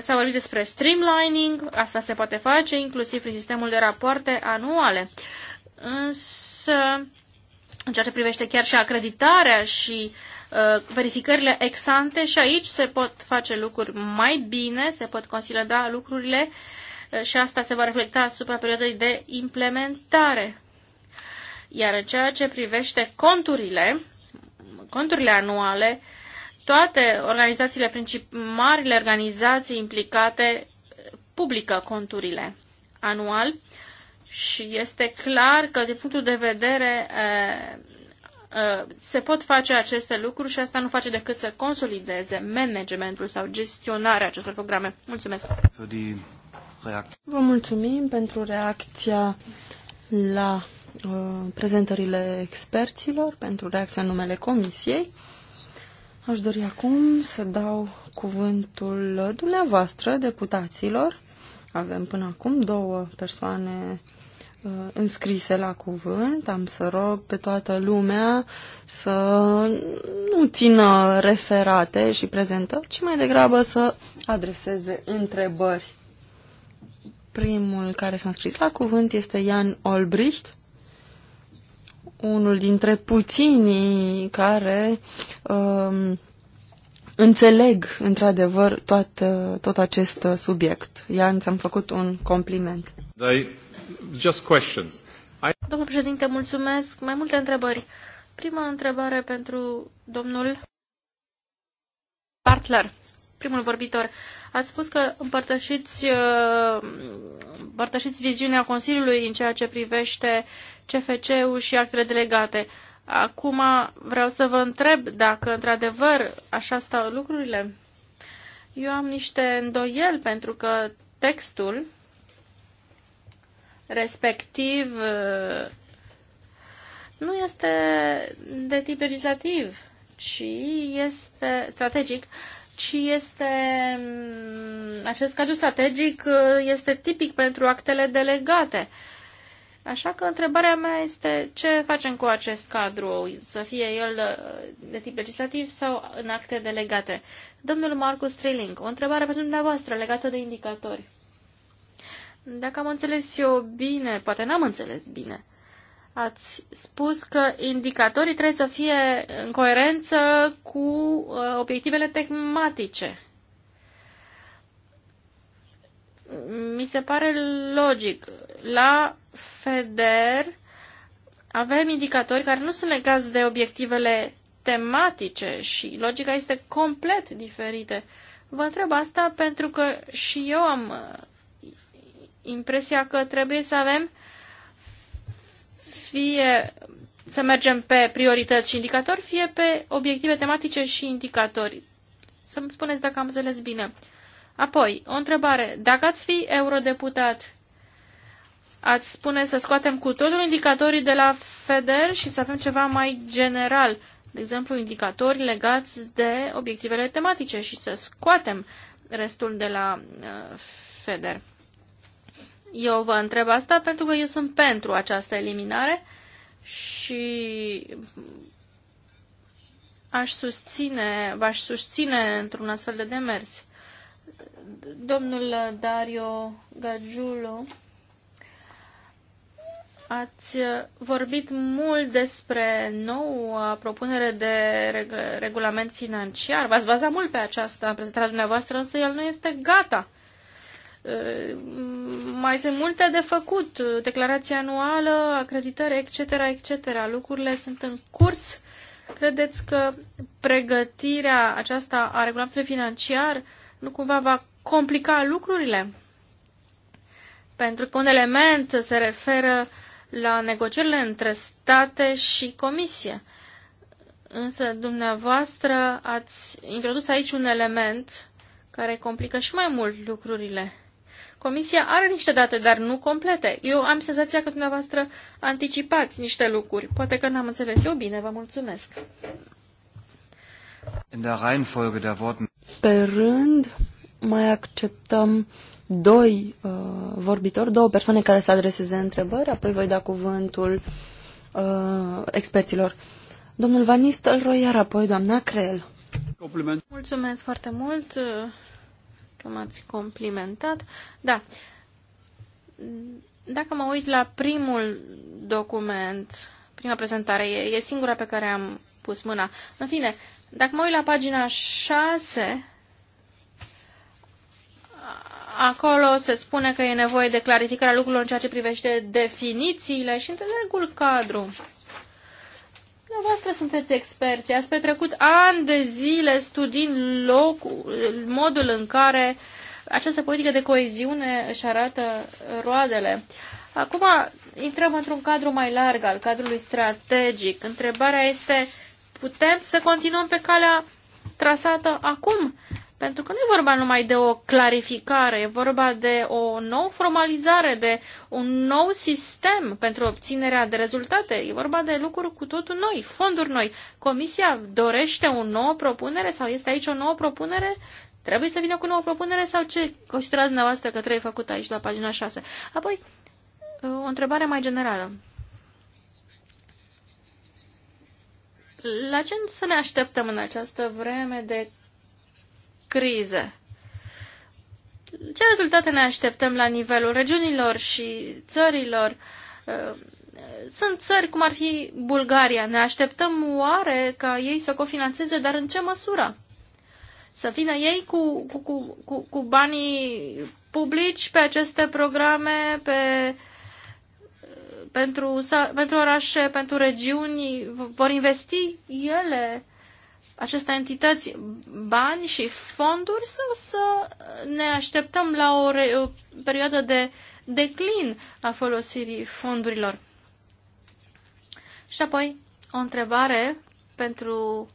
S-a vorbit despre streamlining, asta se poate face inclusiv prin sistemul de rapoarte anuale. Însă, în ceea ce privește chiar și acreditarea și uh, verificările exante și aici se pot face lucruri mai bine, se pot consilida lucrurile uh, și asta se va reflecta asupra perioadei de implementare. Iar în ceea ce privește conturile, conturile anuale, uh, toate organizațiile, marile organizații implicate publică conturile anual și este clar că din punctul de vedere se pot face aceste lucruri și asta nu face decât să consolideze managementul sau gestionarea acestor programe. Mulțumesc! Vă mulțumim pentru reacția la uh, prezentările experților, pentru reacția în numele Comisiei. Aș dori acum să dau cuvântul dumneavoastră, deputaților. Avem până acum două persoane uh, înscrise la cuvânt. Am să rog pe toată lumea să nu țină referate și prezentări, ci mai degrabă să adreseze întrebări. Primul care s-a înscris la cuvânt este Ian Olbricht unul dintre puținii care um, înțeleg într-adevăr tot, tot acest uh, subiect. Ian, ți-am făcut un compliment. They, just questions. I... Domnul președinte, mulțumesc. Mai multe întrebări. Prima întrebare pentru domnul Bartler primul vorbitor. Ați spus că împărtășiți, uh, împărtășiți viziunea Consiliului în ceea ce privește CFC-ul și actele delegate. Acum vreau să vă întreb dacă într-adevăr așa stau lucrurile. Eu am niște îndoieli pentru că textul respectiv uh, nu este de tip legislativ, ci este strategic ci este mm, acest cadru strategic uh, este tipic pentru actele delegate. Așa că întrebarea mea este ce facem cu acest cadru, să fie el uh, de tip legislativ sau în acte delegate. Domnul Marcus Strilling, o întrebare pentru dumneavoastră legată de indicatori. Dacă am înțeles eu bine, poate n-am înțeles bine, ați spus că indicatorii trebuie să fie în coerență cu uh, obiectivele tematice. Mi se pare logic. La FEDER avem indicatori care nu sunt legați de obiectivele tematice și logica este complet diferită. Vă întreb asta pentru că și eu am uh, impresia că trebuie să avem uh, fie să mergem pe priorități și indicatori, fie pe obiective tematice și indicatori. Să-mi spuneți dacă am înțeles bine. Apoi, o întrebare. Dacă ați fi eurodeputat, ați spune să scoatem cu totul indicatorii de la FEDER și să avem ceva mai general, de exemplu, indicatori legați de obiectivele tematice și să scoatem restul de la uh, FEDER. Eu vă întreb asta pentru că eu sunt pentru această eliminare și aș susține, v-aș susține într-un astfel de demers. Domnul Dario Gagiulo, ați vorbit mult despre noua propunere de regulament financiar. V-ați bazat mult pe aceasta în prezentarea dumneavoastră, însă el nu este gata. Eh, mai sunt multe de făcut, declarația anuală, acreditări, etc., etc. Lucrurile sunt în curs. Credeți că pregătirea aceasta a regulamentului financiar nu cumva va complica lucrurile? Pentru că un element se referă la negocierile între state și comisie. Însă dumneavoastră ați introdus aici un element care complică și mai mult lucrurile. Comisia are niște date, dar nu complete. Eu am senzația că dumneavoastră anticipați niște lucruri. Poate că n-am înțeles eu bine. Vă mulțumesc. Pe rând, mai acceptăm doi uh, vorbitori, două persoane care să adreseze întrebări, apoi voi da cuvântul uh, experților. Domnul Vanistel Nistelrooy, iar apoi doamna Creel. Mulțumesc foarte mult că m-ați complimentat. Da. Dacă mă uit la primul document, prima prezentare, e, e singura pe care am pus mâna. În fine, dacă mă uit la pagina 6, acolo se spune că e nevoie de clarificarea lucrurilor în ceea ce privește definițiile și întregul cadru. Dumneavoastră sunteți experți, ați petrecut ani de zile studiind locul, modul în care această politică de coeziune își arată roadele. Acum intrăm într-un cadru mai larg al cadrului strategic. Întrebarea este, putem să continuăm pe calea trasată acum? Pentru că nu e vorba numai de o clarificare, e vorba de o nouă formalizare, de un nou sistem pentru obținerea de rezultate. E vorba de lucruri cu totul noi, fonduri noi. Comisia dorește o nouă propunere sau este aici o nouă propunere? Trebuie să vină cu o nouă propunere sau ce considerați dumneavoastră că trebuie făcut aici la pagina 6? Apoi, o întrebare mai generală. La ce să ne așteptăm în această vreme de crize. Ce rezultate ne așteptăm la nivelul regiunilor și țărilor? Uh, sunt țări cum ar fi Bulgaria. Ne așteptăm oare ca ei să cofinanțeze, dar în ce măsură? Să vină ei cu, cu, cu, cu, cu banii publici pe aceste programe, pe pentru, pentru orașe, pentru regiuni, vor investi ele aceste entități bani și fonduri sau să ne așteptăm la o, re, o perioadă de declin a folosirii fondurilor? Și apoi o întrebare pentru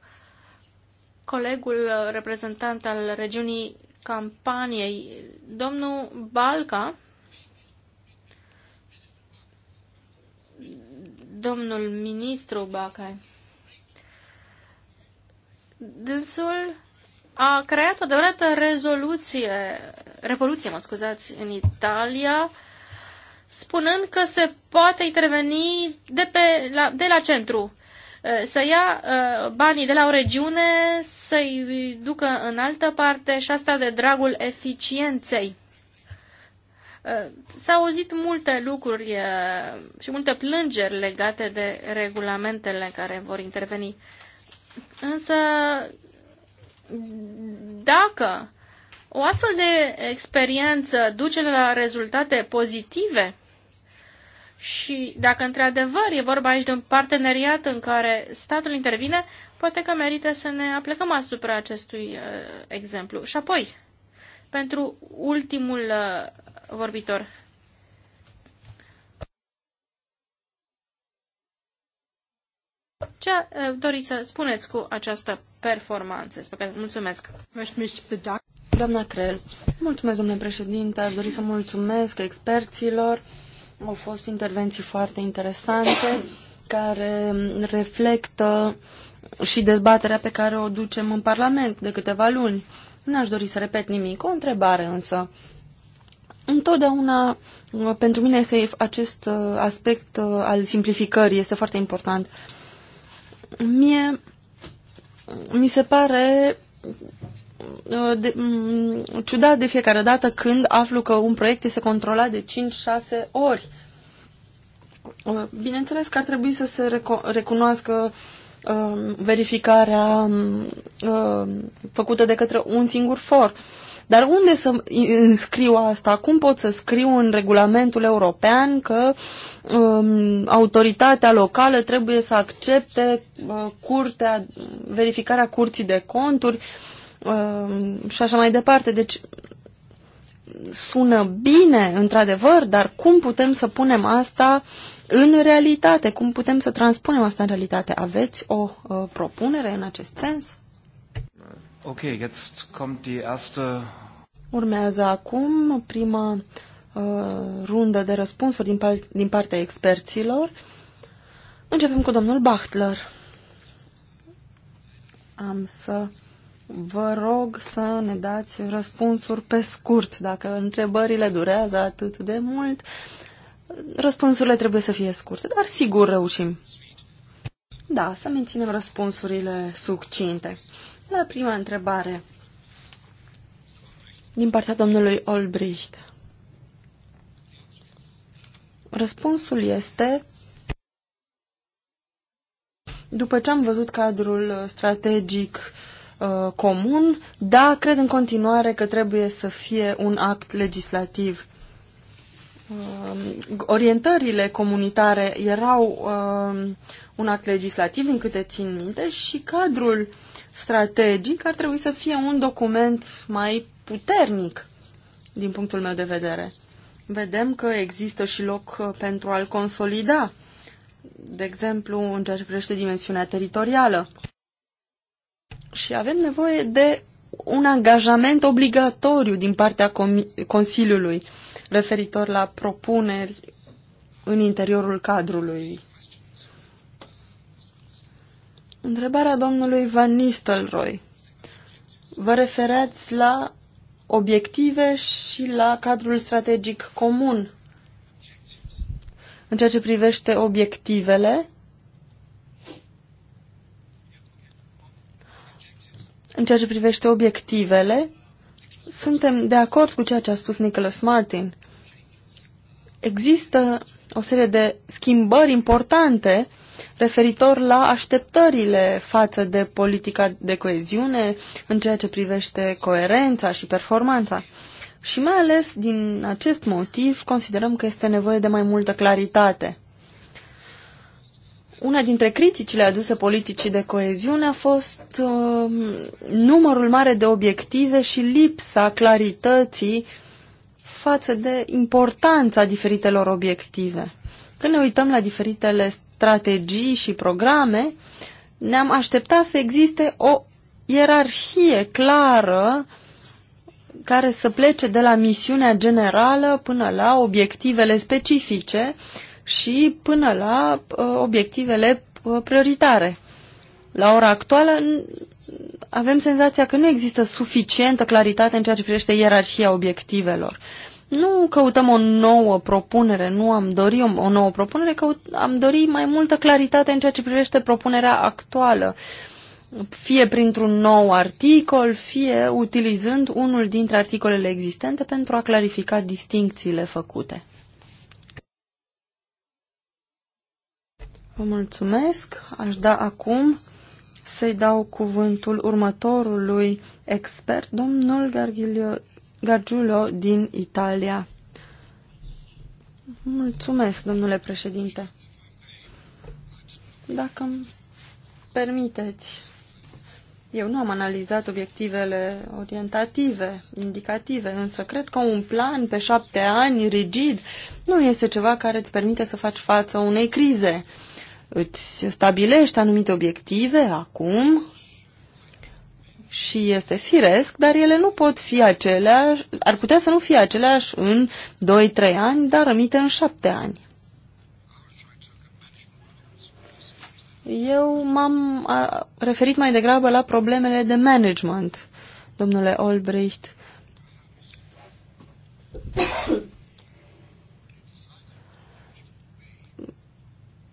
colegul reprezentant al regiunii campaniei, domnul Balca, domnul ministru Bacai. Dânsul a creat o adevărată rezoluție, revoluție, mă scuzați, în Italia, spunând că se poate interveni de, pe, la, de la centru, eh, să ia eh, banii de la o regiune, să-i ducă în altă parte și asta de dragul eficienței. Eh, s-au auzit multe lucruri și multe plângeri legate de regulamentele care vor interveni. Însă, dacă o astfel de experiență duce la rezultate pozitive și dacă într-adevăr e vorba aici de un parteneriat în care statul intervine, poate că merită să ne aplicăm asupra acestui uh, exemplu. Și apoi, pentru ultimul uh, vorbitor, Ce eh, doriți să spuneți cu această performanță? Mulțumesc! Doamna Crel, mulțumesc, domnule președinte. Aș dori să mulțumesc experților. Au fost intervenții foarte interesante care reflectă și dezbaterea pe care o ducem în Parlament de câteva luni. N-aș dori să repet nimic, o întrebare însă. Întotdeauna, pentru mine, este acest uh, aspect uh, al simplificării este foarte important. Mie mi se pare uh, de, mm, ciudat de fiecare dată când aflu că un proiect este controlat de 5-6 ori. Uh, bineînțeles că ar trebui să se reco recunoască um, verificarea um, uh, făcută de către un singur for. Dar unde să înscriu asta? Cum pot să scriu în regulamentul european că um, autoritatea locală trebuie să accepte uh, curtea, verificarea curții de conturi uh, și așa mai departe? Deci sună bine, într-adevăr, dar cum putem să punem asta în realitate? Cum putem să transpunem asta în realitate? Aveți o uh, propunere în acest sens? Okay, jetzt kommt die erste... Urmează acum prima uh, rundă de răspunsuri din, par din partea experților. Începem cu domnul Bachtler. Am să vă rog să ne dați răspunsuri pe scurt. Dacă întrebările durează atât de mult, răspunsurile trebuie să fie scurte, dar sigur reușim. Da, să menținem răspunsurile succinte. La prima întrebare, din partea domnului Olbricht, răspunsul este, după ce am văzut cadrul strategic uh, comun, da, cred în continuare că trebuie să fie un act legislativ uh, orientările comunitare erau uh, un act legislativ, din câte țin minte, și cadrul strategic ar trebui să fie un document mai puternic din punctul meu de vedere. Vedem că există și loc uh, pentru a-l consolida, de exemplu în ceea ce privește dimensiunea teritorială. Și avem nevoie de un angajament obligatoriu din partea Consiliului referitor la propuneri în interiorul cadrului Întrebarea domnului Van Nistelrooy. Vă refereați la obiective și la cadrul strategic comun. În ceea ce privește obiectivele, în ceea ce privește obiectivele, suntem de acord cu ceea ce a spus Nicholas Martin. Există o serie de schimbări importante referitor la așteptările față de politica de coeziune în ceea ce privește coerența și performanța. Și mai ales din acest motiv considerăm că este nevoie de mai multă claritate. Una dintre criticile aduse politicii de coeziune a fost uh, numărul mare de obiective și lipsa clarității față de importanța diferitelor obiective. Când ne uităm la diferitele strategii și programe, ne-am așteptat să existe o ierarhie clară care să plece de la misiunea generală până la obiectivele specifice și până la uh, obiectivele uh, prioritare. La ora actuală avem senzația că nu există suficientă claritate în ceea ce privește ierarhia obiectivelor. Nu căutăm o nouă propunere, nu am dorit o, o nouă propunere, căut, am dorit mai multă claritate în ceea ce privește propunerea actuală, fie printr-un nou articol, fie utilizând unul dintre articolele existente pentru a clarifica distincțiile făcute. Vă mulțumesc. Aș da acum să-i dau cuvântul următorului expert, domnul Gargilio Gargiulo din Italia. Mulțumesc, domnule președinte. Dacă îmi permiteți, eu nu am analizat obiectivele orientative, indicative, însă cred că un plan pe șapte ani, rigid, nu este ceva care îți permite să faci față unei crize. Îți stabilești anumite obiective acum, și este firesc, dar ele nu pot fi aceleași, ar putea să nu fie aceleași în 2-3 ani, dar rămite în 7 ani. Eu m-am referit mai degrabă la problemele de management, domnule Olbricht.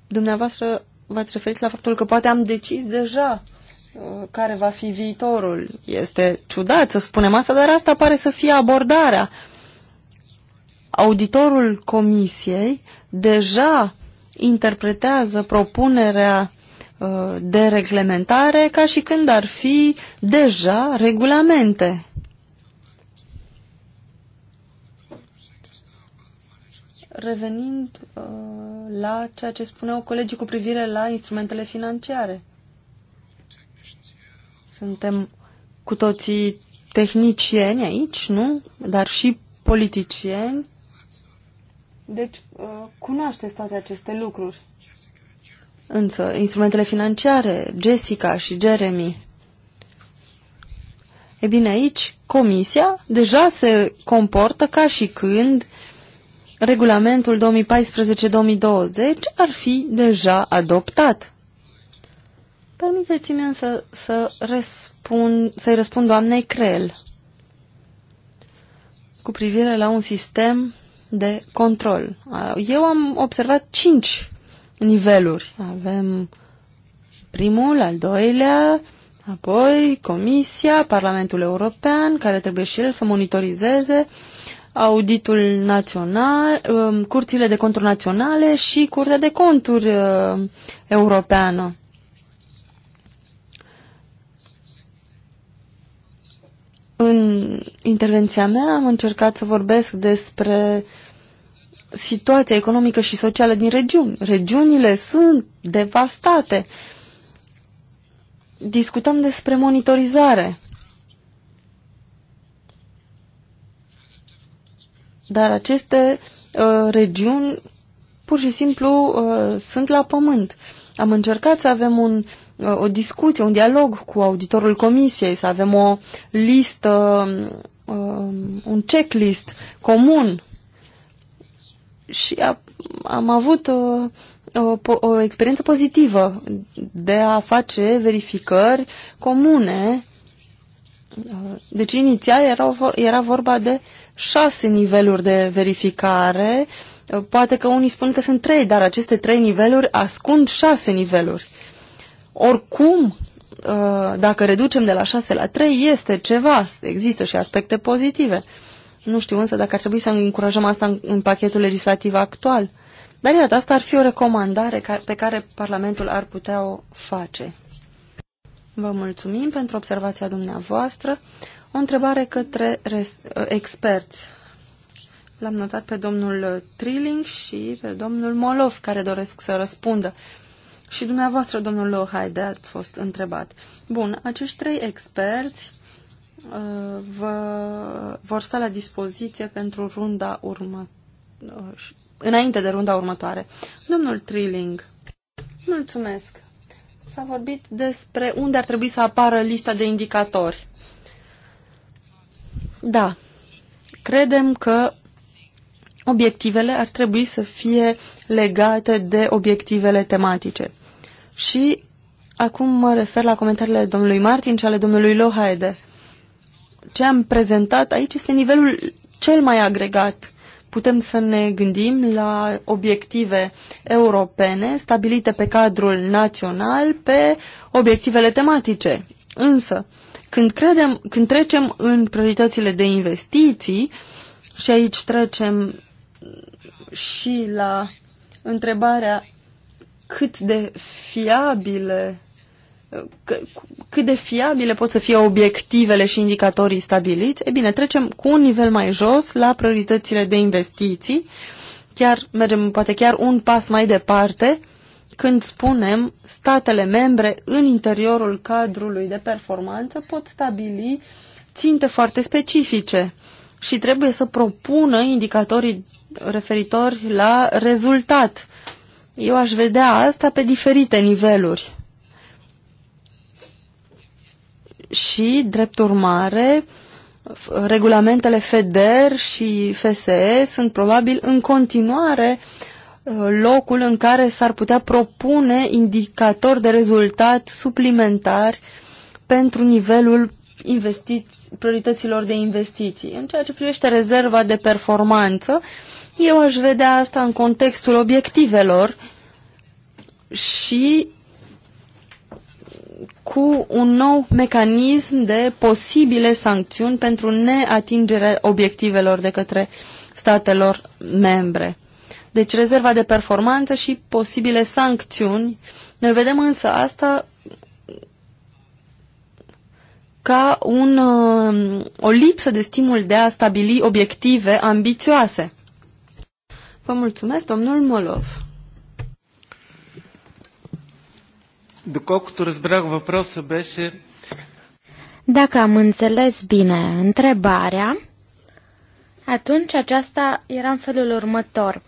Dumneavoastră v-ați referit la faptul că poate am decis deja Uh, care va fi viitorul. Este ciudat să spunem asta, dar asta pare să fie abordarea. Auditorul comisiei deja interpretează propunerea uh, de reglementare ca și când ar fi deja regulamente. Revenind uh, la ceea ce spuneau colegii cu privire la instrumentele financiare. Suntem cu toții tehnicieni aici, nu? Dar și politicieni. Deci, uh, cunoașteți toate aceste lucruri. Însă, instrumentele financiare, Jessica și Jeremy. E bine, aici comisia deja se comportă ca și când regulamentul 2014-2020 ar fi deja adoptat. Permiteți-mi însă să răspund, să-i răspund doamnei Creel cu privire la un sistem de control. Ah, eu am observat cinci niveluri. Avem primul, al doilea, apoi Comisia, Parlamentul European, care trebuie și el să monitorizeze auditul național, um, curțile de conturi naționale și Curtea de Conturi uh, Europeană. În intervenția mea am încercat să vorbesc despre situația economică și socială din regiuni. Regiunile sunt devastate. Discutăm despre monitorizare. Dar aceste uh, regiuni pur și simplu uh, sunt la pământ. Am încercat să avem un o discuție, un dialog cu auditorul comisiei, să avem o listă, um, un checklist comun. Și am avut uh, o, experiență pozitivă de a face verificări comune. Deci inițial era, era vorba de șase niveluri de verificare. Poate că unii spun că sunt trei, dar aceste trei niveluri ascund șase niveluri. Oricum, uh, dacă reducem de la 6 la 3, este ceva, există și aspecte pozitive. Nu știu însă dacă ar trebui să încurajăm asta în, pachetul legislativ actual. Dar iată, asta ar fi o recomandare pe care Parlamentul ar putea o face. Vă mulțumim pentru observația dumneavoastră. O întrebare către uh, experți. L-am notat pe domnul Trilling și pe domnul Molov, care doresc să răspundă. Și dumneavoastră, domnul Lohaide, ați fost întrebat. Bun, acești trei experți uh, vă, vor sta la dispoziție pentru runda următoare. Uh, înainte de runda următoare. Domnul Trilling, mulțumesc. S-a vorbit despre unde ar trebui să apară lista de indicatori. Da, credem că obiectivele ar trebui să fie legate de obiectivele tematice. Și acum mă refer la comentariile domnului Martin și ale domnului Lohaede. Ce am prezentat aici este nivelul cel mai agregat. Putem să ne gândim la obiective europene stabilite pe cadrul național, pe obiectivele tematice. Însă, când, credem, când trecem în prioritățile de investiții, și aici trecem și la întrebarea cât de fiabile cât de fiabile pot să fie obiectivele și indicatorii stabiliți, e bine, trecem cu un nivel mai jos la prioritățile de investiții, chiar mergem poate chiar un pas mai departe când spunem statele membre în interiorul cadrului de performanță pot stabili ținte foarte specifice și trebuie să propună indicatorii referitor la rezultat. Eu aș vedea asta pe diferite niveluri. Și, drept urmare, regulamentele FEDER și FSE sunt probabil în continuare uh, locul în care s-ar putea propune indicatori de rezultat suplimentari pentru nivelul priorităților de investiții. În ceea ce privește rezerva de performanță, uh, eu aș vedea asta în contextul obiectivelor și cu un nou mecanism de posibile sancțiuni pentru neatingerea obiectivelor de către statelor membre. Deci rezerva de performanță și posibile sancțiuni. Noi vedem însă asta ca un, uh, o lipsă de stimul de a stabili obiective ambițioase. Vă mulțumesc, domnul Molov. Доколкото разбрах, въпроса беше... Dacă am înțeles bine întrebarea, atunci aceasta era în felul următor.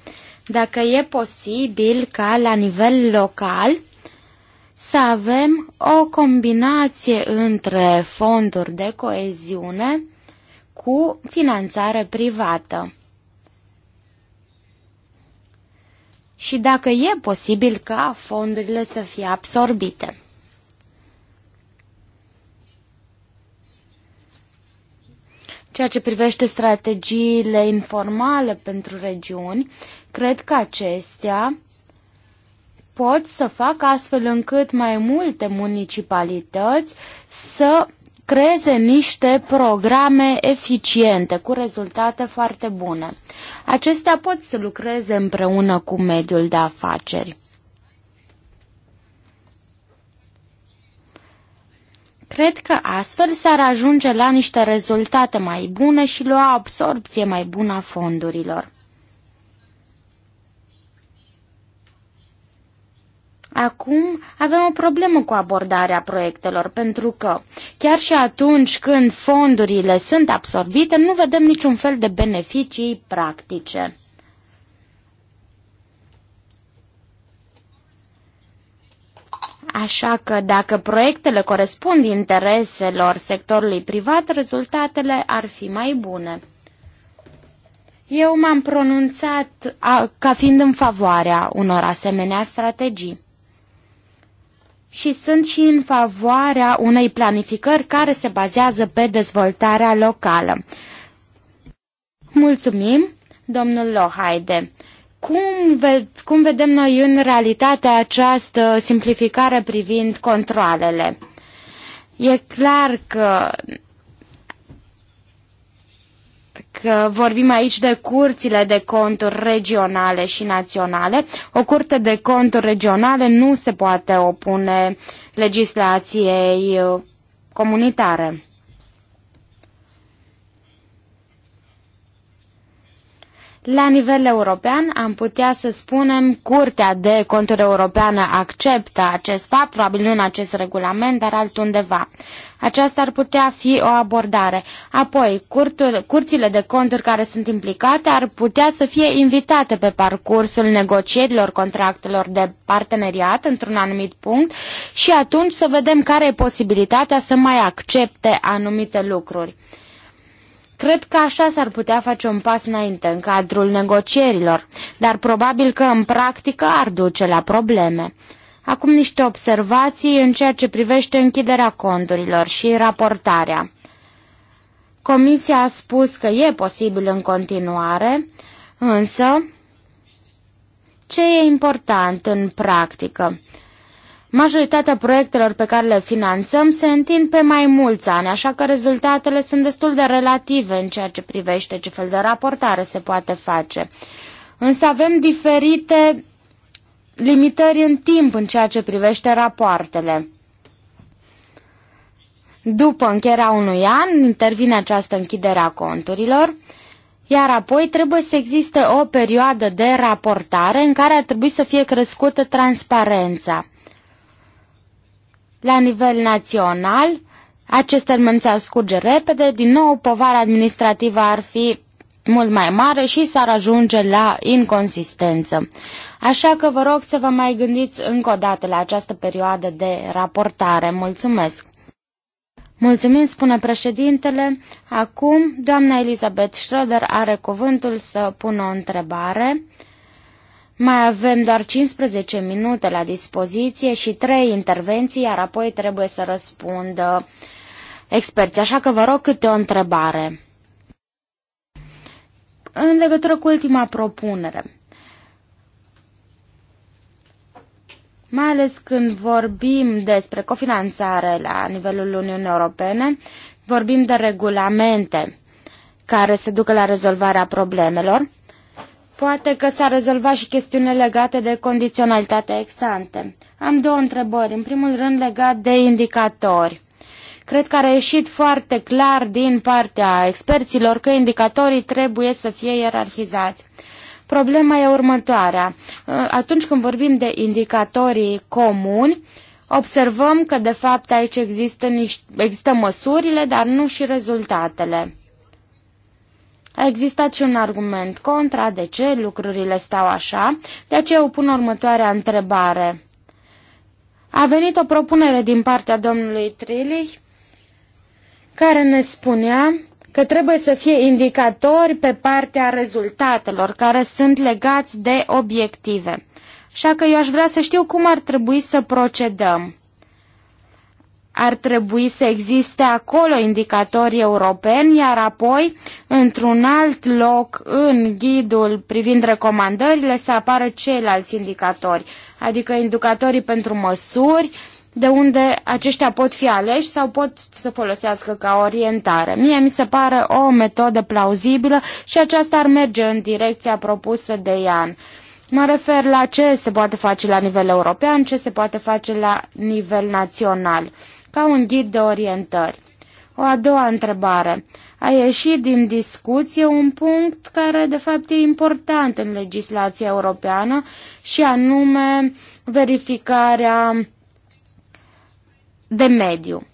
Dacă e posibil ca la nivel local să avem o combinație între fonduri de coeziune cu finanțare privată. și dacă e posibil ca fondurile să fie absorbite. Ceea ce privește strategiile informale pentru regiuni, cred că acestea pot să facă astfel încât mai multe municipalități să creeze niște programe eficiente cu rezultate foarte bune. Acestea pot să lucreze împreună cu mediul de afaceri. Cred că astfel s-ar ajunge la niște rezultate mai bune și la o absorpție mai bună a fondurilor. Acum avem o problemă cu abordarea proiectelor, pentru că chiar și atunci când fondurile sunt absorbite, nu vedem niciun fel de beneficii practice. Așa că dacă proiectele corespund intereselor sectorului privat, rezultatele ar fi mai bune. Eu m-am pronunțat a, ca fiind în favoarea unor asemenea strategii și sunt și în favoarea unei planificări care se bazează pe dezvoltarea locală. Mulțumim, domnul Lohaide. Cum, ve- cum vedem noi în realitate această simplificare privind controlele? E clar că că vorbim aici de curțile de conturi regionale și naționale. O curte de conturi regionale nu se poate opune legislației uh, comunitare. La nivel european am putea să spunem Curtea de Conturi Europeană acceptă acest fapt, probabil nu în acest regulament, dar altundeva. Aceasta ar putea fi o abordare. Apoi, curtul, curțile de conturi care sunt implicate ar putea să fie invitate pe parcursul negocierilor contractelor de parteneriat într-un anumit punct și atunci să vedem care e posibilitatea să mai accepte anumite lucruri. Cred că așa s-ar putea face un pas înainte în cadrul negocierilor, dar probabil că în practică ar duce la probleme. Acum niște observații în ceea ce privește închiderea conturilor și raportarea. Comisia a spus că e posibil în continuare, însă ce e important în practică? Majoritatea proiectelor pe care le finanțăm se întind pe mai mulți ani, așa că rezultatele sunt destul de relative în ceea ce privește ce fel de raportare se poate face. Însă avem diferite limitări în timp în ceea ce privește rapoartele. După încheierea unui an, intervine această închidere a conturilor, iar apoi trebuie să existe o perioadă de raportare în care ar trebui să fie crescută transparența la nivel național, acest termen s-ar scurge repede, din nou povara administrativă ar fi mult mai mare și s-ar ajunge la inconsistență. Așa că vă rog să vă mai gândiți încă o dată la această perioadă de raportare. Mulțumesc! Mulțumim, spune președintele. Acum, doamna Elizabeth Schroeder are cuvântul să pună o întrebare. Mai avem doar 15 minute la dispoziție și trei intervenții, iar apoi trebuie să răspundă experții. Așa că vă rog câte o întrebare. În legătură cu ultima propunere, mai ales când vorbim despre cofinanțare la nivelul Uniunii Europene, vorbim de regulamente care se ducă la rezolvarea problemelor, Poate că s-a rezolvat și chestiunile legate de condiționalitatea exante. Am două întrebări. În primul rând legat de indicatori. Cred că a reieșit foarte clar din partea experților că indicatorii trebuie să fie ierarhizați. Problema e următoarea. Atunci când vorbim de indicatorii comuni, observăm că de fapt aici există, niște, există măsurile, dar nu și rezultatele. A existat și un argument contra de ce lucrurile stau așa, de aceea eu pun următoarea întrebare. A venit o propunere din partea domnului Trilich care ne spunea că trebuie să fie indicatori pe partea rezultatelor care sunt legați de obiective. Așa că eu aș vrea să știu cum ar trebui să procedăm ar trebui să existe acolo indicatori europeni, iar apoi, într-un alt loc, în ghidul privind recomandările, să apară ceilalți indicatori, adică indicatorii pentru măsuri, de unde aceștia pot fi aleși sau pot să folosească ca orientare. Mie mi se pare o metodă plauzibilă și aceasta ar merge în direcția propusă de Ian. Mă refer la ce se poate face la nivel european, ce se poate face la nivel național ca un ghid de orientări. O a doua întrebare. A ieșit din discuție un punct care de fapt e important în legislația europeană și anume verificarea de mediu.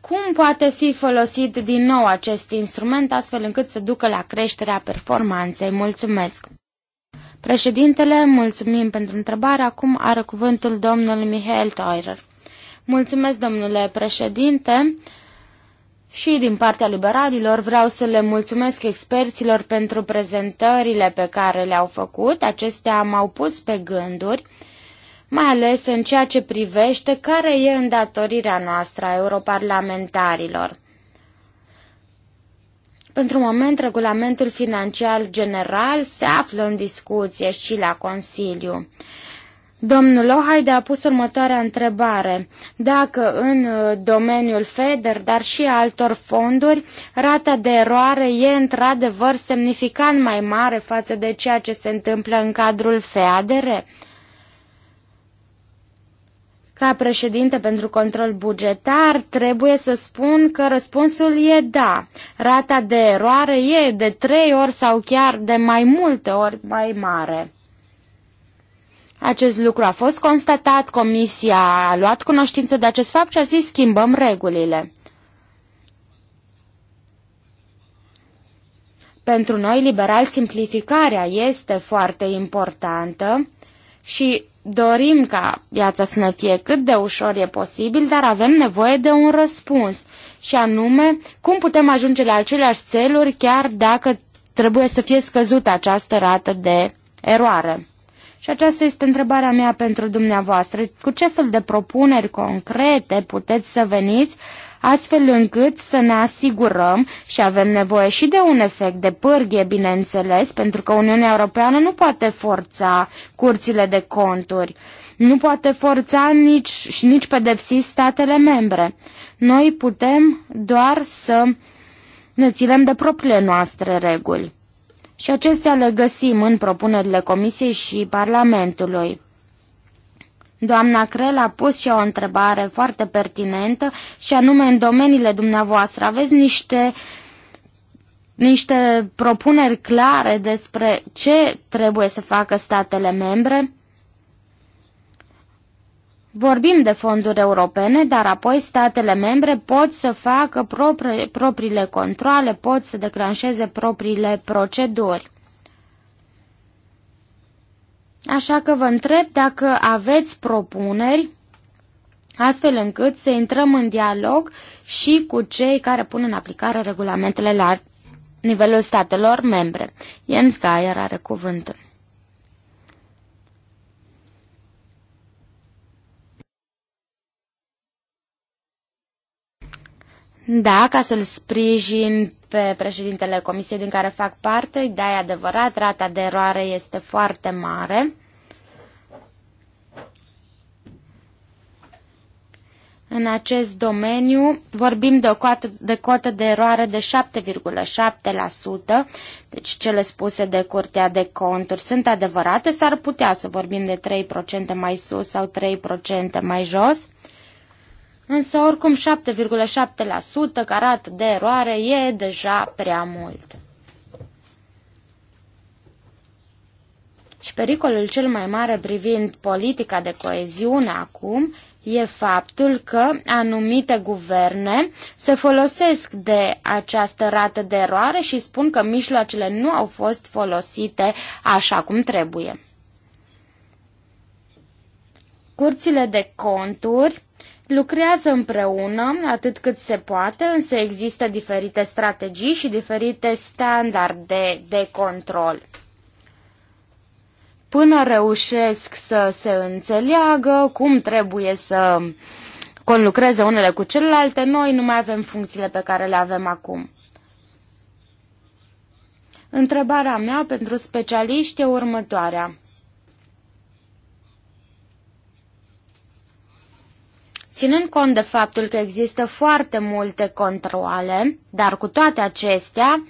Cum poate fi folosit din nou acest instrument astfel încât să ducă la creșterea performanței? Mulțumesc! Președintele, mulțumim pentru întrebare. Acum are cuvântul domnul Mihail Teurer. Mulțumesc, domnule președinte. Și din partea liberalilor vreau să le mulțumesc experților pentru prezentările pe care le-au făcut. Acestea m-au pus pe gânduri, mai ales în ceea ce privește care e îndatorirea noastră a europarlamentarilor. Pentru moment, regulamentul financiar general se află în discuție și la Consiliu. Domnul Ohaide a pus următoarea întrebare. Dacă în uh, domeniul FEDER, dar și altor fonduri, rata de eroare e într-adevăr semnificant mai mare față de ceea ce se întâmplă în cadrul FEADR? Ca președinte pentru control bugetar, trebuie să spun că răspunsul e da. Rata de eroare e de trei ori sau chiar de mai multe ori mai mare. Acest lucru a fost constatat, comisia a luat cunoștință de acest fapt și a zis schimbăm regulile. Pentru noi, liberal, simplificarea este foarte importantă și dorim ca viața să ne fie cât de ușor e posibil, dar avem nevoie de un răspuns și anume cum putem ajunge la aceleași țeluri chiar dacă trebuie să fie scăzută această rată de eroare. Și aceasta este întrebarea mea pentru dumneavoastră. Cu ce fel de propuneri concrete puteți să veniți astfel încât să ne asigurăm și avem nevoie și de un efect de pârghie, bineînțeles, pentru că Uniunea Europeană nu poate forța curțile de conturi, nu poate forța nici, și nici pedepsi statele membre. Noi putem doar să ne ținem de propriile noastre reguli. Și acestea le găsim în propunerile Comisiei și Parlamentului. Doamna Crel a pus și o întrebare foarte pertinentă și anume în domeniile dumneavoastră aveți niște, niște propuneri clare despre ce trebuie să facă statele membre? Vorbim de fonduri europene, dar apoi statele membre pot să facă proprie, propriile controle, pot să declanșeze propriile proceduri. Așa că vă întreb dacă aveți propuneri astfel încât să intrăm în dialog și cu cei care pun în aplicare regulamentele la nivelul statelor membre. Jens Geier are cuvântul. Da, ca să-l sprijin pe președintele comisiei din care fac parte, da, e adevărat, rata de eroare este foarte mare. În acest domeniu vorbim de o cotă de, cotă de eroare de 7,7%, deci cele spuse de Curtea de Conturi sunt adevărate, s-ar putea să vorbim de 3% mai sus sau 3% mai jos. Însă oricum 7,7% carat de eroare e deja prea mult. Și pericolul cel mai mare privind politica de coeziune acum e faptul că anumite guverne se folosesc de această rată de eroare și spun că mijloacele nu au fost folosite așa cum trebuie. Curțile de conturi lucrează împreună atât cât se poate, însă există diferite strategii și diferite standarde de control. Până reușesc să se înțeleagă cum trebuie să conlucreze unele cu celelalte, noi nu mai avem funcțiile pe care le avem acum. Întrebarea mea pentru specialiști e următoarea. Ținând cont de faptul că există foarte multe controle, dar cu toate acestea,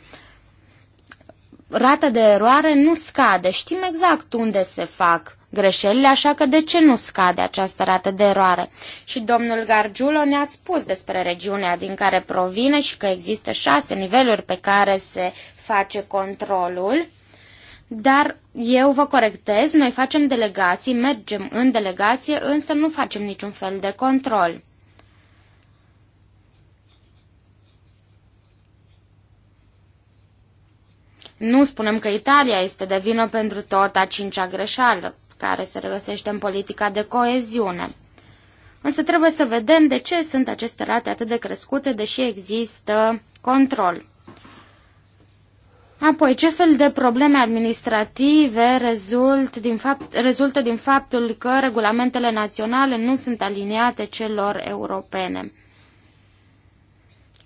rata de eroare nu scade. Știm exact unde se fac greșelile, așa că de ce nu scade această rată de eroare? Și domnul Gargiulo ne-a spus despre regiunea din care provine și că există șase niveluri pe care se face controlul. Dar eu vă corectez, noi facem delegații, mergem în delegație, însă nu facem niciun fel de control. Nu spunem că Italia este de vină pentru tot a cincea greșeală care se regăsește în politica de coeziune. Însă trebuie să vedem de ce sunt aceste rate atât de crescute, deși există control. Apoi, ce fel de probleme administrative rezult din fapt, rezultă din faptul că regulamentele naționale nu sunt aliniate celor europene?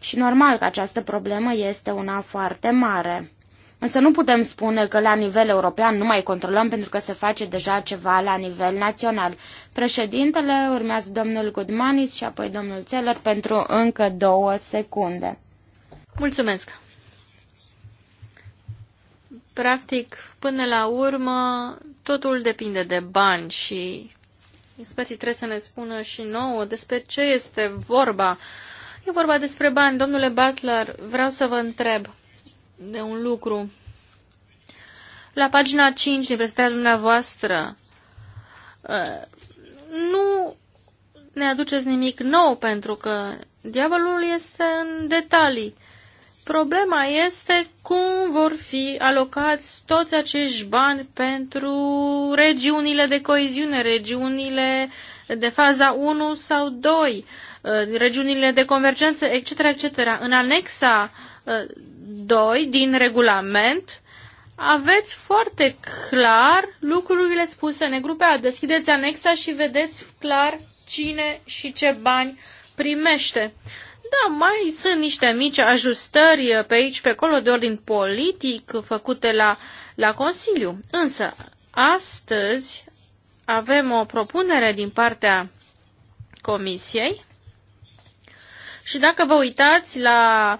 Și normal că această problemă este una foarte mare. Însă nu putem spune că la nivel european nu mai controlăm pentru că se face deja ceva la nivel național. Președintele urmează domnul Goodmanis și apoi domnul Țeler pentru încă două secunde. Mulțumesc! Practic, până la urmă, totul depinde de bani și Experții trebuie să ne spună și nouă despre ce este vorba. E vorba despre bani. Domnule Butler, vreau să vă întreb de un lucru. La pagina 5 din prezentarea dumneavoastră, uh, nu ne aduceți nimic nou pentru că diavolul este în detalii. Problema este cum vor fi alocați toți acești bani pentru regiunile de coeziune, regiunile de faza 1 sau 2, eh, regiunile de convergență, etc. etc. În anexa 2 eh, din regulament aveți foarte clar lucrurile spuse în grupea. Deschideți anexa și vedeți clar cine și ce bani primește. Da, mai sunt niște mici ajustări pe aici, pe acolo, de ordin politic, făcute la, la Consiliu. Însă, astăzi avem o propunere din partea Comisiei și dacă vă uitați la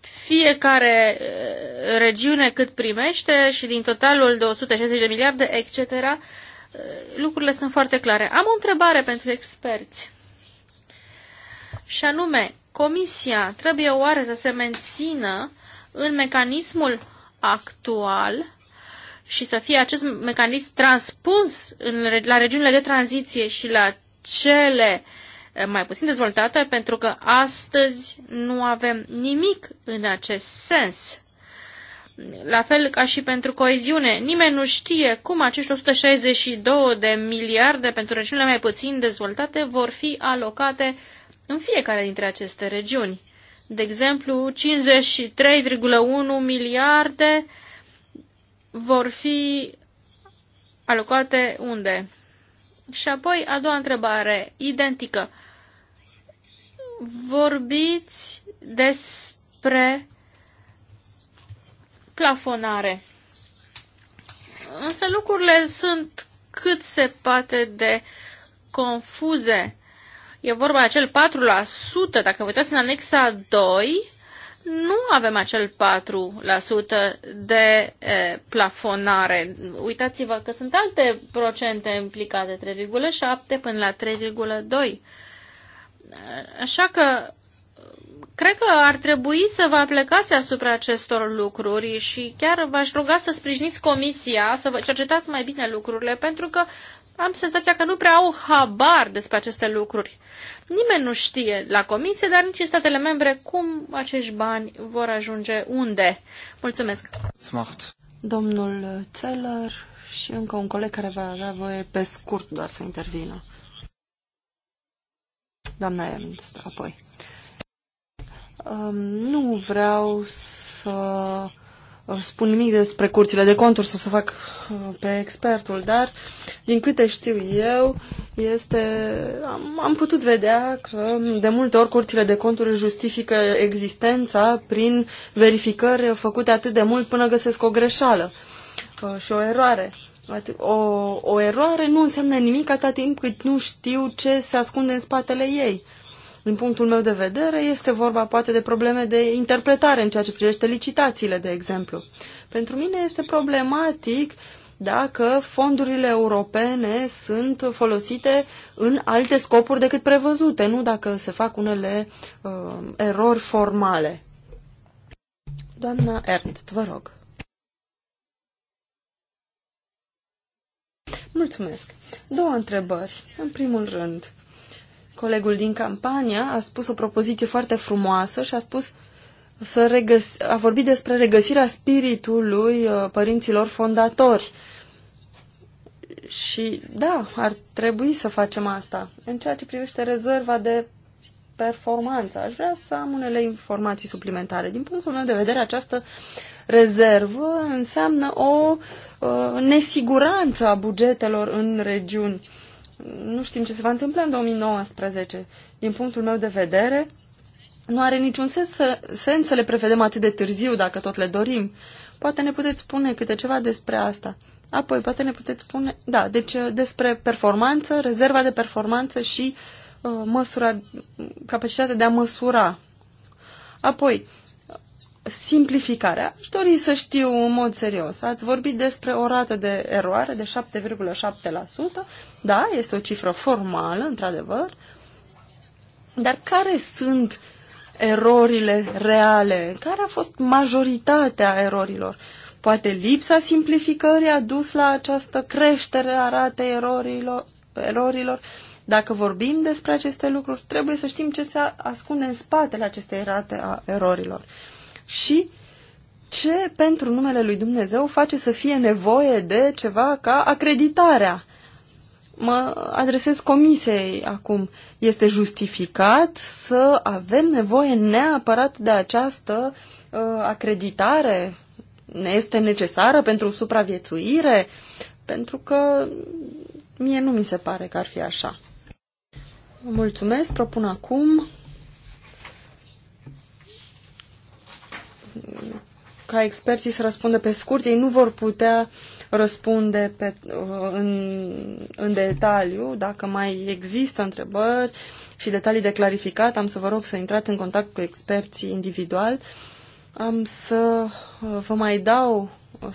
fiecare eh, regiune cât primește și din totalul de 160 de miliarde, etc., eh, lucrurile sunt foarte clare. Am o întrebare pentru experți și anume, Comisia trebuie oare să se mențină în mecanismul actual și să fie acest mecanism transpus în, la regiunile de tranziție și la cele eh, mai puțin dezvoltate, pentru că astăzi nu avem nimic în acest sens. La fel ca și pentru coeziune, nimeni nu știe cum acești 162 de miliarde pentru regiunile mai puțin dezvoltate vor fi alocate uh, în fiecare dintre aceste regiuni. De exemplu, 53,1 miliarde vor fi alocate unde? Și apoi, a doua întrebare, identică. Vorbiți despre plafonare. Însă lucrurile sunt cât se poate de confuze. E vorba de acel 4%. Dacă vă uitați în anexa 2, nu avem acel 4% de e, plafonare. Uitați-vă că sunt alte procente implicate, 3,7 până la 3,2. Așa că cred că ar trebui să vă aplicați asupra acestor lucruri și chiar v-aș ruga să sprijiniți comisia, să vă cercetați mai bine lucrurile, pentru că am senzația că nu prea au habar despre aceste lucruri. Nimeni nu știe la comisie, dar nici în statele membre, cum acești bani vor ajunge unde. Mulțumesc! Smart. Domnul Zeller și încă un coleg care va avea voie pe scurt doar să intervină. Doamna Ernst, apoi. Um, nu vreau să spun nimic despre curțile de conturi sau să fac uh, pe expertul, dar din câte știu eu, este, am, am putut vedea că de multe ori curțile de conturi justifică existența prin verificări făcute atât de mult până găsesc o greșeală uh, și o eroare. O, o eroare nu înseamnă nimic atâta timp cât nu știu ce se ascunde în spatele ei. Uh, din punctul meu de vedere, este vorba poate de probleme de interpretare în ceea ce privește licitațiile, de exemplu. Pentru mine este problematic dacă fondurile europene sunt folosite în alte scopuri decât prevăzute, nu dacă se fac unele uh, erori formale. Doamna Ernst, vă rog. Mulțumesc. Două întrebări. În primul rând, Colegul din campania a spus o propoziție foarte frumoasă și a spus să regăs- a vorbit despre regăsirea spiritului uh, părinților fondatori. Și da, ar trebui să facem asta. În ceea ce privește rezerva de performanță, aș vrea să am unele informații suplimentare. Din punctul meu de vedere, această rezervă înseamnă o uh, nesiguranță a bugetelor în regiuni. Uh, nu știm ce se va întâmpla în 2019. Din punctul meu de vedere, nu are niciun sens să, sens să le prevedem atât de târziu, dacă tot le dorim. Poate ne puteți spune câte ceva despre asta. Apoi, poate ne puteți spune, da, deci uh, despre performanță, rezerva de performanță și uh, măsura, capacitatea de a măsura. Apoi, simplificarea. Aș dori să știu în mod serios. Ați vorbit despre o rată de eroare de 7,7%. Da, este o cifră formală, într-adevăr. Dar care sunt erorile reale? Care a fost majoritatea erorilor? Poate lipsa simplificării a dus la această creștere a ratei erorilor? erorilor? Dacă vorbim despre aceste lucruri, trebuie să știm ce se ascunde în spatele acestei rate a erorilor și ce pentru numele lui Dumnezeu face să fie nevoie de ceva ca acreditarea. Mă adresez comisiei acum. Este justificat să avem nevoie neapărat de această uh, acreditare? Este necesară pentru supraviețuire? Pentru că mie nu mi se pare că ar fi așa. Mulțumesc, propun acum ca experții să răspundă pe scurt, ei nu vor putea răspunde pe, uh, în, în detaliu. Dacă mai există întrebări și detalii de clarificat, am să vă rog să intrați în contact cu experții individual. Am să uh, vă mai dau,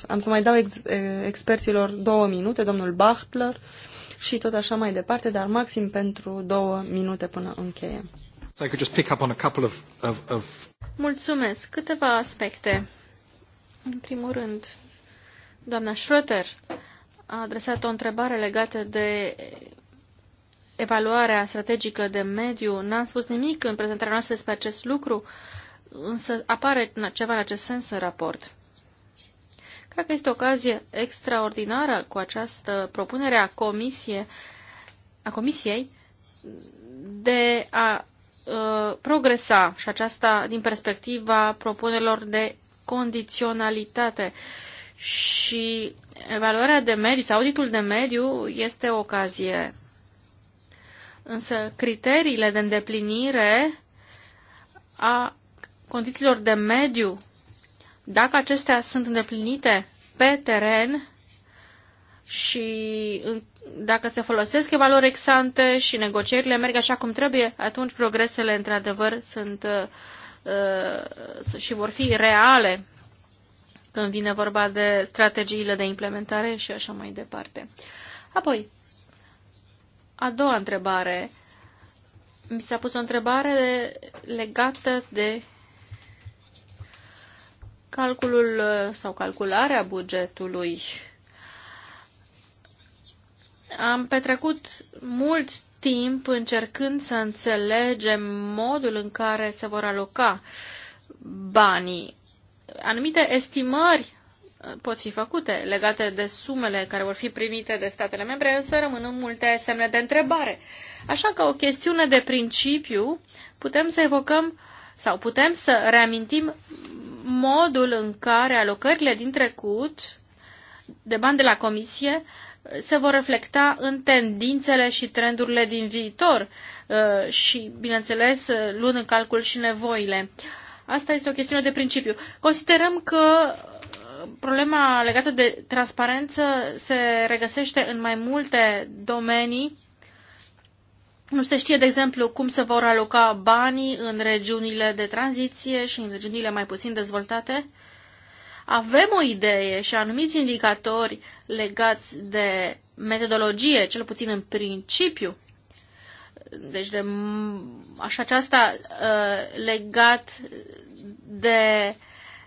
am să mai dau ex, uh, experților două minute, domnul Bachtler și tot așa mai departe, dar maxim pentru două minute până încheiem. So I could just pick up on a couple of, of, of Mulțumesc. Câteva aspecte. În primul rând, doamna Schroeter a adresat o întrebare legată de evaluarea strategică de mediu. N-am spus nimic în prezentarea noastră despre acest lucru, însă apare ceva în acest sens în raport. Cred că este o ocazie extraordinară cu această propunere a, comisie, a Comisiei de a Uh, progresa și aceasta din perspectiva propunerilor de condiționalitate și evaluarea de mediu sau auditul de mediu este o ocazie. Însă criteriile de îndeplinire a condițiilor de mediu, dacă acestea sunt îndeplinite pe teren și dacă se folosesc evaluări exante și negocierile merg așa cum trebuie, atunci progresele, într-adevăr, sunt uh, și vor fi reale când vine vorba de strategiile de implementare și așa mai departe. Apoi, a doua întrebare. Mi s-a pus o întrebare legată de calculul uh, sau calcularea bugetului am petrecut mult timp încercând să înțelegem modul în care se vor aloca banii. Anumite estimări uh, pot fi făcute legate de sumele care vor fi primite de statele membre, însă rămân în multe semne de întrebare. Așa că o chestiune de principiu putem să evocăm sau putem să reamintim modul în care alocările din trecut de bani de la Comisie se vor reflecta în tendințele și trendurile din viitor uh, și, bineînțeles, uh, luând în calcul și nevoile. Asta este o chestiune de principiu. Considerăm că uh, problema legată de transparență se regăsește în mai multe domenii. Nu se știe, de exemplu, cum se vor aloca banii în regiunile de tranziție și în regiunile mai puțin dezvoltate. Uh, avem o idee și anumiți indicatori legați de metodologie, cel puțin în principiu, deci de așa aceasta uh, legat de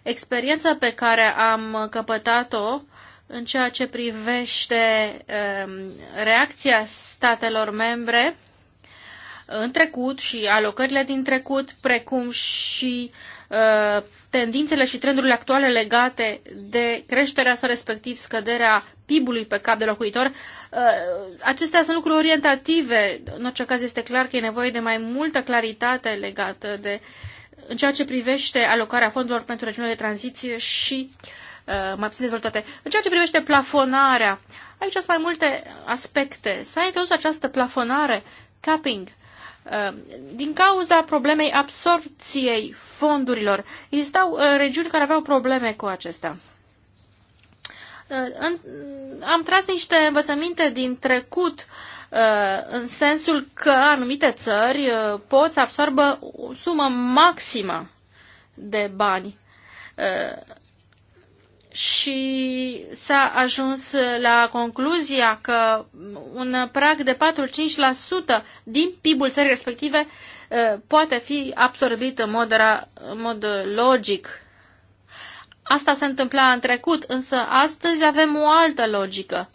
experiența pe care am căpătat-o în ceea ce privește um, reacția statelor membre în trecut și alocările din trecut, precum și uh, tendințele și trendurile actuale legate de creșterea sau respectiv scăderea PIB-ului pe cap de locuitor, uh, acestea sunt lucruri orientative. În orice caz este clar că e nevoie de mai multă claritate legată de în ceea ce privește alocarea fondurilor pentru regiunile de tranziție și uh, mai puțin dezvoltate. În ceea ce privește plafonarea, aici sunt mai multe aspecte. S-a introdus această plafonare, capping, Uh, din cauza problemei absorpției fondurilor. Existau uh, regiuni care aveau probleme cu acestea. Uh, am tras niște învățăminte din trecut în sensul că anumite țări pot să absorbă o sumă maximă de bani și s-a ajuns la concluzia că un prag de 4-5% din PIB-ul țării respective uh, poate fi absorbit în mod, în mod logic. Asta se întâmpla în trecut, însă astăzi avem o altă logică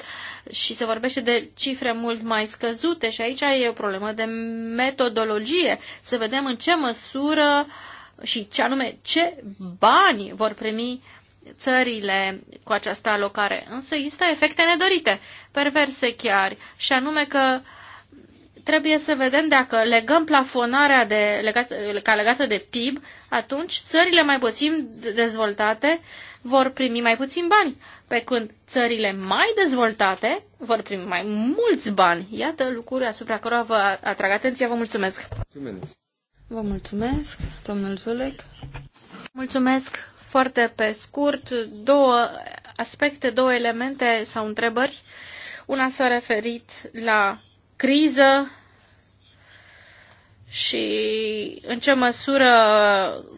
și se vorbește de cifre mult mai scăzute și aici e o problemă de metodologie, să vedem în ce măsură și ce anume ce bani vor primi uh, țările cu această alocare. Însă există efecte nedorite, perverse chiar, și anume că trebuie să vedem dacă legăm plafonarea de, legat, ca legată de PIB, atunci țările mai puțin dezvoltate vor primi mai puțin bani, pe când țările mai dezvoltate vor primi mai mulți bani. Iată lucruri asupra cărora vă atrag atenția. Vă mulțumesc! Vă mulțumesc, domnul Zulec! Mulțumesc! Foarte pe scurt, două aspecte, două elemente sau întrebări. Una s-a referit la criză și în ce măsură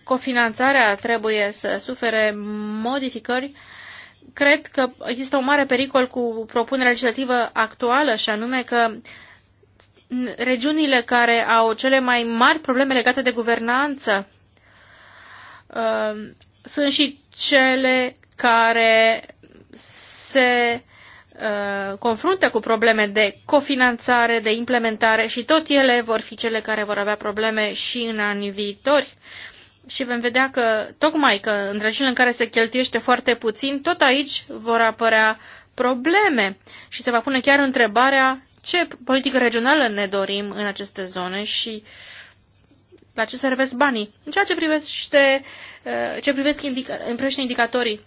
cofinanțarea trebuie să sufere modificări. Cred că există un mare pericol cu propunerea legislativă actuală și anume că regiunile care au cele mai mari probleme legate de guvernanță uh, sunt și cele care se uh, confruntă cu probleme de cofinanțare, de implementare și tot ele vor fi cele care vor avea probleme și în anii viitori. Și vom vedea că, tocmai că în regiunile în care se cheltuiește foarte puțin, tot aici vor apărea probleme și se va pune chiar întrebarea ce politică regională ne dorim în aceste zone și la ce servesc banii. În ceea ce privește uh, Eh, ce privesc indica, împrește indicatorii.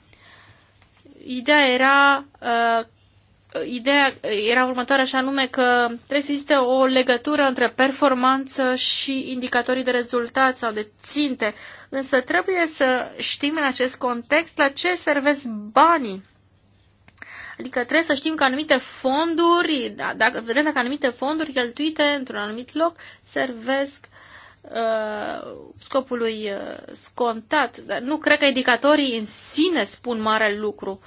Ideea era, eh, ideea era următoarea așa anume că trebuie să existe o legătură între performanță și indicatorii de rezultat sau de ținte, însă trebuie să știm în acest context la ce servesc banii Adică trebuie să știm că anumite fonduri, da, dacă, vedem dacă anumite fonduri cheltuite într-un anumit loc servesc Uh, scopului uh, scontat, dar nu cred că indicatorii în sine spun mare lucru,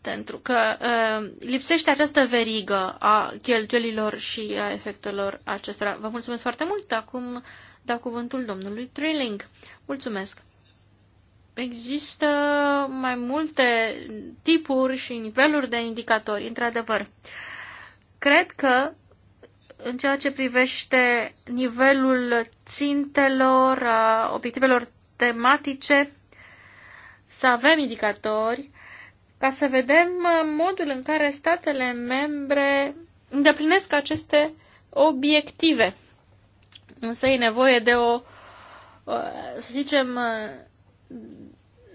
pentru că uh, lipsește această verigă a cheltuielilor și a efectelor acestora. Vă mulțumesc foarte mult. Acum dau cuvântul domnului Trilling. Mulțumesc. Există mai multe tipuri și niveluri de indicatori, într-adevăr. Cred că în ceea ce privește nivelul țintelor, a obiectivelor tematice, să avem indicatori ca să vedem uh, modul în care statele membre îndeplinesc aceste obiective. Însă e nevoie de o, uh, să zicem, uh,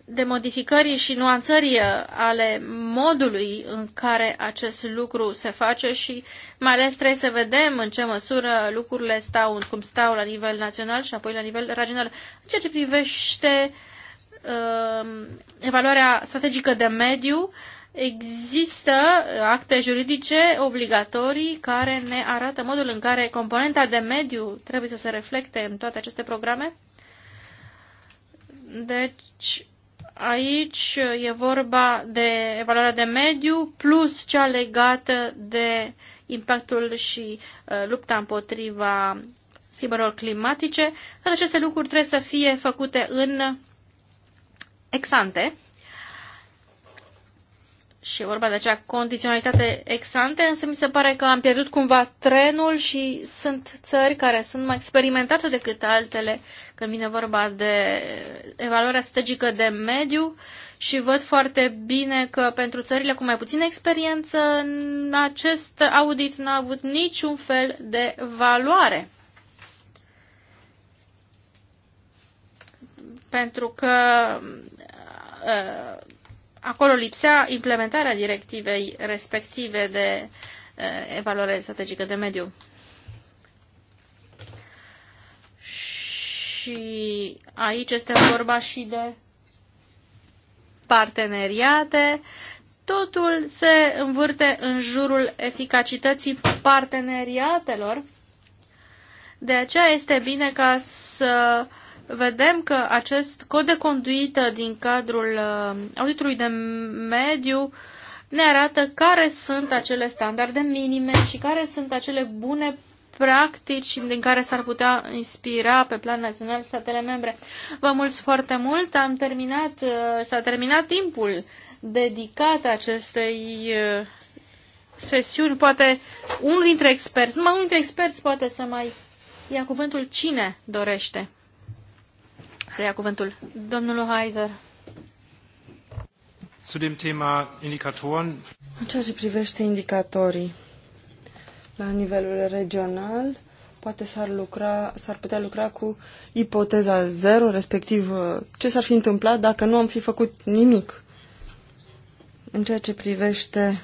de modificări și nuanțări uh, ale modului în care acest lucru se face și mai ales trebuie să vedem în ce măsură lucrurile stau cum stau la nivel național și apoi la nivel regional. În ceea ce privește uh, evaluarea strategică de mediu, există acte juridice obligatorii care ne arată modul în care componenta de mediu trebuie să se reflecte în toate aceste programe. Deci, Aici e vorba de evaluarea de mediu plus cea legată de impactul și uh, lupta împotriva schimbărilor climatice. Toate aceste lucruri trebuie să fie făcute în exante și e vorba de acea condiționalitate ex-ante, însă mi se pare că am pierdut cumva trenul și sunt țări care sunt mai experimentate decât altele când vine vorba de evaluarea strategică de mediu și văd foarte bine că pentru țările cu mai puțină experiență acest audit n-a avut niciun fel de valoare. Pentru că uh, acolo lipsea implementarea directivei respective de evaluare strategică de mediu. Și aici este vorba și de parteneriate. Totul se învârte în jurul eficacității parteneriatelor. De aceea este bine ca să vedem că acest cod de conduită din cadrul uh, auditului de mediu ne arată care sunt acele standarde minime și care sunt acele bune practici din care s-ar putea inspira pe plan național statele membre. Vă mulțumesc foarte mult, am terminat, uh, s-a terminat timpul dedicat acestei uh, sesiuni. Poate unul dintre experți, numai unul dintre experți poate să mai ia cuvântul cine dorește să ia cuvântul. Domnul Haider. Zu dem Thema Indikatoren. În ceea ce privește indicatorii la nivelul regional, poate s-ar, lucra, s-ar putea lucra cu ipoteza zero, respectiv uh, ce s-ar fi întâmplat dacă nu am fi făcut nimic. În ceea ce privește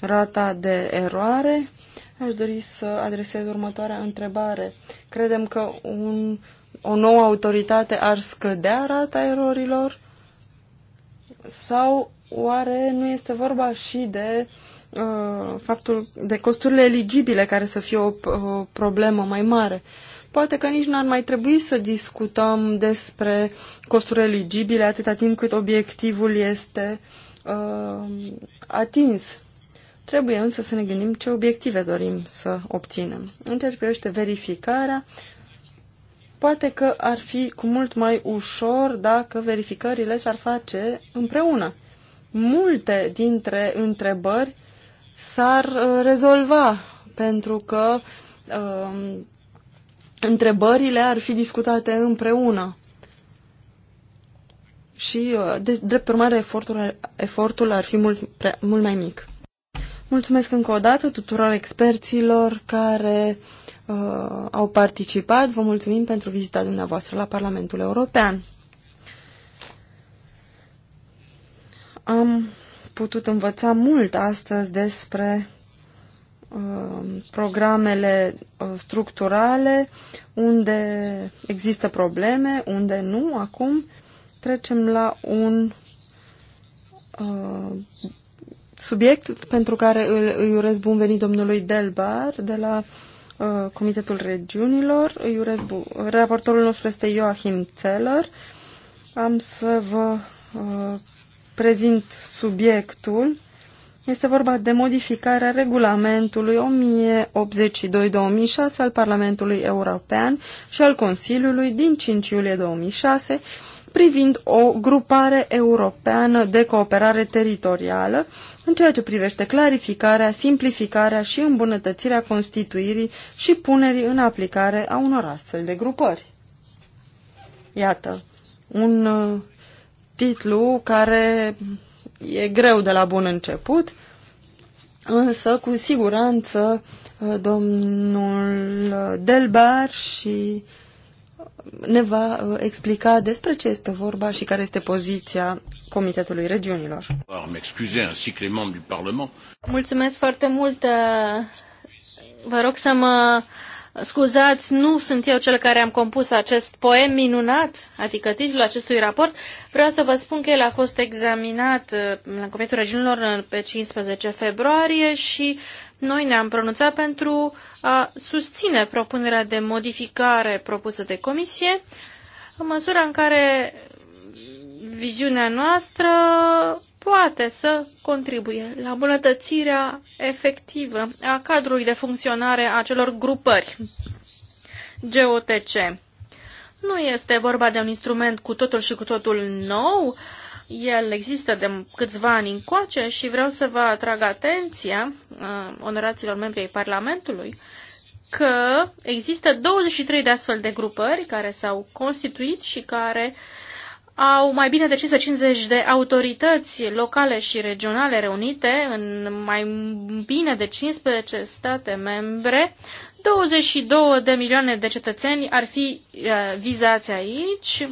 rata de eroare, aș dori să adresez următoarea întrebare. Credem că un o nouă autoritate ar scădea rata erorilor? Sau oare nu este vorba și de uh, faptul de costurile eligibile care să fie o, o problemă mai mare? Poate că nici n-ar mai trebui să discutăm despre costurile eligibile atâta timp cât obiectivul este uh, atins. Trebuie însă să ne gândim ce obiective dorim să obținem. În ceea ce privește verificarea, Poate că ar fi cu mult mai ușor dacă verificările s-ar face împreună. Multe dintre întrebări s-ar uh, rezolva pentru că uh, întrebările ar fi discutate împreună. Și, uh, de, drept urmare, efortul, efortul ar fi mult, prea, mult mai mic. Mulțumesc încă o dată tuturor experților care uh, au participat. Vă mulțumim pentru vizita dumneavoastră la Parlamentul European. Am putut învăța mult astăzi despre uh, programele uh, structurale, unde există probleme, unde nu. Acum trecem la un uh, subiect pentru care îl, îi urez bun venit domnului Delbar de la Uh, Comitetul Regiunilor. Îi bu- Raportorul nostru este Joachim Zeller. Am să vă uh, prezint subiectul. Este vorba de modificarea regulamentului 1082-2006 al Parlamentului European și al Consiliului din 5 iulie 2006 privind o grupare europeană de cooperare teritorială în ceea ce privește clarificarea, simplificarea și îmbunătățirea constituirii și punerii în aplicare a unor astfel de grupări. Iată, un uh, titlu care e greu de la bun început, însă cu siguranță uh, domnul Delbar și ne va uh, explica despre ce este vorba și care este poziția Comitetului Regiunilor. Mulțumesc foarte mult. Vă rog să mă scuzați, nu sunt eu cel care am compus acest poem minunat, adică titlul acestui raport. Vreau să vă spun că el a fost examinat uh, la Comitetul Regiunilor uh, pe 15 februarie și uh, noi ne-am pronunțat pentru a susține propunerea de modificare propusă de comisie, în măsura în care viziunea noastră poate să contribuie la îmbunătățirea efectivă a cadrului de funcționare a celor grupări GOTC. Nu este vorba de un instrument cu totul și cu totul nou, el există de câțiva ani încoace și vreau să vă atrag atenția, uh, onoraților membrii Parlamentului, că există 23 de astfel de grupări care s-au constituit și care au mai bine de 550 de autorități locale și regionale reunite în mai bine de 15 state membre. 22 de milioane de cetățeni ar fi uh, vizați aici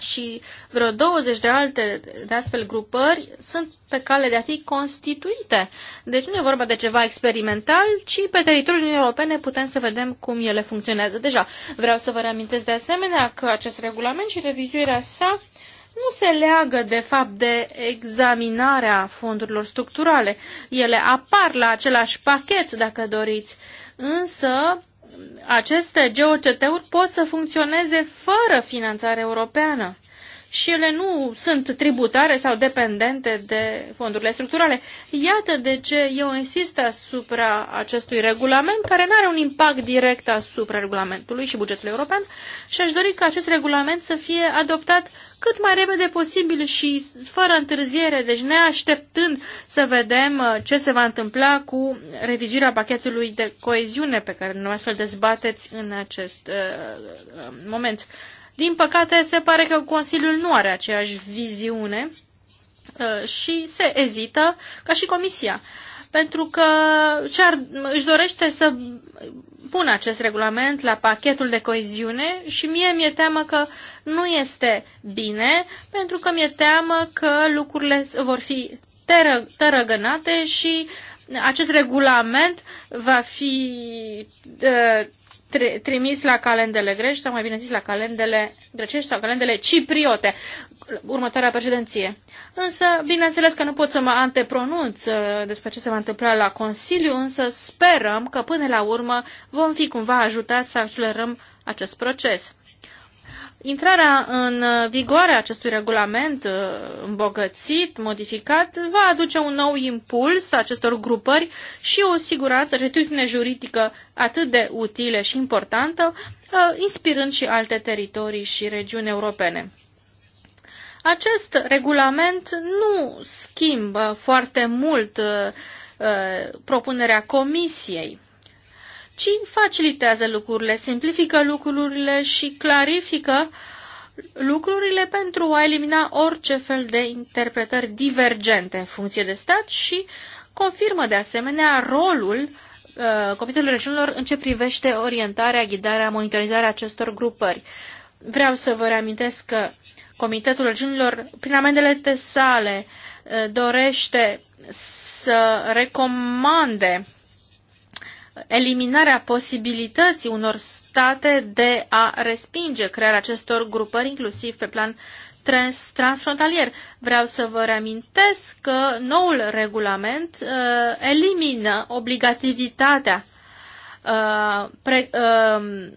și vreo 20 de alte de astfel grupări sunt pe cale de a fi constituite. Deci nu e vorba de ceva experimental, ci pe teritoriul Uniunii Europene putem să vedem cum ele funcționează deja. Vreau să vă reamintesc de asemenea că acest regulament și revizuirea sa nu se leagă de fapt de examinarea fondurilor structurale. Ele apar la același pachet, dacă doriți, însă aceste GOCT-uri pot să funcționeze fără finanțare europeană și ele nu sunt tributare sau dependente de fondurile structurale. Iată de ce eu insist asupra acestui regulament, care nu are un impact direct asupra regulamentului și bugetului european și aș dori ca acest regulament să fie adoptat cât mai repede posibil și fără întârziere, deci neașteptând să vedem uh, ce se va întâmpla cu revizuirea pachetului de coeziune pe care noi astfel dezbateți în acest uh, uh moment. Din păcate, se pare că Consiliul nu are aceeași viziune uh, și se ezită, ca și Comisia, pentru că ce ar, își dorește să pună acest regulament la pachetul de coeziune și mie mi-e teamă că nu este bine, pentru că mi-e teamă că lucrurile vor fi tără, tărăgănate și acest regulament va fi uh, trimis la calendele grești, sau mai bine zis la calendele grecești sau calendele cipriote, următoarea președinție. Însă, bineînțeles că nu pot să mă antepronunț uh, despre ce se va întâmpla la Consiliu, însă sperăm că până la urmă vom fi cumva ajutați să accelerăm acest proces. Intrarea în uh, vigoare a acestui regulament uh, îmbogățit, modificat, va aduce un nou impuls acestor grupări și o siguranță, certitudine juridică atât de utilă și importantă, uh, inspirând și alte teritorii și regiuni europene. Acest regulament nu schimbă foarte mult propunerea Comisiei ci facilitează lucrurile, simplifică lucrurile și clarifică lucrurile pentru a elimina orice fel de interpretări divergente în funcție de stat și confirmă de asemenea rolul uh, Comitetului Regiunilor în ce privește orientarea, ghidarea, monitorizarea acestor grupări. Vreau să vă reamintesc că Comitetul Regiunilor, prin amendele sale, uh, dorește să recomande eliminarea posibilității unor state de a respinge crearea acestor grupări, inclusiv pe plan trans transfrontalier. Vreau să vă reamintesc că noul regulament uh, elimină obligativitatea uh, pre, uh,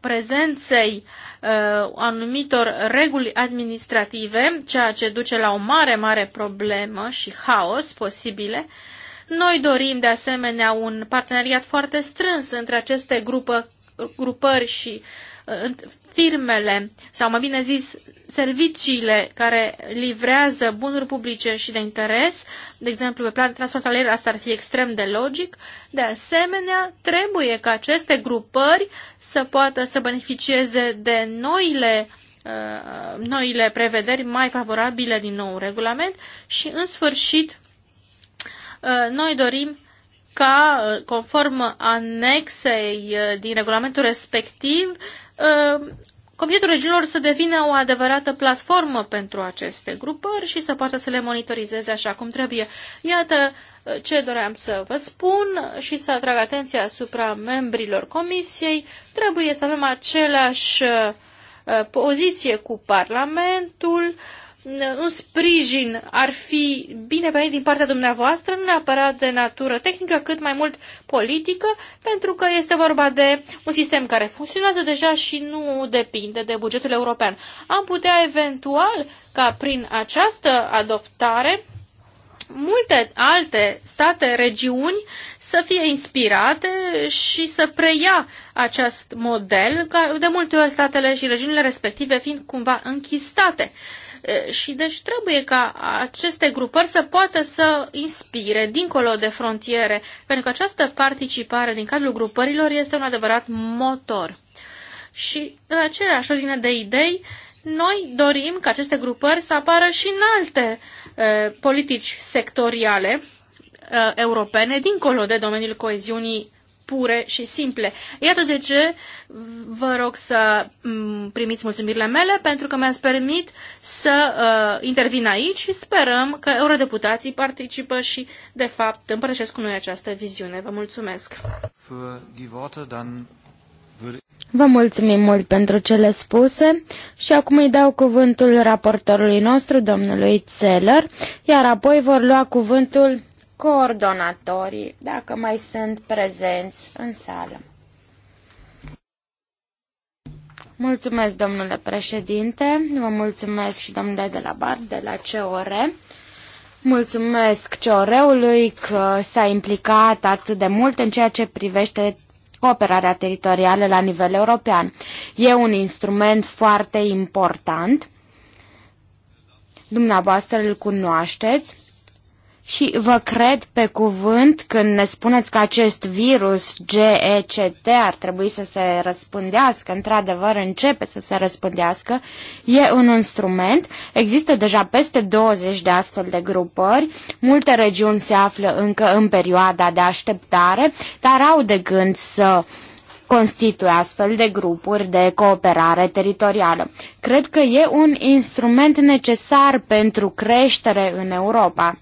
prezenței uh, anumitor reguli administrative, ceea ce duce la o mare, mare problemă și haos posibile, uh, noi dorim de asemenea un parteneriat foarte strâns între aceste grupă, grupări și uh, firmele, sau mai bine zis, serviciile care livrează bunuri publice și de interes, de exemplu, pe plan transfrontalier, asta ar fi extrem de logic. De asemenea, trebuie ca aceste grupări să poată să beneficieze de noile uh, noile prevederi mai favorabile din nou regulament și, în sfârșit, Uh, noi dorim ca, uh, conform anexei uh, din regulamentul respectiv, Comitetul Regilor să devină o adevărată platformă pentru aceste grupări și să poată să le monitorizeze așa cum trebuie. Iată ce doream să vă spun și să atrag atenția asupra membrilor comisiei. Trebuie să avem același poziție cu Parlamentul, uh, un sprijin ar fi bine venit din partea dumneavoastră, nu neapărat de natură tehnică, cât mai mult politică, pentru că este vorba de un sistem care funcționează deja și nu depinde de bugetul european. Am putea eventual ca prin această adoptare multe alte state, regiuni să fie inspirate și să preia acest model, de multe ori statele și regiunile respective fiind cumva închistate. Uh, și deci trebuie ca aceste grupări să poată să inspire dincolo de frontiere, pentru că această participare din cadrul grupărilor este un adevărat motor. Și în aceeași ordine de idei, noi dorim ca aceste grupări să apară și în alte e, politici sectoriale e, europene, dincolo de domeniul coeziunii pure și simple. Iată de ce vă rog să primiți mulțumirile mele pentru că mi-ați permit să uh, intervin aici și sperăm că eurodeputații participă și, de fapt, împărtășesc cu noi această viziune. Vă mulțumesc! Vă mulțumim mult pentru cele spuse și acum îi dau cuvântul raportorului nostru, domnului Țeller, iar apoi vor lua cuvântul coordonatorii, dacă mai sunt prezenți în sală. Mulțumesc, domnule președinte, vă mulțumesc și domnule de la BAR, de la COR. Mulțumesc COR-ului că s-a implicat atât de mult în ceea ce privește cooperarea teritorială la nivel european. E un instrument foarte important. Dumneavoastră îl cunoașteți și vă cred pe cuvânt când ne spuneți că acest virus GECT ar trebui să se răspândească, într-adevăr începe să se răspândească, e un instrument, există deja peste 20 de astfel de grupări, multe regiuni se află încă în perioada de așteptare, dar au de gând să constituie astfel de grupuri de cooperare teritorială. Cred că e un instrument necesar pentru creștere în Europa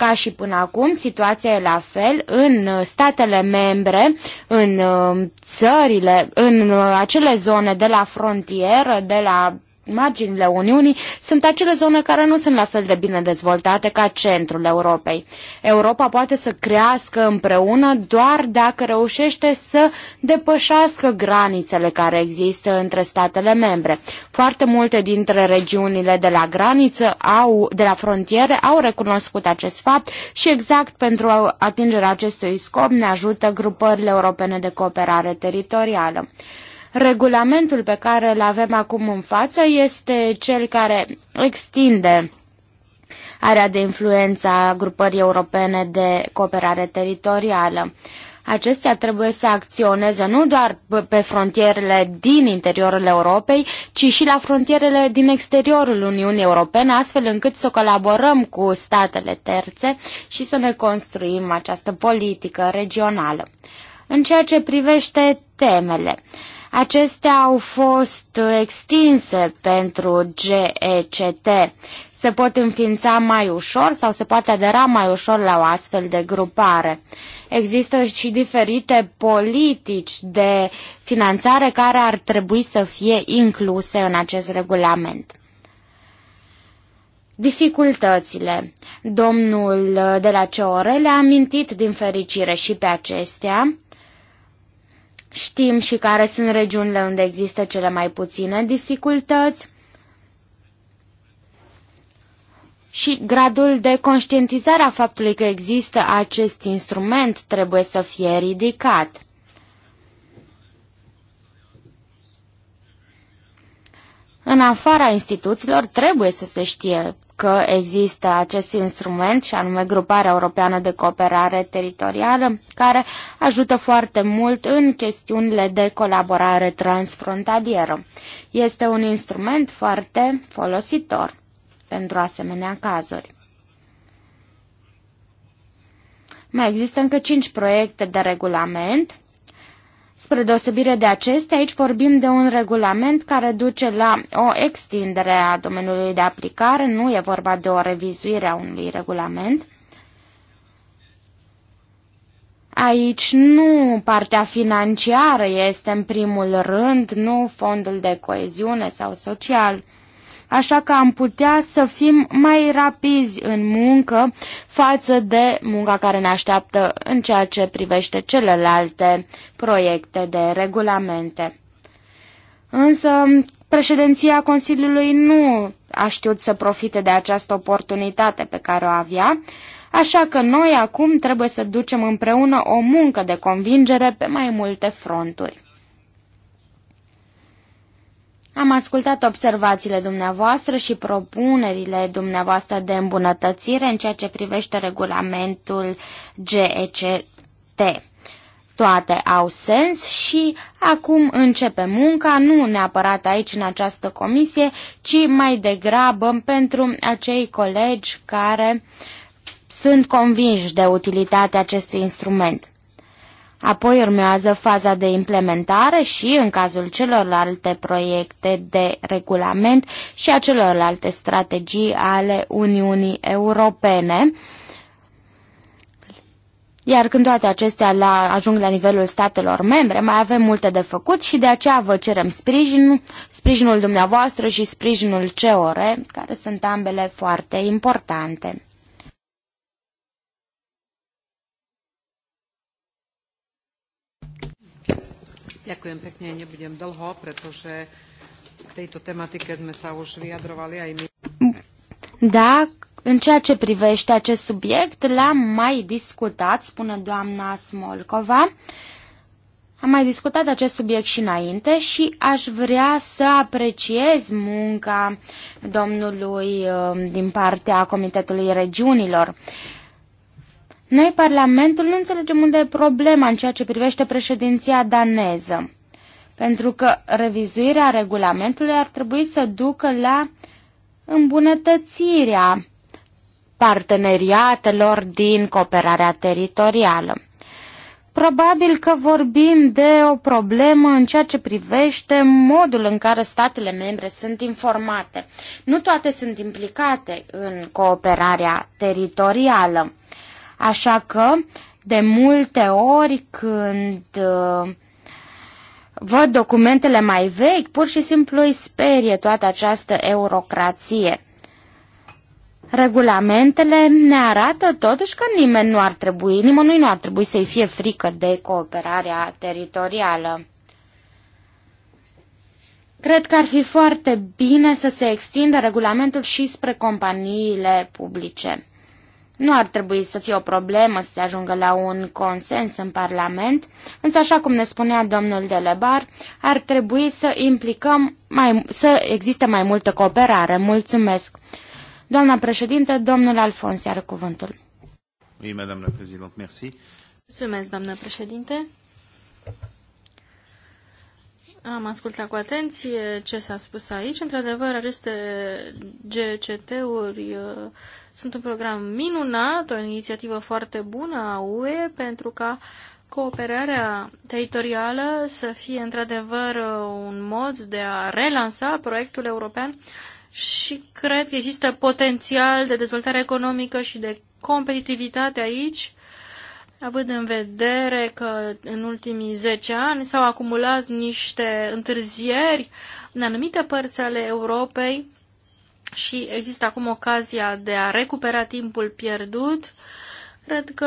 ca și până acum, situația e la fel în uh, statele membre, în uh, țările, în uh, acele zone de la frontieră, de la marginile Uniunii sunt acele zone care nu sunt la fel de bine dezvoltate ca centrul Europei. Europa poate să crească împreună doar dacă reușește să depășească granițele care există între statele membre. Foarte multe dintre regiunile de la graniță, au, de la frontiere, au recunoscut acest fapt și exact pentru atingerea acestui scop ne ajută grupările europene de cooperare teritorială. Regulamentul pe care îl avem acum în față este cel care extinde area de influență a grupării europene de cooperare teritorială. Acestea trebuie să acționeze nu doar pe frontierele din interiorul Europei, ci și la frontierele din exteriorul Uniunii Europene, astfel încât să colaborăm cu statele terțe și să ne construim această politică regională. În ceea ce privește temele, uh, Acestea au fost extinse pentru GECT. Se pot înființa mai ușor sau se poate adera mai ușor la o astfel de grupare. Există și diferite politici de finanțare care ar trebui să fie incluse în acest regulament. Dificultățile. Domnul de la COR le-a amintit din fericire și pe acestea. Știm și care sunt regiunile unde există cele mai puține dificultăți și gradul de conștientizare a faptului că există acest instrument trebuie să fie ridicat. În afara instituțiilor trebuie să se știe că există acest instrument și anume Gruparea Europeană de Cooperare Teritorială, care ajută foarte mult în chestiunile de colaborare transfrontalieră. Este un instrument foarte folositor pentru asemenea cazuri. Mai există încă 5 proiecte de regulament Spre deosebire de acestea, aici vorbim de un regulament care duce la o extindere a domeniului de aplicare, nu e vorba de o revizuire a unui regulament. Aici nu partea financiară este în primul rând, nu fondul de coeziune sau social așa că am putea să fim mai rapizi în muncă față de munca care ne așteaptă în ceea ce privește celelalte proiecte de regulamente. Însă, președinția Consiliului nu a știut să profite de această oportunitate pe care o avea, așa că noi acum trebuie să ducem împreună o muncă de convingere pe mai multe fronturi. Am ascultat observațiile dumneavoastră și propunerile dumneavoastră de îmbunătățire în ceea ce privește regulamentul GECT. Toate au sens și acum începe munca, nu neapărat aici în această comisie, ci mai degrabă pentru acei colegi care sunt convinși de utilitatea acestui instrument. Apoi urmează faza de implementare și, în cazul celorlalte proiecte de regulament și a celorlalte strategii ale Uniunii Europene, iar când toate acestea la, ajung la nivelul statelor membre, mai avem multe de făcut și de aceea vă cerem sprijinul, sprijinul dumneavoastră și sprijinul CEOR, care sunt ambele foarte importante. Ďakujem pekne, nebudem dlho, pretože k tejto tematike sme sa už vyjadrovali aj my. Da, în ceea ce privește acest subiect, l-am mai discutat, spune doamna Smolcova. Am mai discutat acest subiect și înainte și aș vrea să apreciez munca domnului uh, din partea Comitetului Regiunilor. Noi, Parlamentul, nu înțelegem unde e problema în ceea ce privește președinția daneză, pentru că revizuirea regulamentului ar trebui să ducă la îmbunătățirea parteneriatelor din cooperarea teritorială. Probabil că vorbim de o problemă în ceea ce privește modul în care statele membre sunt informate. Nu toate sunt implicate în cooperarea teritorială. Așa că, de multe ori, când uh, văd documentele mai vechi, pur și simplu îi sperie toată această eurocrație. Regulamentele ne arată totuși că nimeni nu ar trebui, nimănui nu ar trebui să-i fie frică de cooperarea teritorială. Cred că ar fi foarte bine să se extindă regulamentul și spre companiile publice. Nu ar trebui să fie o problemă să se ajungă la un consens în Parlament, însă așa cum ne spunea domnul Delebar, ar trebui să implicăm, mai, să existe mai multă cooperare. Mulțumesc! Doamna președinte, domnul Alfons are cuvântul. Oui, madame la présidente, merci. Mulțumesc, doamnă președinte. Am ascultat cu atenție ce s-a spus aici. într adevăr aceste GCT-uri sunt un program minunat, o inițiativă foarte bună a UE pentru ca cooperarea teritorială să fie într-adevăr uh, un mod de a relansa proiectul european și cred că există potențial de dezvoltare economică și de competitivitate aici, având în vedere că în ultimii 10 ani s-au acumulat niște întârzieri în anumite părți ale Europei și există acum ocazia de a recupera timpul pierdut. Cred că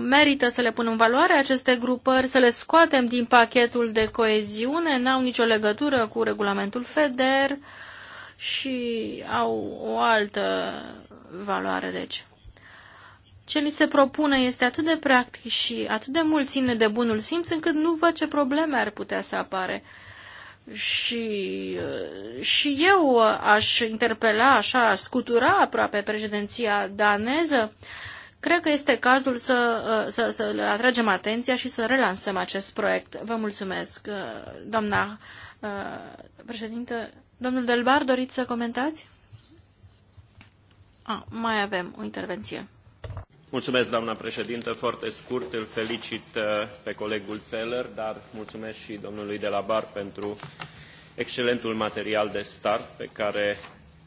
merită să le punem în valoare aceste grupări, să le scoatem din pachetul de coeziune, n-au nicio legătură cu regulamentul FEDER și au o altă valoare, deci. Ce li se propune este atât de practic și atât de mult ține de bunul simț încât nu văd ce probleme ar putea să apare și, și eu aș interpela, așa, scutura aproape președinția daneză. Cred că este cazul să, să, să le atragem atenția și să relansăm acest proiect. Vă mulțumesc, doamna președinte. Domnul Delbar, doriți să comentați? A, ah, mai avem o intervenție doamnă președintă. Foarte scurt, îl felicit uh, pe colegul Seller, dar mulțumesc și domnului de la Bar pentru excelentul material de start pe care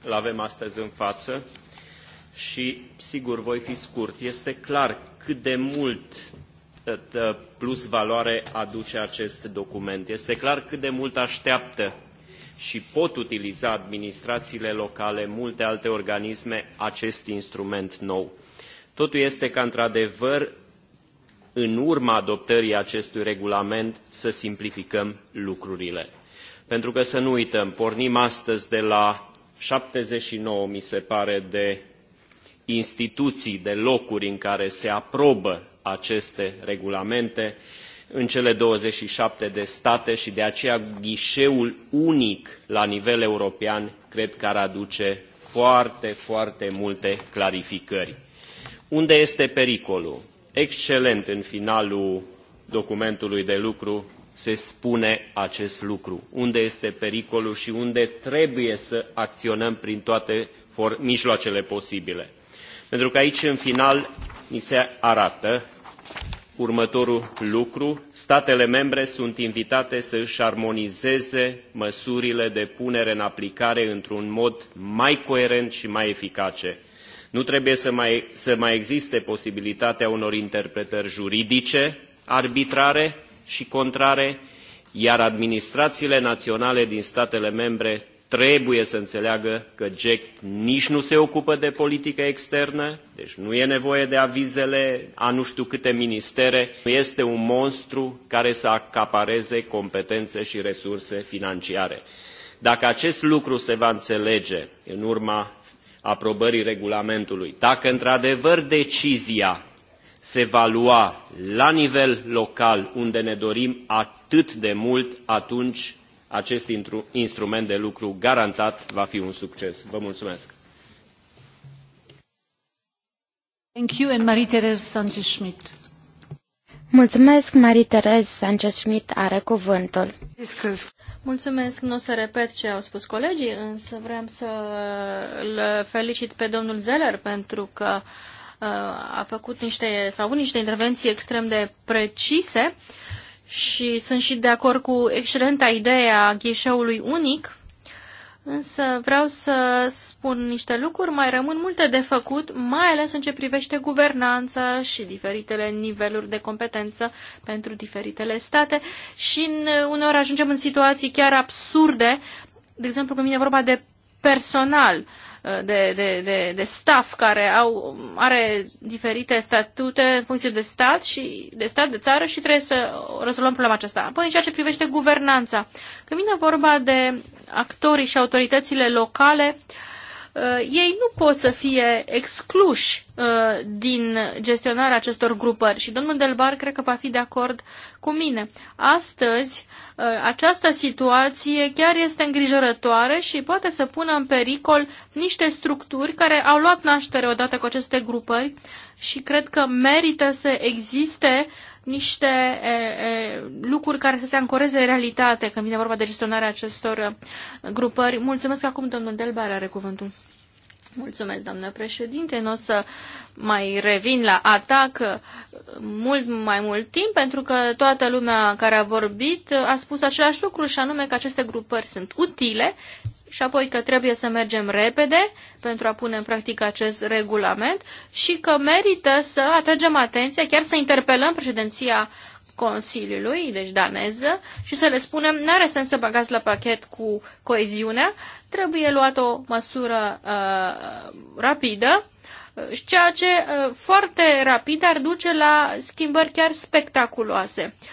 îl avem astăzi în față și, sigur, voi fi scurt. Este clar cât de mult uh, uh, plus valoare aduce acest document. Este clar cât de mult așteaptă și pot utiliza administrațiile locale, multe alte organisme, acest instrument nou Totul este ca, într-adevăr, în urma adoptării acestui regulament, să simplificăm lucrurile. Pentru că să nu uităm, pornim astăzi de la 79, mi se pare, de instituții, de locuri în care se aprobă aceste regulamente în cele 27 de state și de aceea ghișeul unic la nivel european cred că ar aduce foarte, foarte multe clarificări. Unde este pericolul? Excelent în finalul documentului de lucru se spune acest lucru. Unde este pericolul și unde trebuie să acționăm prin toate mijloacele posibile. Pentru că aici, în final, ni se arată următorul lucru. Statele membre sunt invitate să își armonizeze măsurile de punere în aplicare într-un mod mai coerent și mai eficace nu trebuie să mai, să mai existe posibilitatea unor interpretări juridice arbitrare și contrare, iar administrațiile naționale din statele membre trebuie să înțeleagă că GEC nici nu se ocupă de politică externă, deci nu e nevoie de avizele a nu știu câte ministere, nu este un monstru care să acapareze competențe și resurse financiare. Dacă acest lucru se va înțelege în urma aprobării regulamentului. Dacă într-adevăr decizia se va lua la nivel local, unde ne dorim atât de mult, atunci acest instrument de lucru garantat va fi un succes. Vă mulțumesc! Thank you and Marie-Thérèse schmidt Mulțumesc, Marie-Thérèse Sanchez-Schmidt are cuvântul. Mulțumesc, nu o să repet ce au spus colegii, însă vreau să îl felicit pe domnul Zeller pentru că uh, a făcut niște, sau avut niște intervenții extrem de precise și sunt și de acord cu excelenta idee a ghișeului unic Însă vreau să spun niște lucruri, mai rămân multe de făcut, mai ales în ce privește guvernanța și diferitele niveluri de competență pentru diferitele state și în, uneori ajungem în situații chiar absurde, de exemplu când vine vorba de personal. Uh, de, de, de, de staff care au, are diferite statute în funcție de stat și de stat, de țară și trebuie să rezolvăm problema aceasta. Apoi, în ceea ce privește guvernanța, când vine vorba de actorii și autoritățile locale, uh, ei nu pot să fie excluși Uh, din gestionarea acestor grupări și domnul Delbar cred că va fi de acord cu mine. Astăzi, uh, această situație chiar este îngrijorătoare și poate să pună în pericol niște structuri care au luat naștere odată cu aceste grupări și cred că merită să existe niște e, e, lucruri care să se ancoreze în realitate când vine vorba de gestionarea acestor uh, grupări. Mulțumesc acum, domnul Delbar are cuvântul. Mulțumesc, doamnă președinte. Nu o să mai revin la atac mult mai mult timp, pentru că toată lumea care a vorbit a spus același lucru și anume că aceste grupări sunt utile și apoi că trebuie să mergem repede pentru a pune în practică acest regulament și că merită să atragem atenția, chiar să interpelăm președinția Consiliului, deci daneză, și să le spunem, nu are sens să băgați la pachet cu coeziunea, trebuie luat o măsură uh, rapidă, uh, ceea ce uh, foarte rapid ar duce la schimbări chiar spectaculoase. Uh,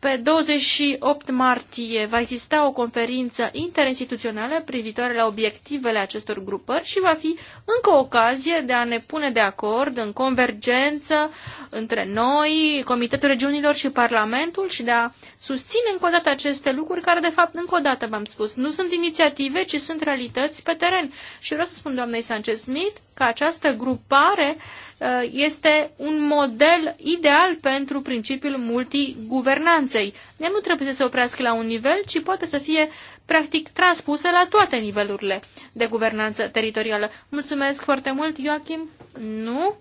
pe 28 martie va exista o conferință interinstituțională privitoare la obiectivele acestor grupări și va fi încă o ocazie de a ne pune de acord în convergență între noi, Comitetul Regiunilor și Parlamentul și de a susține încă o dată aceste lucruri care, de fapt, încă o dată v-am spus, nu sunt inițiative, ci sunt realități pe teren. Și vreau să spun doamnei Sanchez-Smith că această grupare uh, Uh, este un model ideal pentru principiul multiguvernanței. Ea nu trebuie să se oprească la un nivel, ci poate să fie practic transpusă la toate nivelurile de guvernanță teritorială. Mulțumesc foarte mult, Joachim. Nu?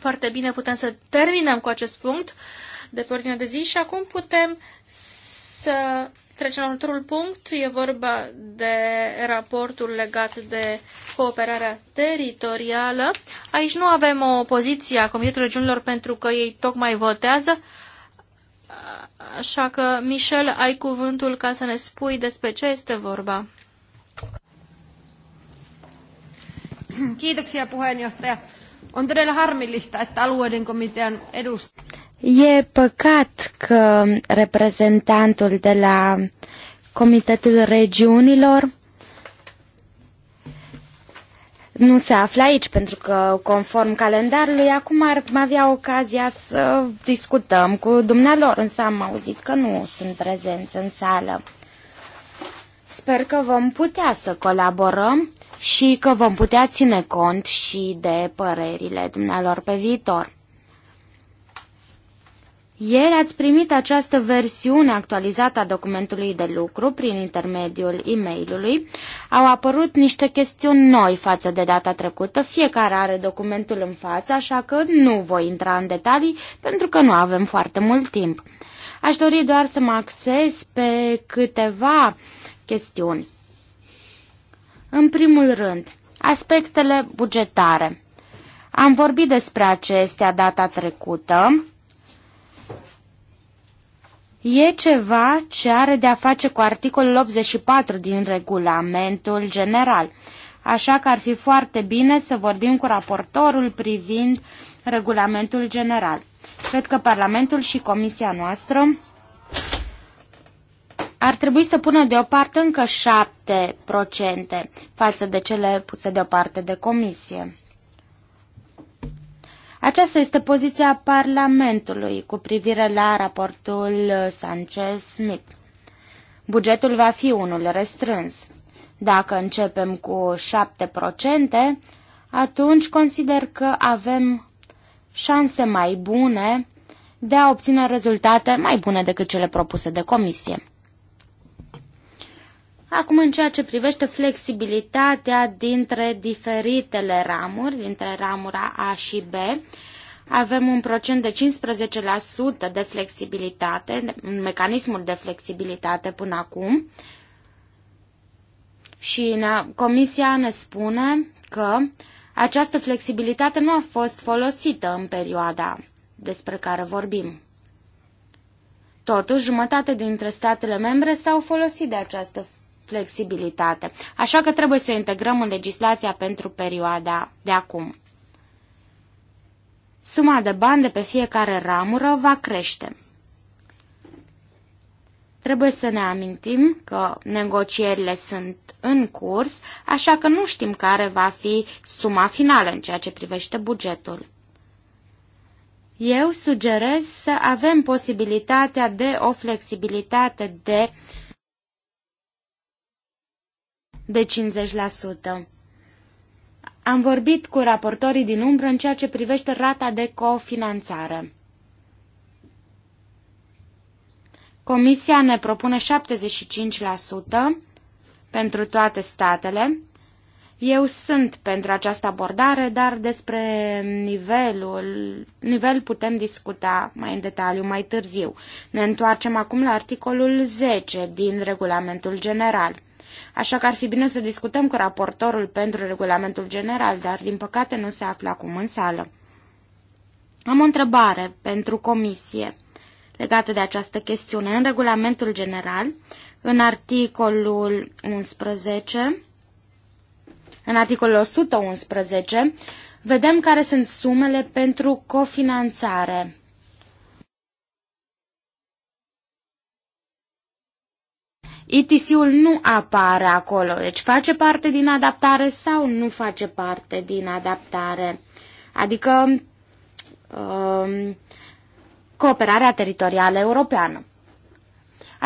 Foarte bine, putem să terminăm cu acest punct de pe de zi și acum putem să Trecem la următorul punct. E vorba de raportul legat de cooperarea teritorială. Aici nu avem o poziție a Comitetului Regiunilor pentru că ei tocmai votează. Așa că, Michel, ai cuvântul ca să ne spui despre ce este vorba. Kiitoksia puheenjohtaja. On todella harmillista, että alueiden komitean edustajat... E păcat că reprezentantul de la Comitetul Regiunilor nu se află aici, pentru că, conform calendarului, acum ar avea ocazia să discutăm cu dumnealor, însă am auzit că nu sunt prezenți în sală. Sper că vom putea să colaborăm și că vom putea ține cont și de părerile dumnealor pe viitor. Ieri ați primit această versiune actualizată a documentului de lucru prin intermediul e mail Au apărut niște chestiuni noi față de data trecută. Fiecare are documentul în față, așa că nu voi intra în detalii pentru că nu avem foarte mult timp. Aș dori doar să mă axez pe câteva chestiuni. În primul rând, aspectele bugetare. Am vorbit despre acestea data trecută E ceva ce are de a face cu articolul 84 din regulamentul general, așa că ar fi foarte bine să vorbim cu raportorul privind regulamentul general. Cred că Parlamentul și Comisia noastră ar trebui să pună deoparte încă 7% față de cele puse deoparte de Comisie. Aceasta este poziția Parlamentului cu privire la raportul Sanchez-Smith. Bugetul va fi unul restrâns. Dacă începem cu 7%, atunci consider că avem șanse mai bune de a obține rezultate mai bune decât cele propuse de comisie. Acum, în ceea ce privește flexibilitatea dintre diferitele ramuri, dintre ramura A și B, avem un procent de 15% de flexibilitate, un mecanismul de flexibilitate până acum. Și Comisia ne spune că această flexibilitate nu a fost folosită în perioada despre care vorbim. Totuși, jumătate dintre statele membre s-au folosit de această flexibilitate, așa că trebuie să o integrăm în legislația pentru perioada de acum. Suma de bani de pe fiecare ramură va crește. Trebuie să ne amintim că negocierile sunt în curs, așa că nu știm care va fi suma finală în ceea ce privește bugetul. Eu sugerez să avem posibilitatea de o flexibilitate de de 50%. Am vorbit cu raportorii din umbră în ceea ce privește rata de cofinanțare. Comisia ne propune 75% pentru toate statele. Eu sunt pentru această abordare, dar despre nivelul nivel putem discuta mai în detaliu mai târziu. Ne întoarcem acum la articolul 10 din regulamentul general așa că ar fi bine să discutăm cu raportorul pentru regulamentul general, dar din păcate nu se află acum în sală. Am o întrebare pentru comisie legată de această chestiune. În regulamentul general, în articolul 11, în articolul 111, vedem care sunt sumele pentru cofinanțare. ETC-ul nu apare acolo, deci face parte din adaptare sau nu face parte din adaptare. Adică um, cooperarea teritorială europeană.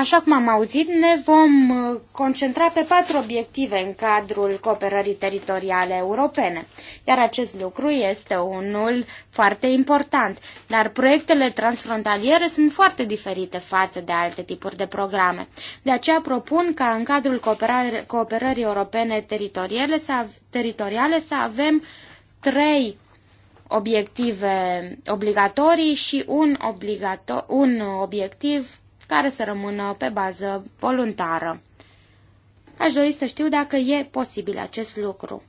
Așa cum am auzit, ne vom uh, concentra pe patru obiective în cadrul cooperării teritoriale europene, iar acest lucru este unul foarte important, dar proiectele transfrontaliere sunt foarte diferite față de alte tipuri de programe. De aceea propun ca în cadrul cooperării europene teritoriale să, teritoriale să avem trei obiective obligatorii și un, obligato- un obiectiv care să rămână pe bază voluntară. Aș dori să știu dacă e posibil acest lucru.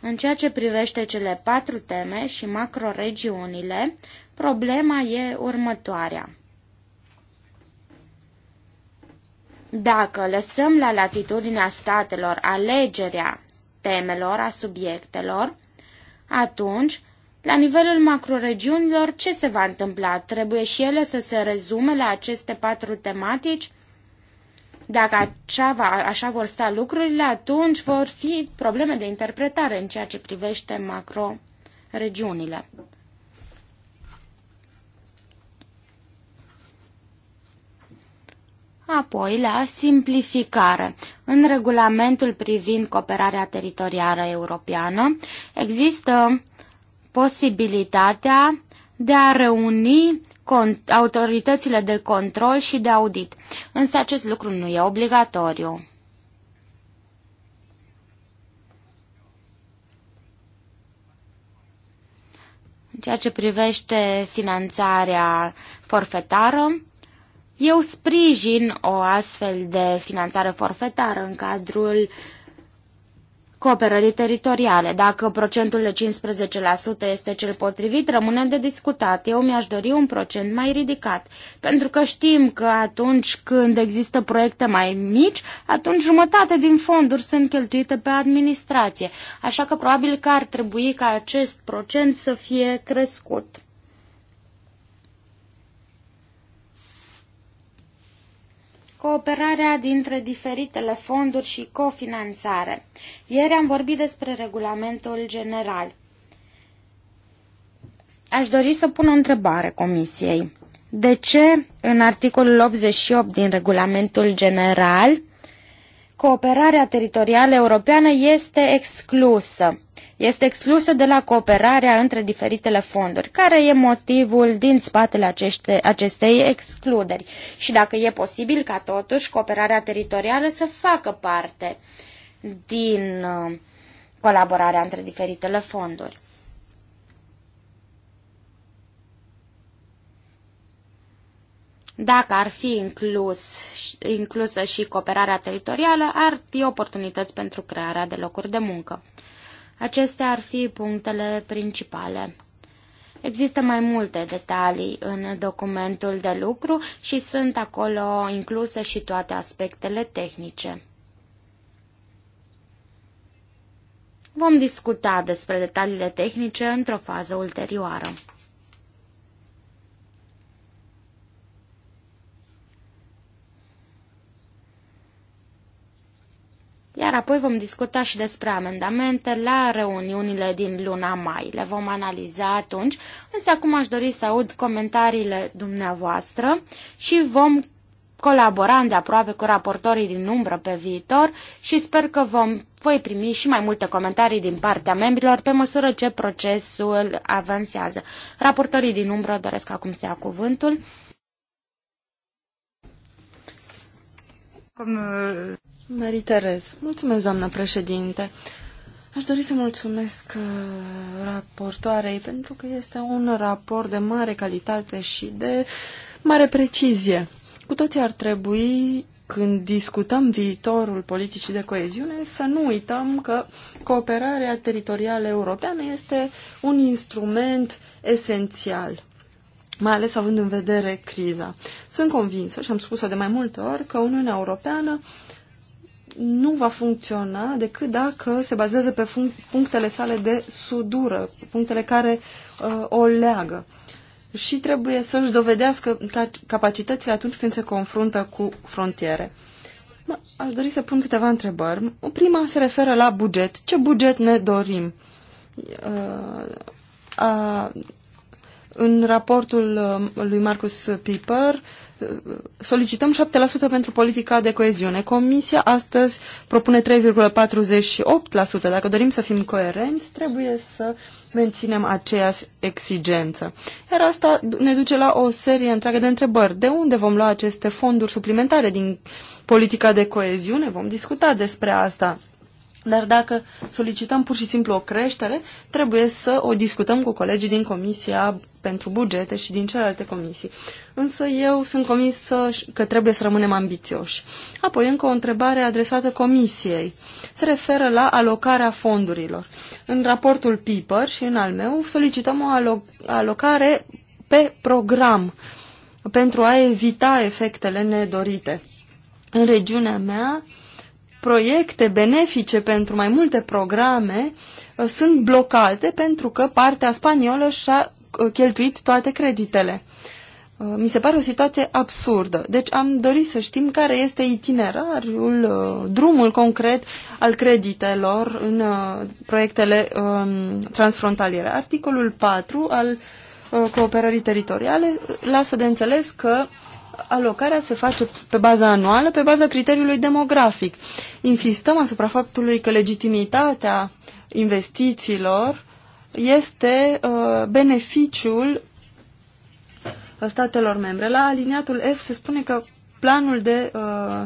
În ceea ce privește cele patru teme și macroregiunile, problema e următoarea. Dacă lăsăm la latitudinea statelor alegerea temelor, a subiectelor, atunci la nivelul macroregiunilor, ce se va întâmpla? Trebuie și ele să se rezume la aceste patru tematici? Dacă așa, va, așa vor sta lucrurile, atunci vor fi probleme de interpretare în ceea ce privește macroregiunile. Apoi la simplificare. În regulamentul privind cooperarea teritorială europeană există posibilitatea de a reuni autoritățile de control și de audit. Însă acest lucru nu e obligatoriu. În ceea ce privește finanțarea forfetară, eu sprijin o astfel de finanțare forfetară în cadrul uh, cooperării teritoriale. Dacă procentul de 15% este cel potrivit, rămâne de discutat. Eu mi-aș dori un procent mai ridicat, pentru că știm că atunci când există proiecte mai mici, atunci jumătate din fonduri sunt cheltuite pe administrație. Așa că probabil că ar trebui ca acest procent să fie crescut. cooperarea dintre diferitele fonduri și cofinanțare. Ieri am vorbit despre regulamentul general. Aș dori să pun o întrebare Comisiei. De ce în articolul 88 din regulamentul general cooperarea teritorială europeană este exclusă? este exclusă de la cooperarea între diferitele fonduri. Care e motivul din spatele aceste, acestei excluderi? Și dacă e posibil ca totuși cooperarea teritorială să facă parte din uh, colaborarea între diferitele fonduri. Dacă ar fi inclus, inclusă și cooperarea teritorială, ar fi oportunități pentru crearea de locuri de muncă. Acestea ar fi punctele principale. Există mai multe detalii în documentul de lucru și sunt acolo incluse și toate aspectele tehnice. Vom discuta despre detaliile tehnice într-o fază ulterioară. Iar apoi vom discuta și despre amendamente la reuniunile din luna mai. Le vom analiza atunci, însă acum aș dori să aud comentariile dumneavoastră și vom colabora de aproape cu raportorii din umbră pe viitor și sper că vom, voi primi și mai multe comentarii din partea membrilor pe măsură ce procesul avansează. Raportorii din umbră doresc acum să ia cuvântul. Cum... Marie Mulțumesc, doamnă președinte. Aș dori să mulțumesc uh, raportoarei pentru că este un raport de mare calitate și de mare precizie. Cu toții ar trebui, când discutăm viitorul politicii de coeziune, să nu uităm că cooperarea teritorială europeană este un instrument esențial mai ales având în vedere criza. Sunt convinsă și am spus-o de mai multe ori că Uniunea Europeană uh, nu va funcționa decât dacă se bazează pe punctele sale de sudură, punctele care uh, o leagă. Și trebuie să-și dovedească capacitățile atunci când se confruntă cu frontiere. Mă, aș dori să pun câteva întrebări. Prima se referă la buget. Ce buget ne dorim? Uh, a, în raportul uh, lui Marcus Piper uh, solicităm 7% pentru politica de coeziune. Comisia astăzi propune 3,48%. Dacă dorim să fim coerenți, trebuie să menținem aceeași exigență. Iar asta ne duce la o serie întreagă de întrebări. De unde vom lua aceste fonduri suplimentare din politica de coeziune? Vom discuta despre asta. Dar dacă solicităm pur și simplu o creștere, trebuie să o discutăm cu colegii din Comisia pentru Bugete și din celelalte comisii. Însă eu sunt convinsă că trebuie să rămânem ambițioși. Apoi încă o întrebare adresată Comisiei. Se referă la alocarea fondurilor. În raportul PIPER și în al meu solicităm o alocare pe program pentru a evita efectele nedorite. În regiunea mea, proiecte benefice pentru mai multe programe uh, sunt blocate pentru că partea spaniolă și-a uh, cheltuit toate creditele. Uh, mi se pare o situație absurdă. Deci am dorit să știm care este itinerariul, drumul concret al creditelor în proiectele um, transfrontaliere. Articolul 4 al cooperării teritoriale lasă de înțeles că alocarea se face pe baza anuală, pe baza criteriului demografic. Insistăm asupra faptului că legitimitatea investițiilor este uh, beneficiul uh, statelor membre. La aliniatul F se spune că planul de uh,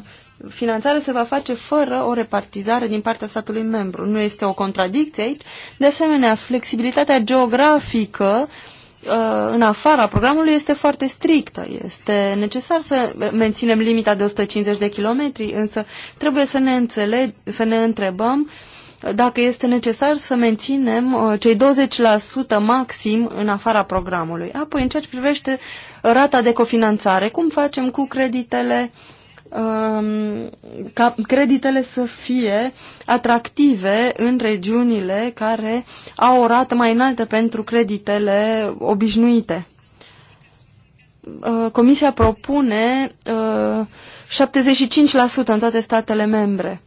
finanțare se va face fără o repartizare din partea statului membru. Nu este o contradicție aici. De asemenea, flexibilitatea geografică uh, Uh, în afara programului este foarte strictă. Este necesar să menținem limita de 150 de kilometri, însă trebuie să ne, înțeleg, să ne întrebăm dacă este necesar să menținem uh, cei 20% maxim în afara programului. Apoi, în ceea ce privește rata de cofinanțare, cum facem cu creditele uh, Um, ca creditele să fie atractive în regiunile care au o rată mai înaltă pentru creditele obișnuite. Uh, Comisia propune 75% uh, în toate statele membre.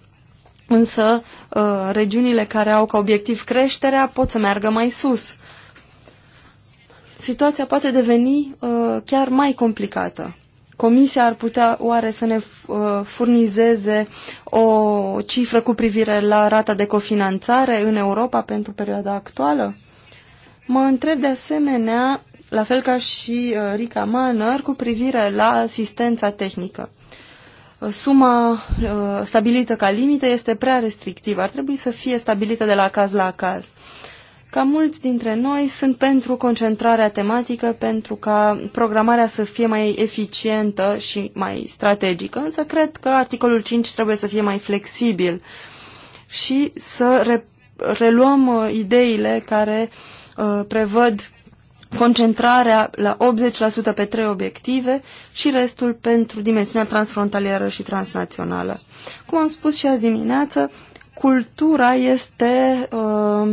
Însă, uh, regiunile care au ca obiectiv creșterea pot să meargă mai sus. Situația poate deveni chiar mai complicată. Comisia ar putea oare să ne uh, furnizeze o cifră cu privire la rata de cofinanțare în Europa pentru perioada actuală? Mă întreb de asemenea, la fel ca și uh, Rica Manner, cu privire la asistența tehnică. Uh, suma stabilită ca limită este prea restrictivă, ar trebui să fie stabilită de la caz la caz ca mulți dintre noi sunt pentru concentrarea tematică, pentru ca programarea să fie mai eficientă și mai strategică, însă cred că articolul 5 trebuie să fie mai flexibil și să re reluăm uh, ideile care uh, prevăd concentrarea la 80% pe trei obiective și restul pentru dimensiunea transfrontalieră și transnațională. Cum am spus și azi dimineață, cultura este uh,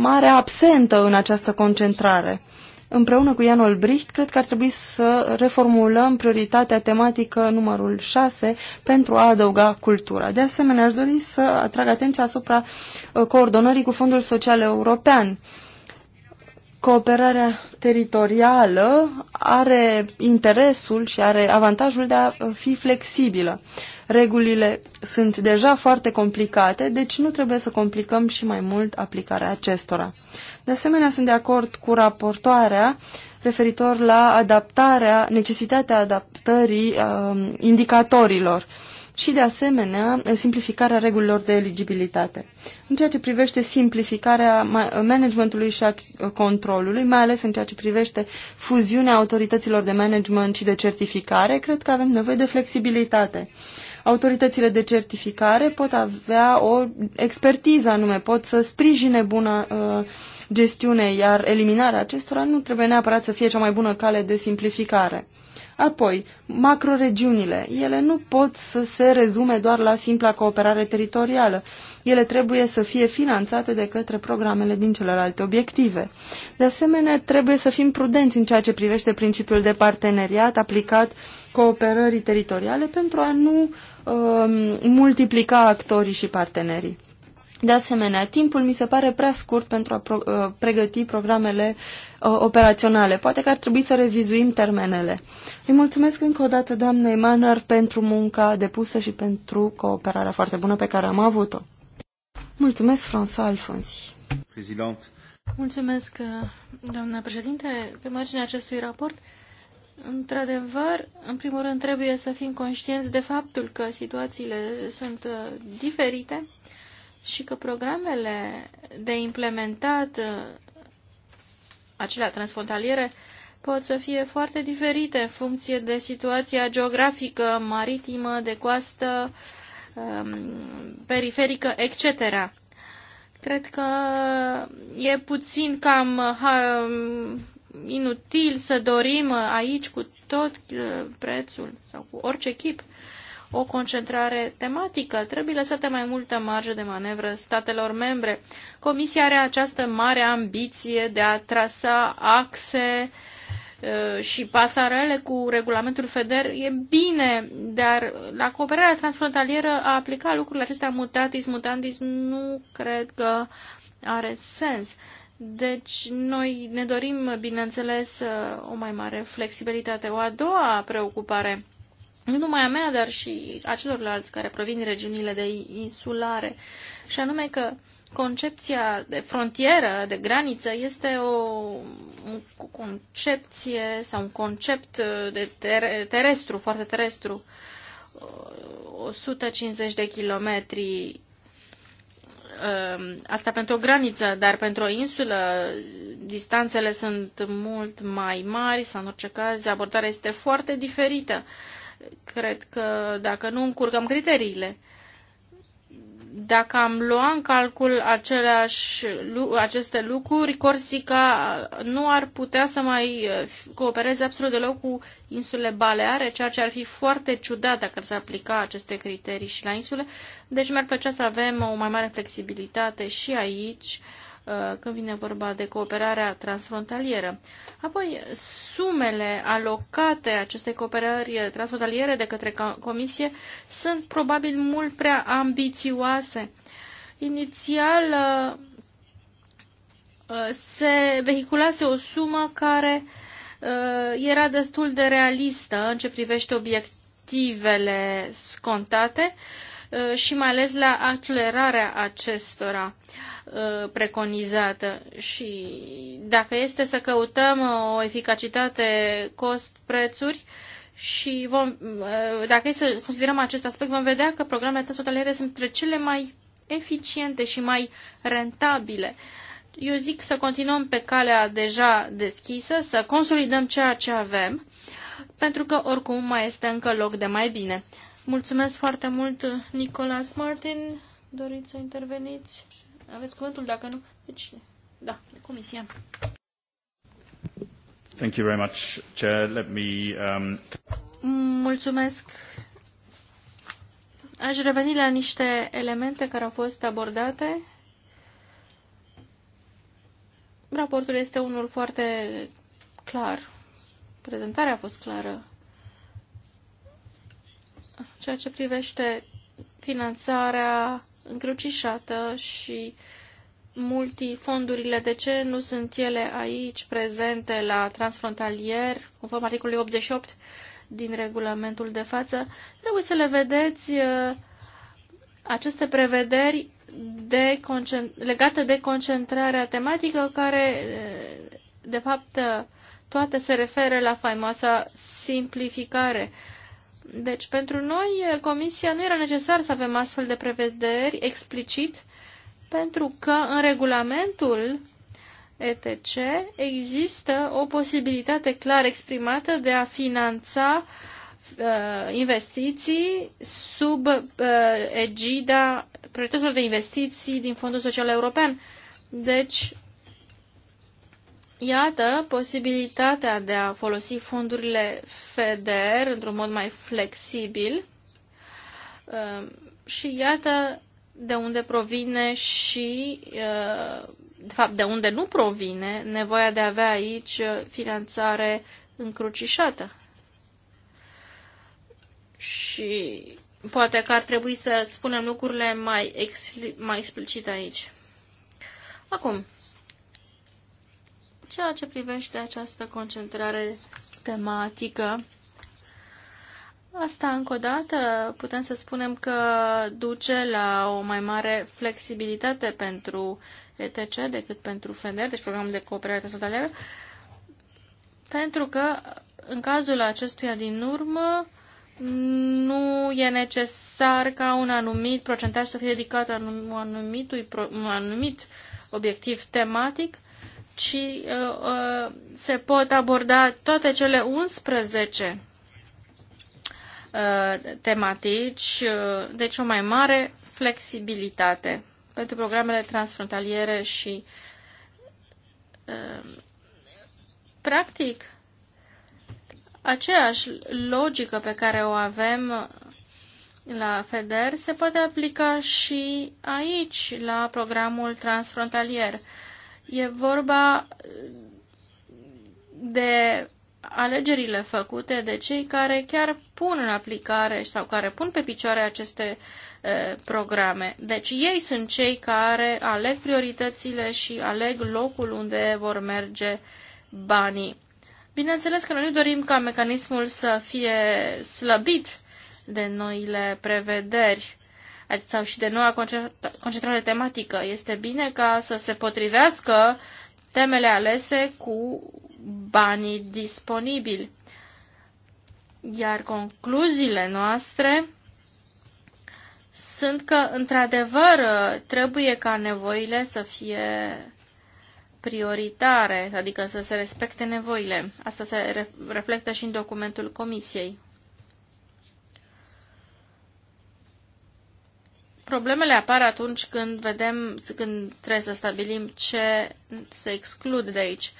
mare absentă în această concentrare. Împreună cu Ian Olbricht, cred că ar trebui să reformulăm prioritatea tematică numărul 6 pentru a adăuga cultura. De asemenea, aș dori să atrag atenția asupra uh, coordonării cu Fondul Social European. Uh, cooperarea teritorială are interesul și are avantajul de a fi flexibilă. Regulile sunt deja foarte complicate, deci nu trebuie să complicăm și mai mult aplicarea acestora. De asemenea, sunt de acord cu raportoarea referitor la adaptarea, necesitatea adaptării uh, indicatorilor. Uh, și, de asemenea, simplificarea regulilor de eligibilitate. În ceea ce privește simplificarea managementului și a controlului, mai ales în ceea ce privește fuziunea autorităților de management și de certificare, cred că avem nevoie de flexibilitate. Autoritățile de certificare pot avea o expertiză anume, pot să sprijine bună uh, gestiune, iar eliminarea acestora nu trebuie neapărat să fie cea mai bună cale de simplificare. Apoi, macroregiunile. Ele nu pot să se rezume doar la simpla cooperare teritorială. Ele trebuie să fie finanțate de către programele din celelalte obiective. De asemenea, trebuie să fim prudenți în ceea ce privește principiul de parteneriat aplicat cooperării teritoriale pentru a nu uh, multiplica actorii și partenerii. De asemenea, timpul mi se pare prea scurt pentru a pro, uh, pregăti programele uh, operaționale. Poate că ar trebui să revizuim termenele. Îi mulțumesc încă o dată doamnei Manner pentru munca depusă și pentru cooperarea foarte bună pe care am avut-o. Mulțumesc, François Alfonsi. Prezident. Mulțumesc, uh, doamna președinte. Pe marginea acestui raport, într-adevăr, în primul rând trebuie să fim conștienți de faptul că situațiile sunt uh, diferite și că programele de implementat, uh, acelea transfrontaliere, pot să fie foarte diferite în funcție de situația geografică, maritimă, de coastă, um, periferică, etc. Cred că e puțin cam inutil să dorim aici cu tot uh, prețul sau cu orice chip o concentrare tematică. Trebuie lăsată mai multă marjă de manevră statelor membre. Comisia are această mare ambiție de a trasa axe uh, și pasarele cu regulamentul FEDER, e bine, dar la cooperarea transfrontalieră a aplica lucrurile acestea mutatis mutandis nu cred că are sens. Deci noi ne dorim, bineînțeles, uh, o mai mare flexibilitate. O a doua preocupare nu numai a mea, dar și a celorlalți care provin din regiunile de insulare, și anume că concepția de frontieră, de graniță, este o concepție sau un concept de ter- terestru, foarte terestru, 150 de kilometri um, asta pentru o graniță, dar pentru o insulă distanțele sunt mult mai mari sau în orice caz abordarea este foarte diferită. Cred că dacă nu încurcăm criteriile, dacă am lua în calcul aceleași, aceste lucruri, Corsica nu ar putea să mai uh, coopereze absolut deloc cu insulele Baleare, ceea ce ar fi foarte ciudat dacă s-ar aplica aceste criterii și la insule. Deci mi-ar plăcea să avem o mai mare flexibilitate și aici Uh, când vine vorba de cooperarea transfrontalieră. Apoi, sumele alocate acestei cooperări transfrontaliere de către Comisie sunt probabil mult prea ambițioase. Inițial uh, uh, se vehiculase o sumă care era destul de realistă în ce privește obiectivele scontate și mai ales la accelerarea acestora. Uh, preconizată și dacă este să căutăm uh, o eficacitate cost-prețuri și vom, uh, dacă este să considerăm acest aspect, vom vedea că programele transfrontaliere sunt între cele mai eficiente și mai rentabile. Eu zic să continuăm pe calea deja deschisă, să consolidăm ceea ce avem, pentru că oricum mai este încă loc de mai bine. Mulțumesc foarte mult, Nicolas Martin. Doriți să interveniți? Aveți cuvântul, dacă nu... Deci, da, comisia. Thank you very much, Chair. Let me, um... Mulțumesc. Aș reveni la niște elemente care au fost abordate. Raportul este unul foarte clar. Prezentarea a fost clară. Ceea ce privește finanțarea încrucișată și multifondurile, de ce nu sunt ele aici prezente la transfrontalier, conform articolului 88 din regulamentul de față, trebuie să le vedeți uh, aceste prevederi de legate de concentrarea tematică care, uh, de fapt, uh, toate se referă la faimoasa simplificare deci, pentru noi, eh, Comisia nu era necesar să avem astfel de prevederi explicit, pentru că în regulamentul ETC există o posibilitate clar exprimată de a finanța uh, investiții sub uh, egida proiectelor de investiții din Fondul Social European. Deci, Iată posibilitatea de a folosi fondurile FEDER într-un mod mai flexibil ehm, și iată de unde provine și, ehm, de fapt, de unde nu provine nevoia de a avea aici finanțare încrucișată. Și poate că ar trebui să spunem lucrurile mai, mai explicit aici. Acum, ceea ce privește această concentrare tematică. Asta, încă o dată, putem să spunem că duce la o mai mare flexibilitate pentru ETC decât pentru FEDER, deci programul de cooperare transfrontalieră, pentru că, în cazul acestuia din urmă, nu e necesar ca un anumit procentaj să fie dedicat anum, anumitui, un anumit obiectiv tematic, ci uh, uh, se pot aborda toate cele 11 uh, tematici, uh, deci o mai mare flexibilitate pentru programele transfrontaliere și uh, practic aceeași logică pe care o avem la FEDER se poate aplica și aici la programul transfrontalier. E vorba de alegerile făcute de cei care chiar pun în aplicare sau care pun pe picioare aceste e, programe. Deci ei sunt cei care aleg prioritățile și aleg locul unde vor merge banii. Bineînțeles că noi nu dorim ca mecanismul să fie slăbit de noile prevederi sau și de noua concentrare tematică. Este bine ca să se potrivească temele alese cu banii disponibili. Iar concluziile noastre sunt că, într-adevăr, trebuie ca nevoile să fie prioritare, adică să se respecte nevoile. Asta se reflectă și în documentul Comisiei. Problemele apar atunci când vedem, când trebuie să stabilim ce se exclude de aici.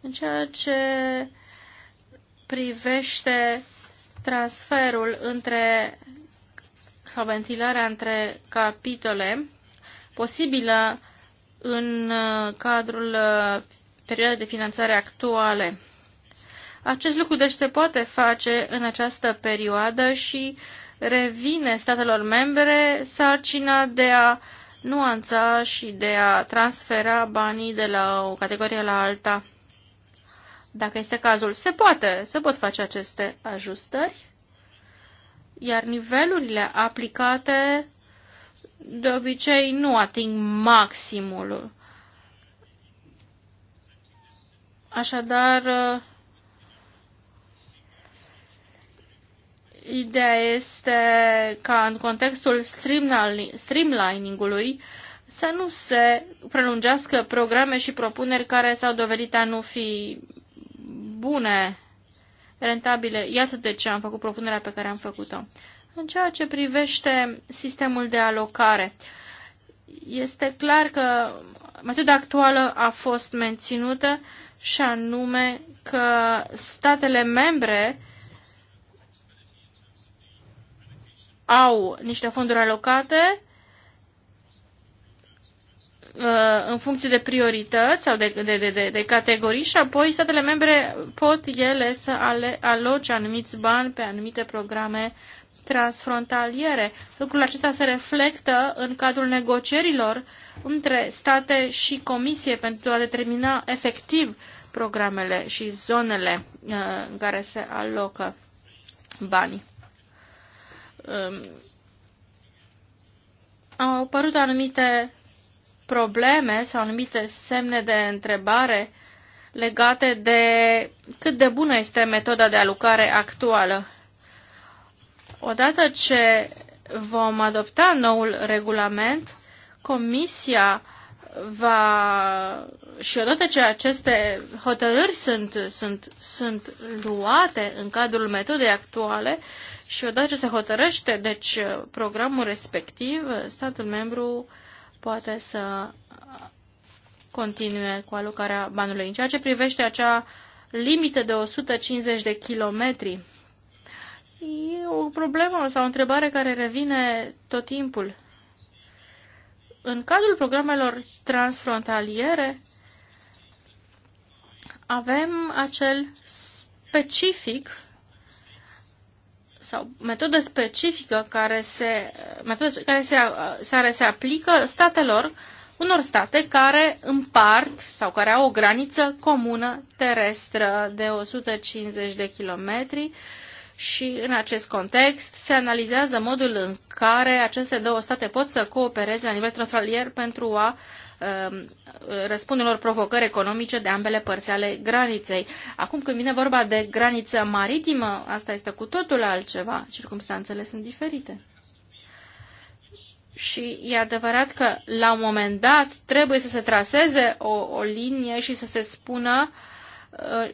În ceea ce privește transferul între sau ventilarea între capitole posibilă în uh, cadrul uh, perioadei de finanțare actuale. Acest lucru deci se poate face în această perioadă și uh, revine statelor membre sarcina de a nuanța și de a transfera banii de la o categorie la alta. Dacă este cazul, se poate, se pot face aceste ajustări, iar nivelurile aplicate de obicei nu ating maximul. Așadar, Ideea este ca în contextul streamlining-ului să nu se prelungească programe și propuneri care s-au dovedit a nu fi bune, rentabile. Iată de ce am făcut propunerea pe care am făcut-o. În ceea ce privește sistemul de alocare, este clar că metoda actuală a fost menținută și anume că statele membre au niște fonduri alocate uh, în funcție de priorități sau de, de, de, de categorii și apoi statele membre pot ele să ale, aloce anumiți bani pe anumite programe transfrontaliere. Lucrul acesta se reflectă în cadrul negocierilor între state și comisie pentru a determina efectiv programele și zonele uh, în care se alocă banii um, au apărut anumite probleme sau anumite semne de întrebare legate de cât de bună este metoda de alucare actuală. Odată ce vom adopta noul regulament, Comisia va, și odată ce aceste hotărâri sunt, sunt, sunt luate în cadrul metodei actuale și odată ce se hotărăște, deci, programul respectiv, statul membru poate să continue cu alocarea banului. În ceea ce privește acea limită de 150 de kilometri, e o problemă sau o întrebare care revine tot timpul în cadrul programelor transfrontaliere avem acel specific sau metodă specifică care se, metodă care se, care se aplică statelor, unor state care împart sau care au o graniță comună terestră de 150 de kilometri și în acest context se analizează modul în care aceste două state pot să coopereze la nivel transfrontalier pentru a um, răspunde lor provocări economice de ambele părți ale graniței. Acum când vine vorba de graniță maritimă, asta este cu totul altceva. Circumstanțele sunt diferite. Și e adevărat că la un moment dat trebuie să se traseze o, o linie și să se spună uh,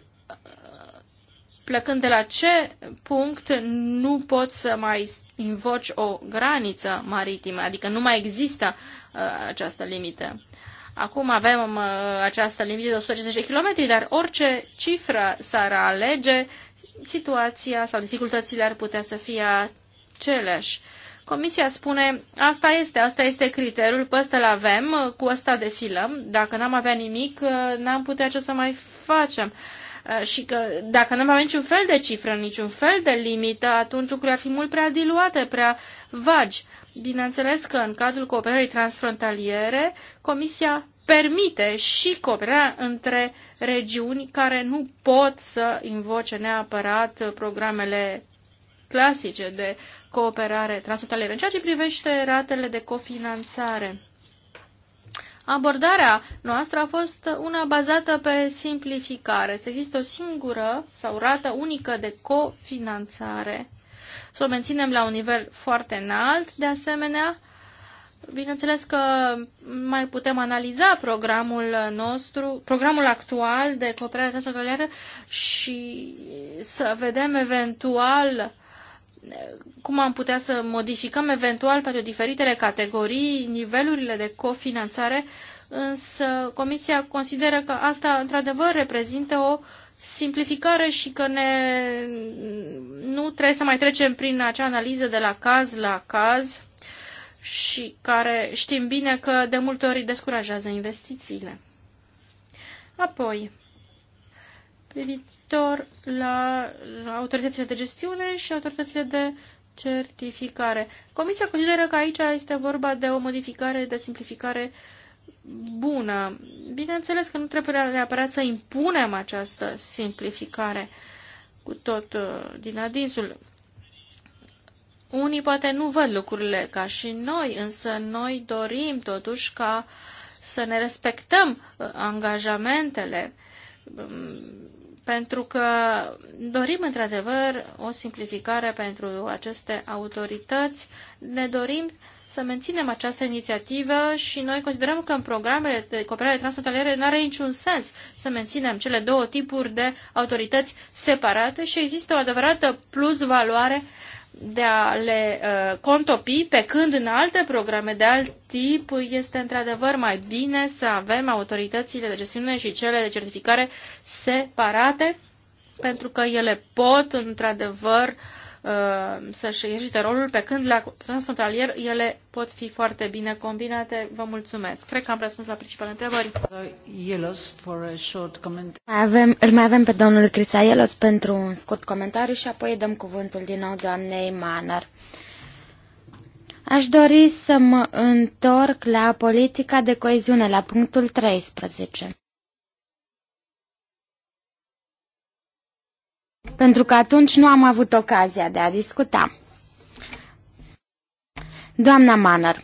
plecând de la ce punct nu poți să mai invoci o graniță maritimă, adică nu mai există uh, această limită. Acum avem uh, această limită de 150 km, dar orice cifră s-ar alege, situația sau dificultățile ar putea să fie aceleași. Comisia spune, asta este, asta este criteriul, pe ăsta îl avem cu ăsta defilăm, dacă n-am avea nimic, uh, n-am putea ce să mai facem. Uh, Uh, și că dacă nu avem niciun fel de cifră, niciun fel de limită, atunci lucrurile ar fi mult prea diluate, prea vagi. Bineînțeles că în cadrul cooperării transfrontaliere, Comisia permite și cooperarea între regiuni care nu pot să invoce neapărat programele clasice de cooperare transfrontalieră în ceea ce privește ratele de cofinanțare. Abordarea noastră a fost una bazată pe simplificare. Să există o singură sau rată unică de cofinanțare. Să o menținem la un nivel foarte înalt, de asemenea, Bineînțeles că mai putem analiza programul nostru, programul actual de cooperare transfrontalieră și să vedem eventual cum am putea să modificăm eventual pentru diferitele categorii nivelurile de cofinanțare, însă Comisia consideră că asta într-adevăr reprezintă o simplificare și că ne, nu trebuie să mai trecem prin acea analiză de la caz la caz și care știm bine că de multe ori descurajează investițiile. Apoi, privit referitor la autoritățile de gestiune și autoritățile de certificare. Comisia consideră că aici este vorba de o modificare de simplificare bună. Bineînțeles că nu trebuie neapărat să impunem această simplificare cu tot uh, din adinsul. Unii poate nu văd lucrurile ca și noi, însă noi dorim totuși ca să ne respectăm uh, angajamentele um, pentru că dorim într-adevăr o simplificare pentru aceste autorități, ne dorim să menținem această inițiativă și noi considerăm că în programele de cooperare transfrontaliere nu are niciun sens să menținem cele două tipuri de autorități separate și există o adevărată plus valoare uh, de a le uh, contopi, pe când în alte programe de alt tip este într-adevăr mai bine să avem autoritățile de gestiune și cele de certificare separate, pentru că ele pot într-adevăr uh, Uh, să-și exercite rolul, pe când la transfrontalier ele pot fi foarte bine combinate. Vă mulțumesc. Cred că am răspuns la principalele întrebări. Mai avem, îl mai avem pe domnul Ielos pentru un scurt comentariu și apoi dăm cuvântul din nou doamnei Maner. Aș dori să mă întorc la politica de coeziune, la punctul 13. pentru că atunci nu am avut ocazia de a discuta. Doamna Manner,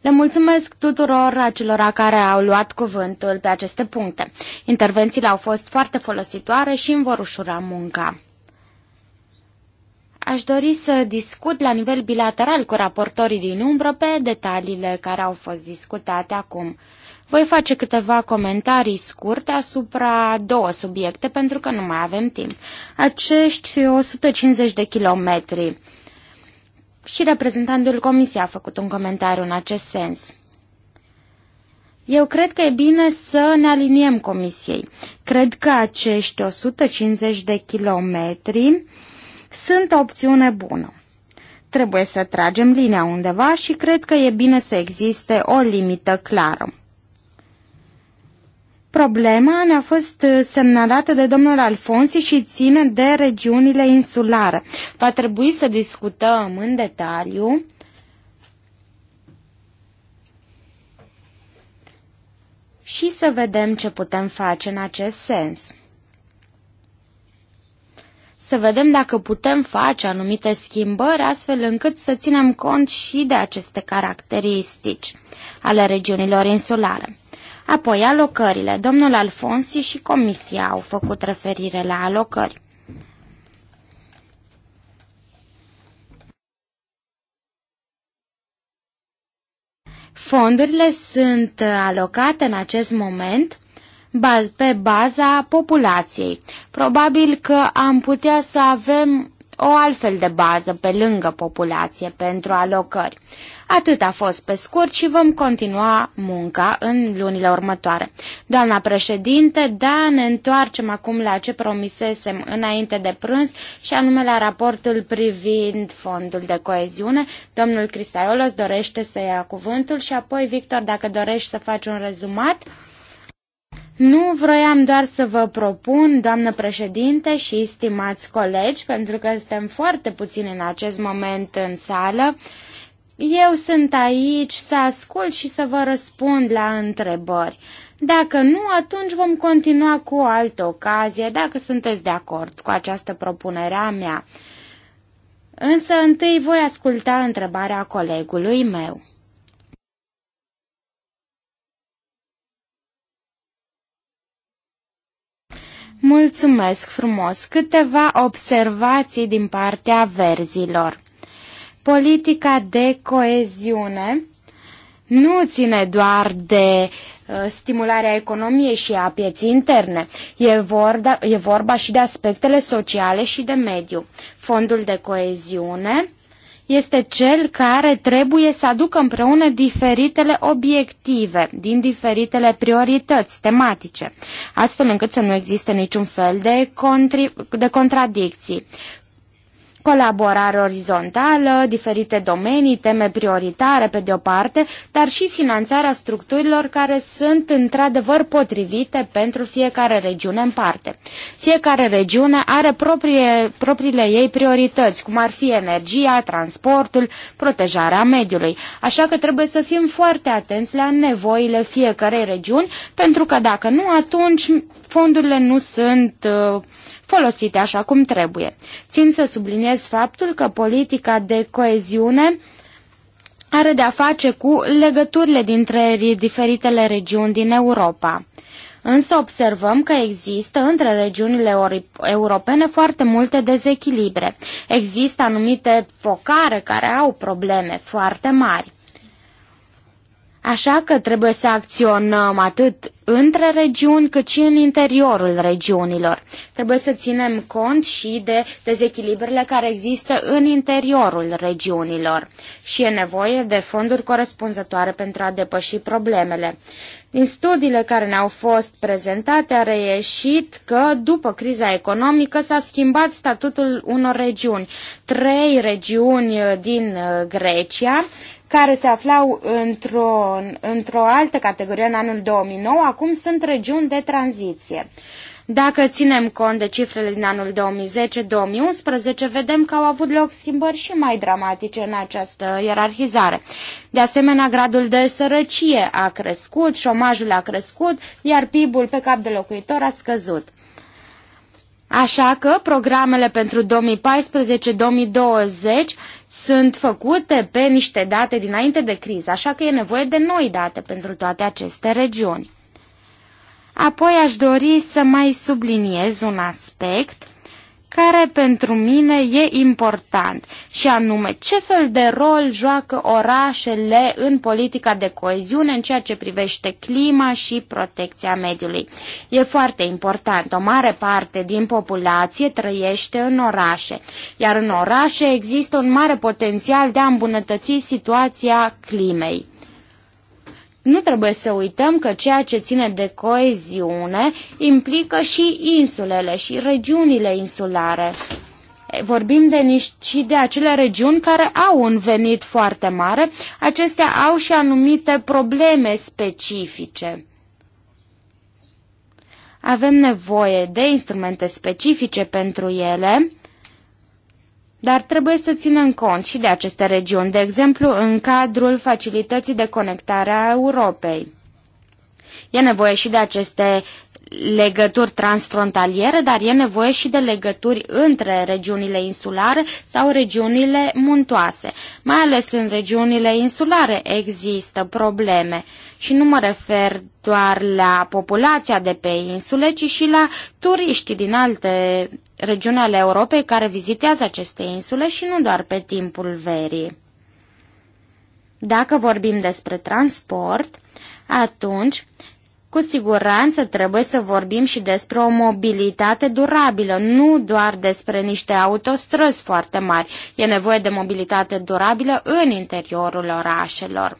le mulțumesc tuturor acelora care au luat cuvântul pe aceste puncte. Intervențiile au fost foarte folositoare și îmi vor ușura munca. Aș dori să discut la nivel bilateral cu raportorii din umbră pe detaliile care au fost discutate acum. Voi face câteva comentarii scurte asupra două subiecte, pentru că nu mai avem timp. Acești 150 de kilometri. Și reprezentantul Comisiei a făcut un comentariu în acest sens. Eu cred că e bine să ne aliniem Comisiei. Cred că acești 150 de kilometri sunt o opțiune bună trebuie să tragem linia undeva și cred că e bine să existe o limită clară. Problema ne-a fost uh, semnalată de domnul Alfonsi și ține de regiunile insulare. Va trebui să discutăm în detaliu și să vedem ce putem face în acest sens. Să vedem dacă putem face anumite schimbări astfel încât să ținem cont și de aceste caracteristici ale regiunilor insulare. Apoi alocările. Domnul Alfonsi și Comisia au făcut referire la alocări. Fondurile sunt alocate în acest moment pe baza populației. Probabil că am putea să avem o altfel de bază pe lângă populație pentru alocări. Atât a fost pe scurt și vom continua munca în lunile următoare. Doamna președinte, da, ne întoarcem acum la ce promisesem înainte de prânz și anume la raportul privind fondul de coeziune. Domnul Crisaiolos dorește să ia cuvântul și apoi, Victor, dacă dorești să faci un rezumat. Nu vroiam doar să vă propun, doamnă președinte și stimați colegi, pentru că suntem foarte puțini în acest moment în sală. Eu sunt aici să ascult și să vă răspund la întrebări. Dacă nu, atunci vom continua cu o altă ocazie, dacă sunteți de acord cu această propunere a mea. Însă întâi voi asculta întrebarea colegului meu. Mulțumesc frumos! Câteva observații din partea verzilor. Politica de coeziune nu ține doar de uh, stimularea economiei și a pieții interne. E, vorba, e vorba și de aspectele sociale și de mediu. Fondul de coeziune este cel care trebuie să aducă împreună diferitele obiective din diferitele priorități tematice, astfel încât să nu existe niciun fel de, de contradicții colaborare orizontală, diferite domenii, teme prioritare pe de o parte, dar și finanțarea structurilor care sunt într-adevăr potrivite pentru fiecare regiune în parte. Fiecare regiune are proprie, propriile ei priorități, cum ar fi energia, transportul, protejarea mediului. Așa că trebuie să fim foarte atenți la nevoile fiecarei regiuni, pentru că dacă nu, atunci fondurile nu sunt uh, folosite așa cum trebuie. Țin să subliniez faptul că politica de coeziune are de-a face cu legăturile dintre diferitele regiuni din Europa. Însă observăm că există între regiunile europene foarte multe dezechilibre. Există anumite focare care au probleme foarte mari. Așa că trebuie să acționăm atât între regiuni cât și în interiorul regiunilor. Trebuie să ținem cont și de dezechilibrele care există în interiorul regiunilor și e nevoie de fonduri corespunzătoare pentru a depăși problemele. Din studiile care ne-au fost prezentate a reieșit că după criza economică s-a schimbat statutul unor regiuni. Trei regiuni din uh, Grecia care se aflau într-o într altă categorie în anul 2009, acum sunt regiuni de tranziție. Dacă ținem cont de cifrele din anul 2010-2011, vedem că au avut loc schimbări și mai dramatice în această ierarhizare. De asemenea, gradul de sărăcie a crescut, șomajul a crescut, iar PIB-ul pe cap de locuitor a scăzut. Așa că programele pentru 2014-2020 sunt făcute pe niște date dinainte de criză, așa că e nevoie de noi date pentru toate aceste regiuni. Apoi aș dori să mai subliniez un aspect care pentru mine e important, și anume ce fel de rol joacă orașele în politica de coeziune în ceea ce privește clima și protecția mediului. E foarte important. O mare parte din populație trăiește în orașe, iar în orașe există un mare potențial de a îmbunătăți situația climei nu trebuie să uităm că ceea ce ține de coeziune implică și insulele și regiunile insulare. Vorbim de niște, și de acele regiuni care au un venit foarte mare, acestea au și anumite probleme specifice. Avem nevoie de instrumente specifice pentru ele dar trebuie să ținem cont și de aceste regiuni, de exemplu, în cadrul facilității de conectare a Europei. E nevoie și de aceste legături transfrontaliere, dar e nevoie și de legături între regiunile insulare sau regiunile muntoase. Mai ales în regiunile insulare există probleme și nu mă refer doar la populația de pe insule, ci și la turiștii din alte regiuni ale Europei care vizitează aceste insule și nu doar pe timpul verii. Dacă vorbim despre transport, atunci cu siguranță trebuie să vorbim și despre o mobilitate durabilă, nu doar despre niște autostrăzi foarte mari. E nevoie de mobilitate durabilă în interiorul orașelor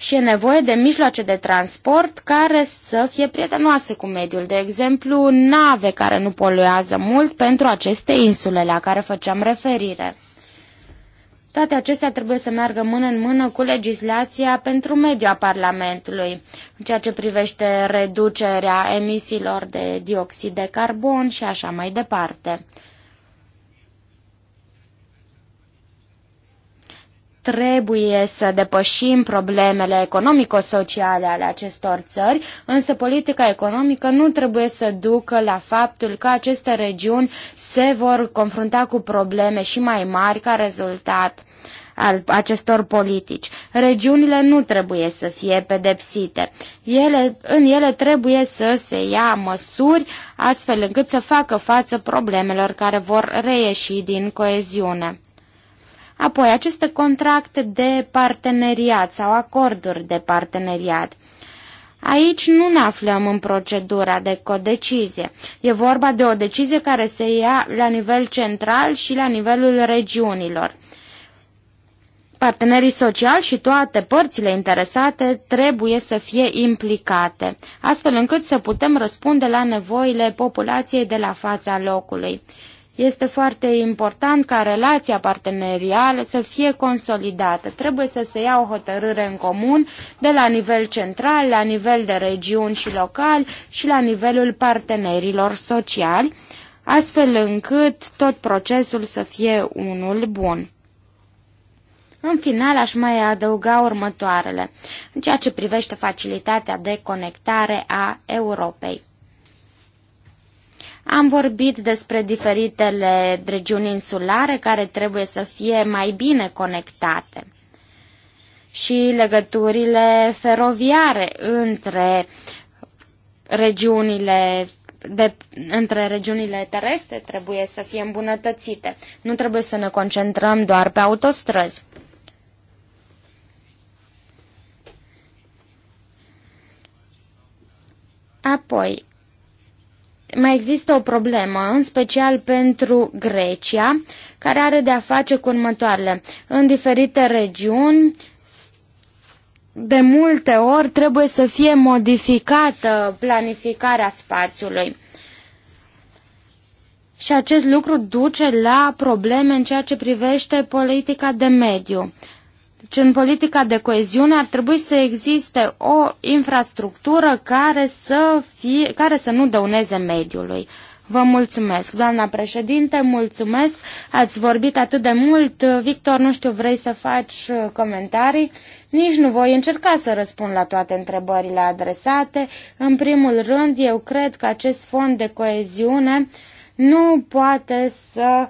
și e nevoie de mijloace de transport care să fie prietenoase cu mediul, de exemplu nave care nu poluează mult pentru aceste insule la care făceam referire. Toate acestea trebuie să meargă mână în mână cu legislația pentru mediu a Parlamentului, în ceea ce privește reducerea emisiilor de dioxid de carbon și așa mai departe. Trebuie să depășim problemele economico-sociale ale acestor țări, însă politica economică nu trebuie să ducă la faptul că aceste regiuni se vor confrunta cu probleme și mai mari ca rezultat al acestor politici. Regiunile nu trebuie să fie pedepsite. Ele, în ele trebuie să se ia măsuri astfel încât să facă față problemelor care vor reieși din coeziune. Apoi, aceste contracte de parteneriat sau acorduri de parteneriat. Aici nu ne aflăm în procedura de codecizie. E vorba de o decizie care se ia la nivel central și la nivelul regiunilor. Partenerii sociali și toate părțile interesate trebuie să fie implicate, astfel încât să putem răspunde la nevoile populației de la fața locului. Este foarte important ca relația partenerială să fie consolidată. Trebuie să se ia o hotărâre în comun de la nivel central, la nivel de regiuni și local și la nivelul partenerilor sociali, astfel încât tot procesul să fie unul bun. În final, aș mai adăuga următoarele, în ceea ce privește facilitatea de conectare a Europei. Am vorbit despre diferitele regiuni insulare care trebuie să fie mai bine conectate și legăturile feroviare între regiunile de, între regiunile terestre trebuie să fie îmbunătățite. Nu trebuie să ne concentrăm doar pe autostrăzi. Apoi, mai există o problemă, în special pentru Grecia, care are de-a face cu următoarele. În diferite regiuni, de multe ori trebuie să fie modificată planificarea spațiului. Și acest lucru duce la probleme în ceea ce privește politica de mediu. Deci în politica de coeziune ar trebui să existe o infrastructură care să, fie, care să nu dăuneze mediului. Vă mulțumesc, doamna președinte, mulțumesc, ați vorbit atât de mult. Victor, nu știu, vrei să faci uh, comentarii? Nici nu voi încerca să răspund la toate întrebările adresate. În primul rând, eu cred că acest fond de coeziune nu poate să uh,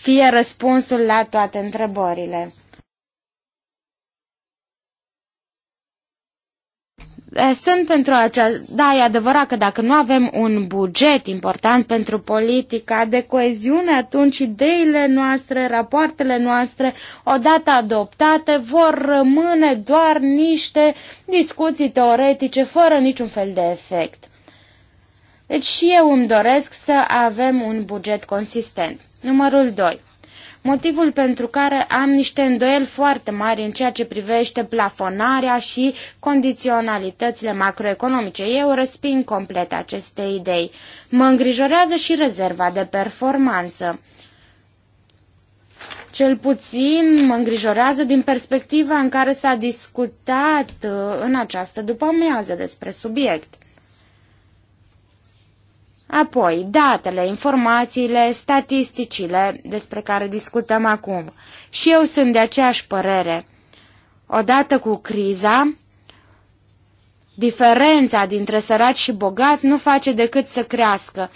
fie răspunsul la toate întrebările. Eh, sunt pentru acea... Da, e adevărat că dacă nu avem un buget important pentru politica de coeziune, atunci ideile noastre, rapoartele noastre, odată adoptate, vor rămâne doar niște discuții teoretice, fără niciun fel de efect. Deci și eu îmi doresc să avem un buget consistent. Numărul 2. Motivul pentru care am niște îndoieli foarte mari în ceea ce privește plafonarea și condiționalitățile macroeconomice. Eu resping complet aceste idei. Mă îngrijorează și rezerva de performanță. Cel puțin mă îngrijorează din perspectiva în care s-a discutat uh, în această după-amiază despre subiect. Apoi, datele, informațiile, statisticile despre care discutăm acum. Și eu sunt de aceeași părere. Odată cu criza, diferența dintre săraci și bogați nu face decât să crească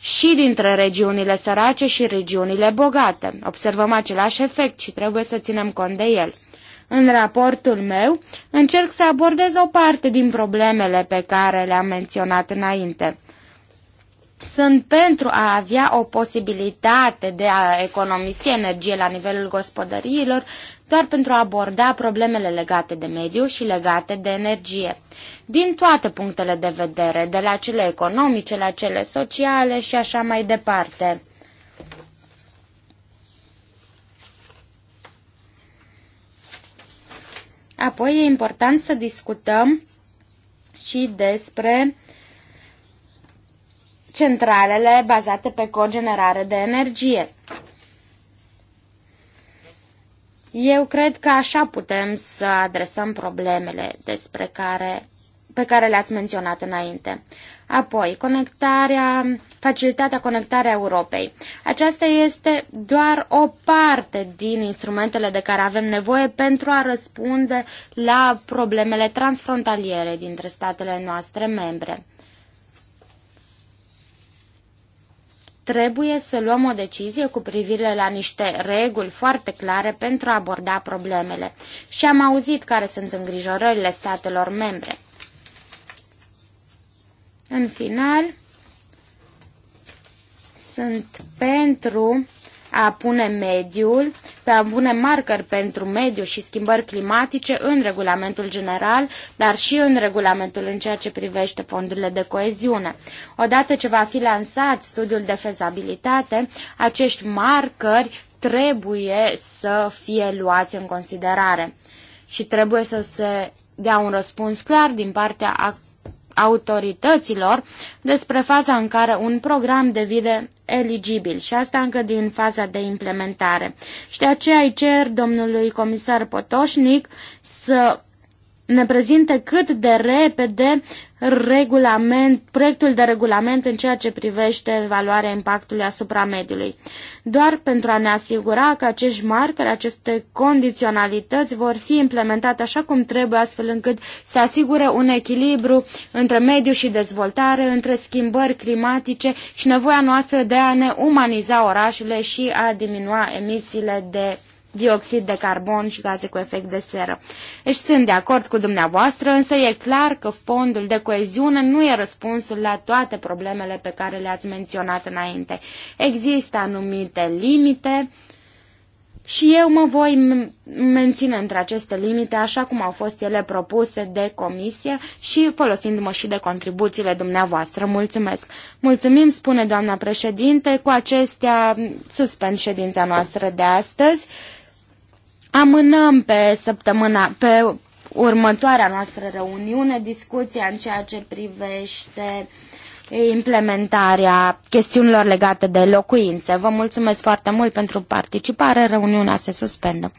și dintre regiunile sărace și regiunile bogate. Observăm același efect și trebuie să ținem cont de el. În raportul meu încerc să abordez o parte din problemele pe care le-am menționat înainte sunt pentru a avea o posibilitate de a economisi energie la nivelul gospodăriilor, doar pentru a aborda problemele legate de mediu și legate de energie. Din toate punctele de vedere, de la cele economice, la cele sociale și așa mai departe. Apoi e important să discutăm și despre centralele bazate pe cogenerare de energie. Eu cred că așa putem să adresăm problemele despre care, pe care le-ați menționat înainte. Apoi, conectarea, facilitatea conectarea Europei. Aceasta este doar o parte din instrumentele de care avem nevoie pentru a răspunde la problemele transfrontaliere dintre statele noastre membre. Trebuie să luăm o decizie cu privire la niște reguli foarte clare pentru a aborda problemele. Și am auzit care sunt îngrijorările statelor membre. În final, sunt pentru a pune mediul, pe a pune marcări pentru mediu și schimbări climatice în regulamentul general, dar și în regulamentul în ceea ce privește fondurile de coeziune. Odată ce va fi lansat studiul de fezabilitate, acești marcări trebuie să fie luați în considerare și trebuie să se dea un răspuns clar din partea autorităților despre faza în care un program devine eligibili și asta încă din faza de implementare. Și de aceea îi cer domnului comisar Potoșnic să ne prezinte cât de repede regulament, proiectul de regulament în ceea ce privește evaluarea impactului asupra mediului. Doar pentru a ne asigura că acești marcări, aceste condiționalități vor fi implementate așa cum trebuie, astfel încât să asigure un echilibru între mediu și dezvoltare, între schimbări climatice și nevoia noastră de a ne umaniza orașele și a diminua emisiile de dioxid de carbon și gaze cu efect de seră. Deci sunt de acord cu dumneavoastră, însă e clar că fondul de coeziune nu e răspunsul la toate problemele pe care le-ați menționat înainte. Există anumite limite și eu mă voi menține între aceste limite așa cum au fost ele propuse de comisie și folosindu-mă și de contribuțiile dumneavoastră. Mulțumesc! Mulțumim, spune doamna președinte, cu acestea suspend ședința noastră de astăzi. Amânăm pe săptămâna, pe următoarea noastră reuniune discuția în ceea ce privește implementarea chestiunilor legate de locuințe. Vă mulțumesc foarte mult pentru participare. Reuniunea se suspendă.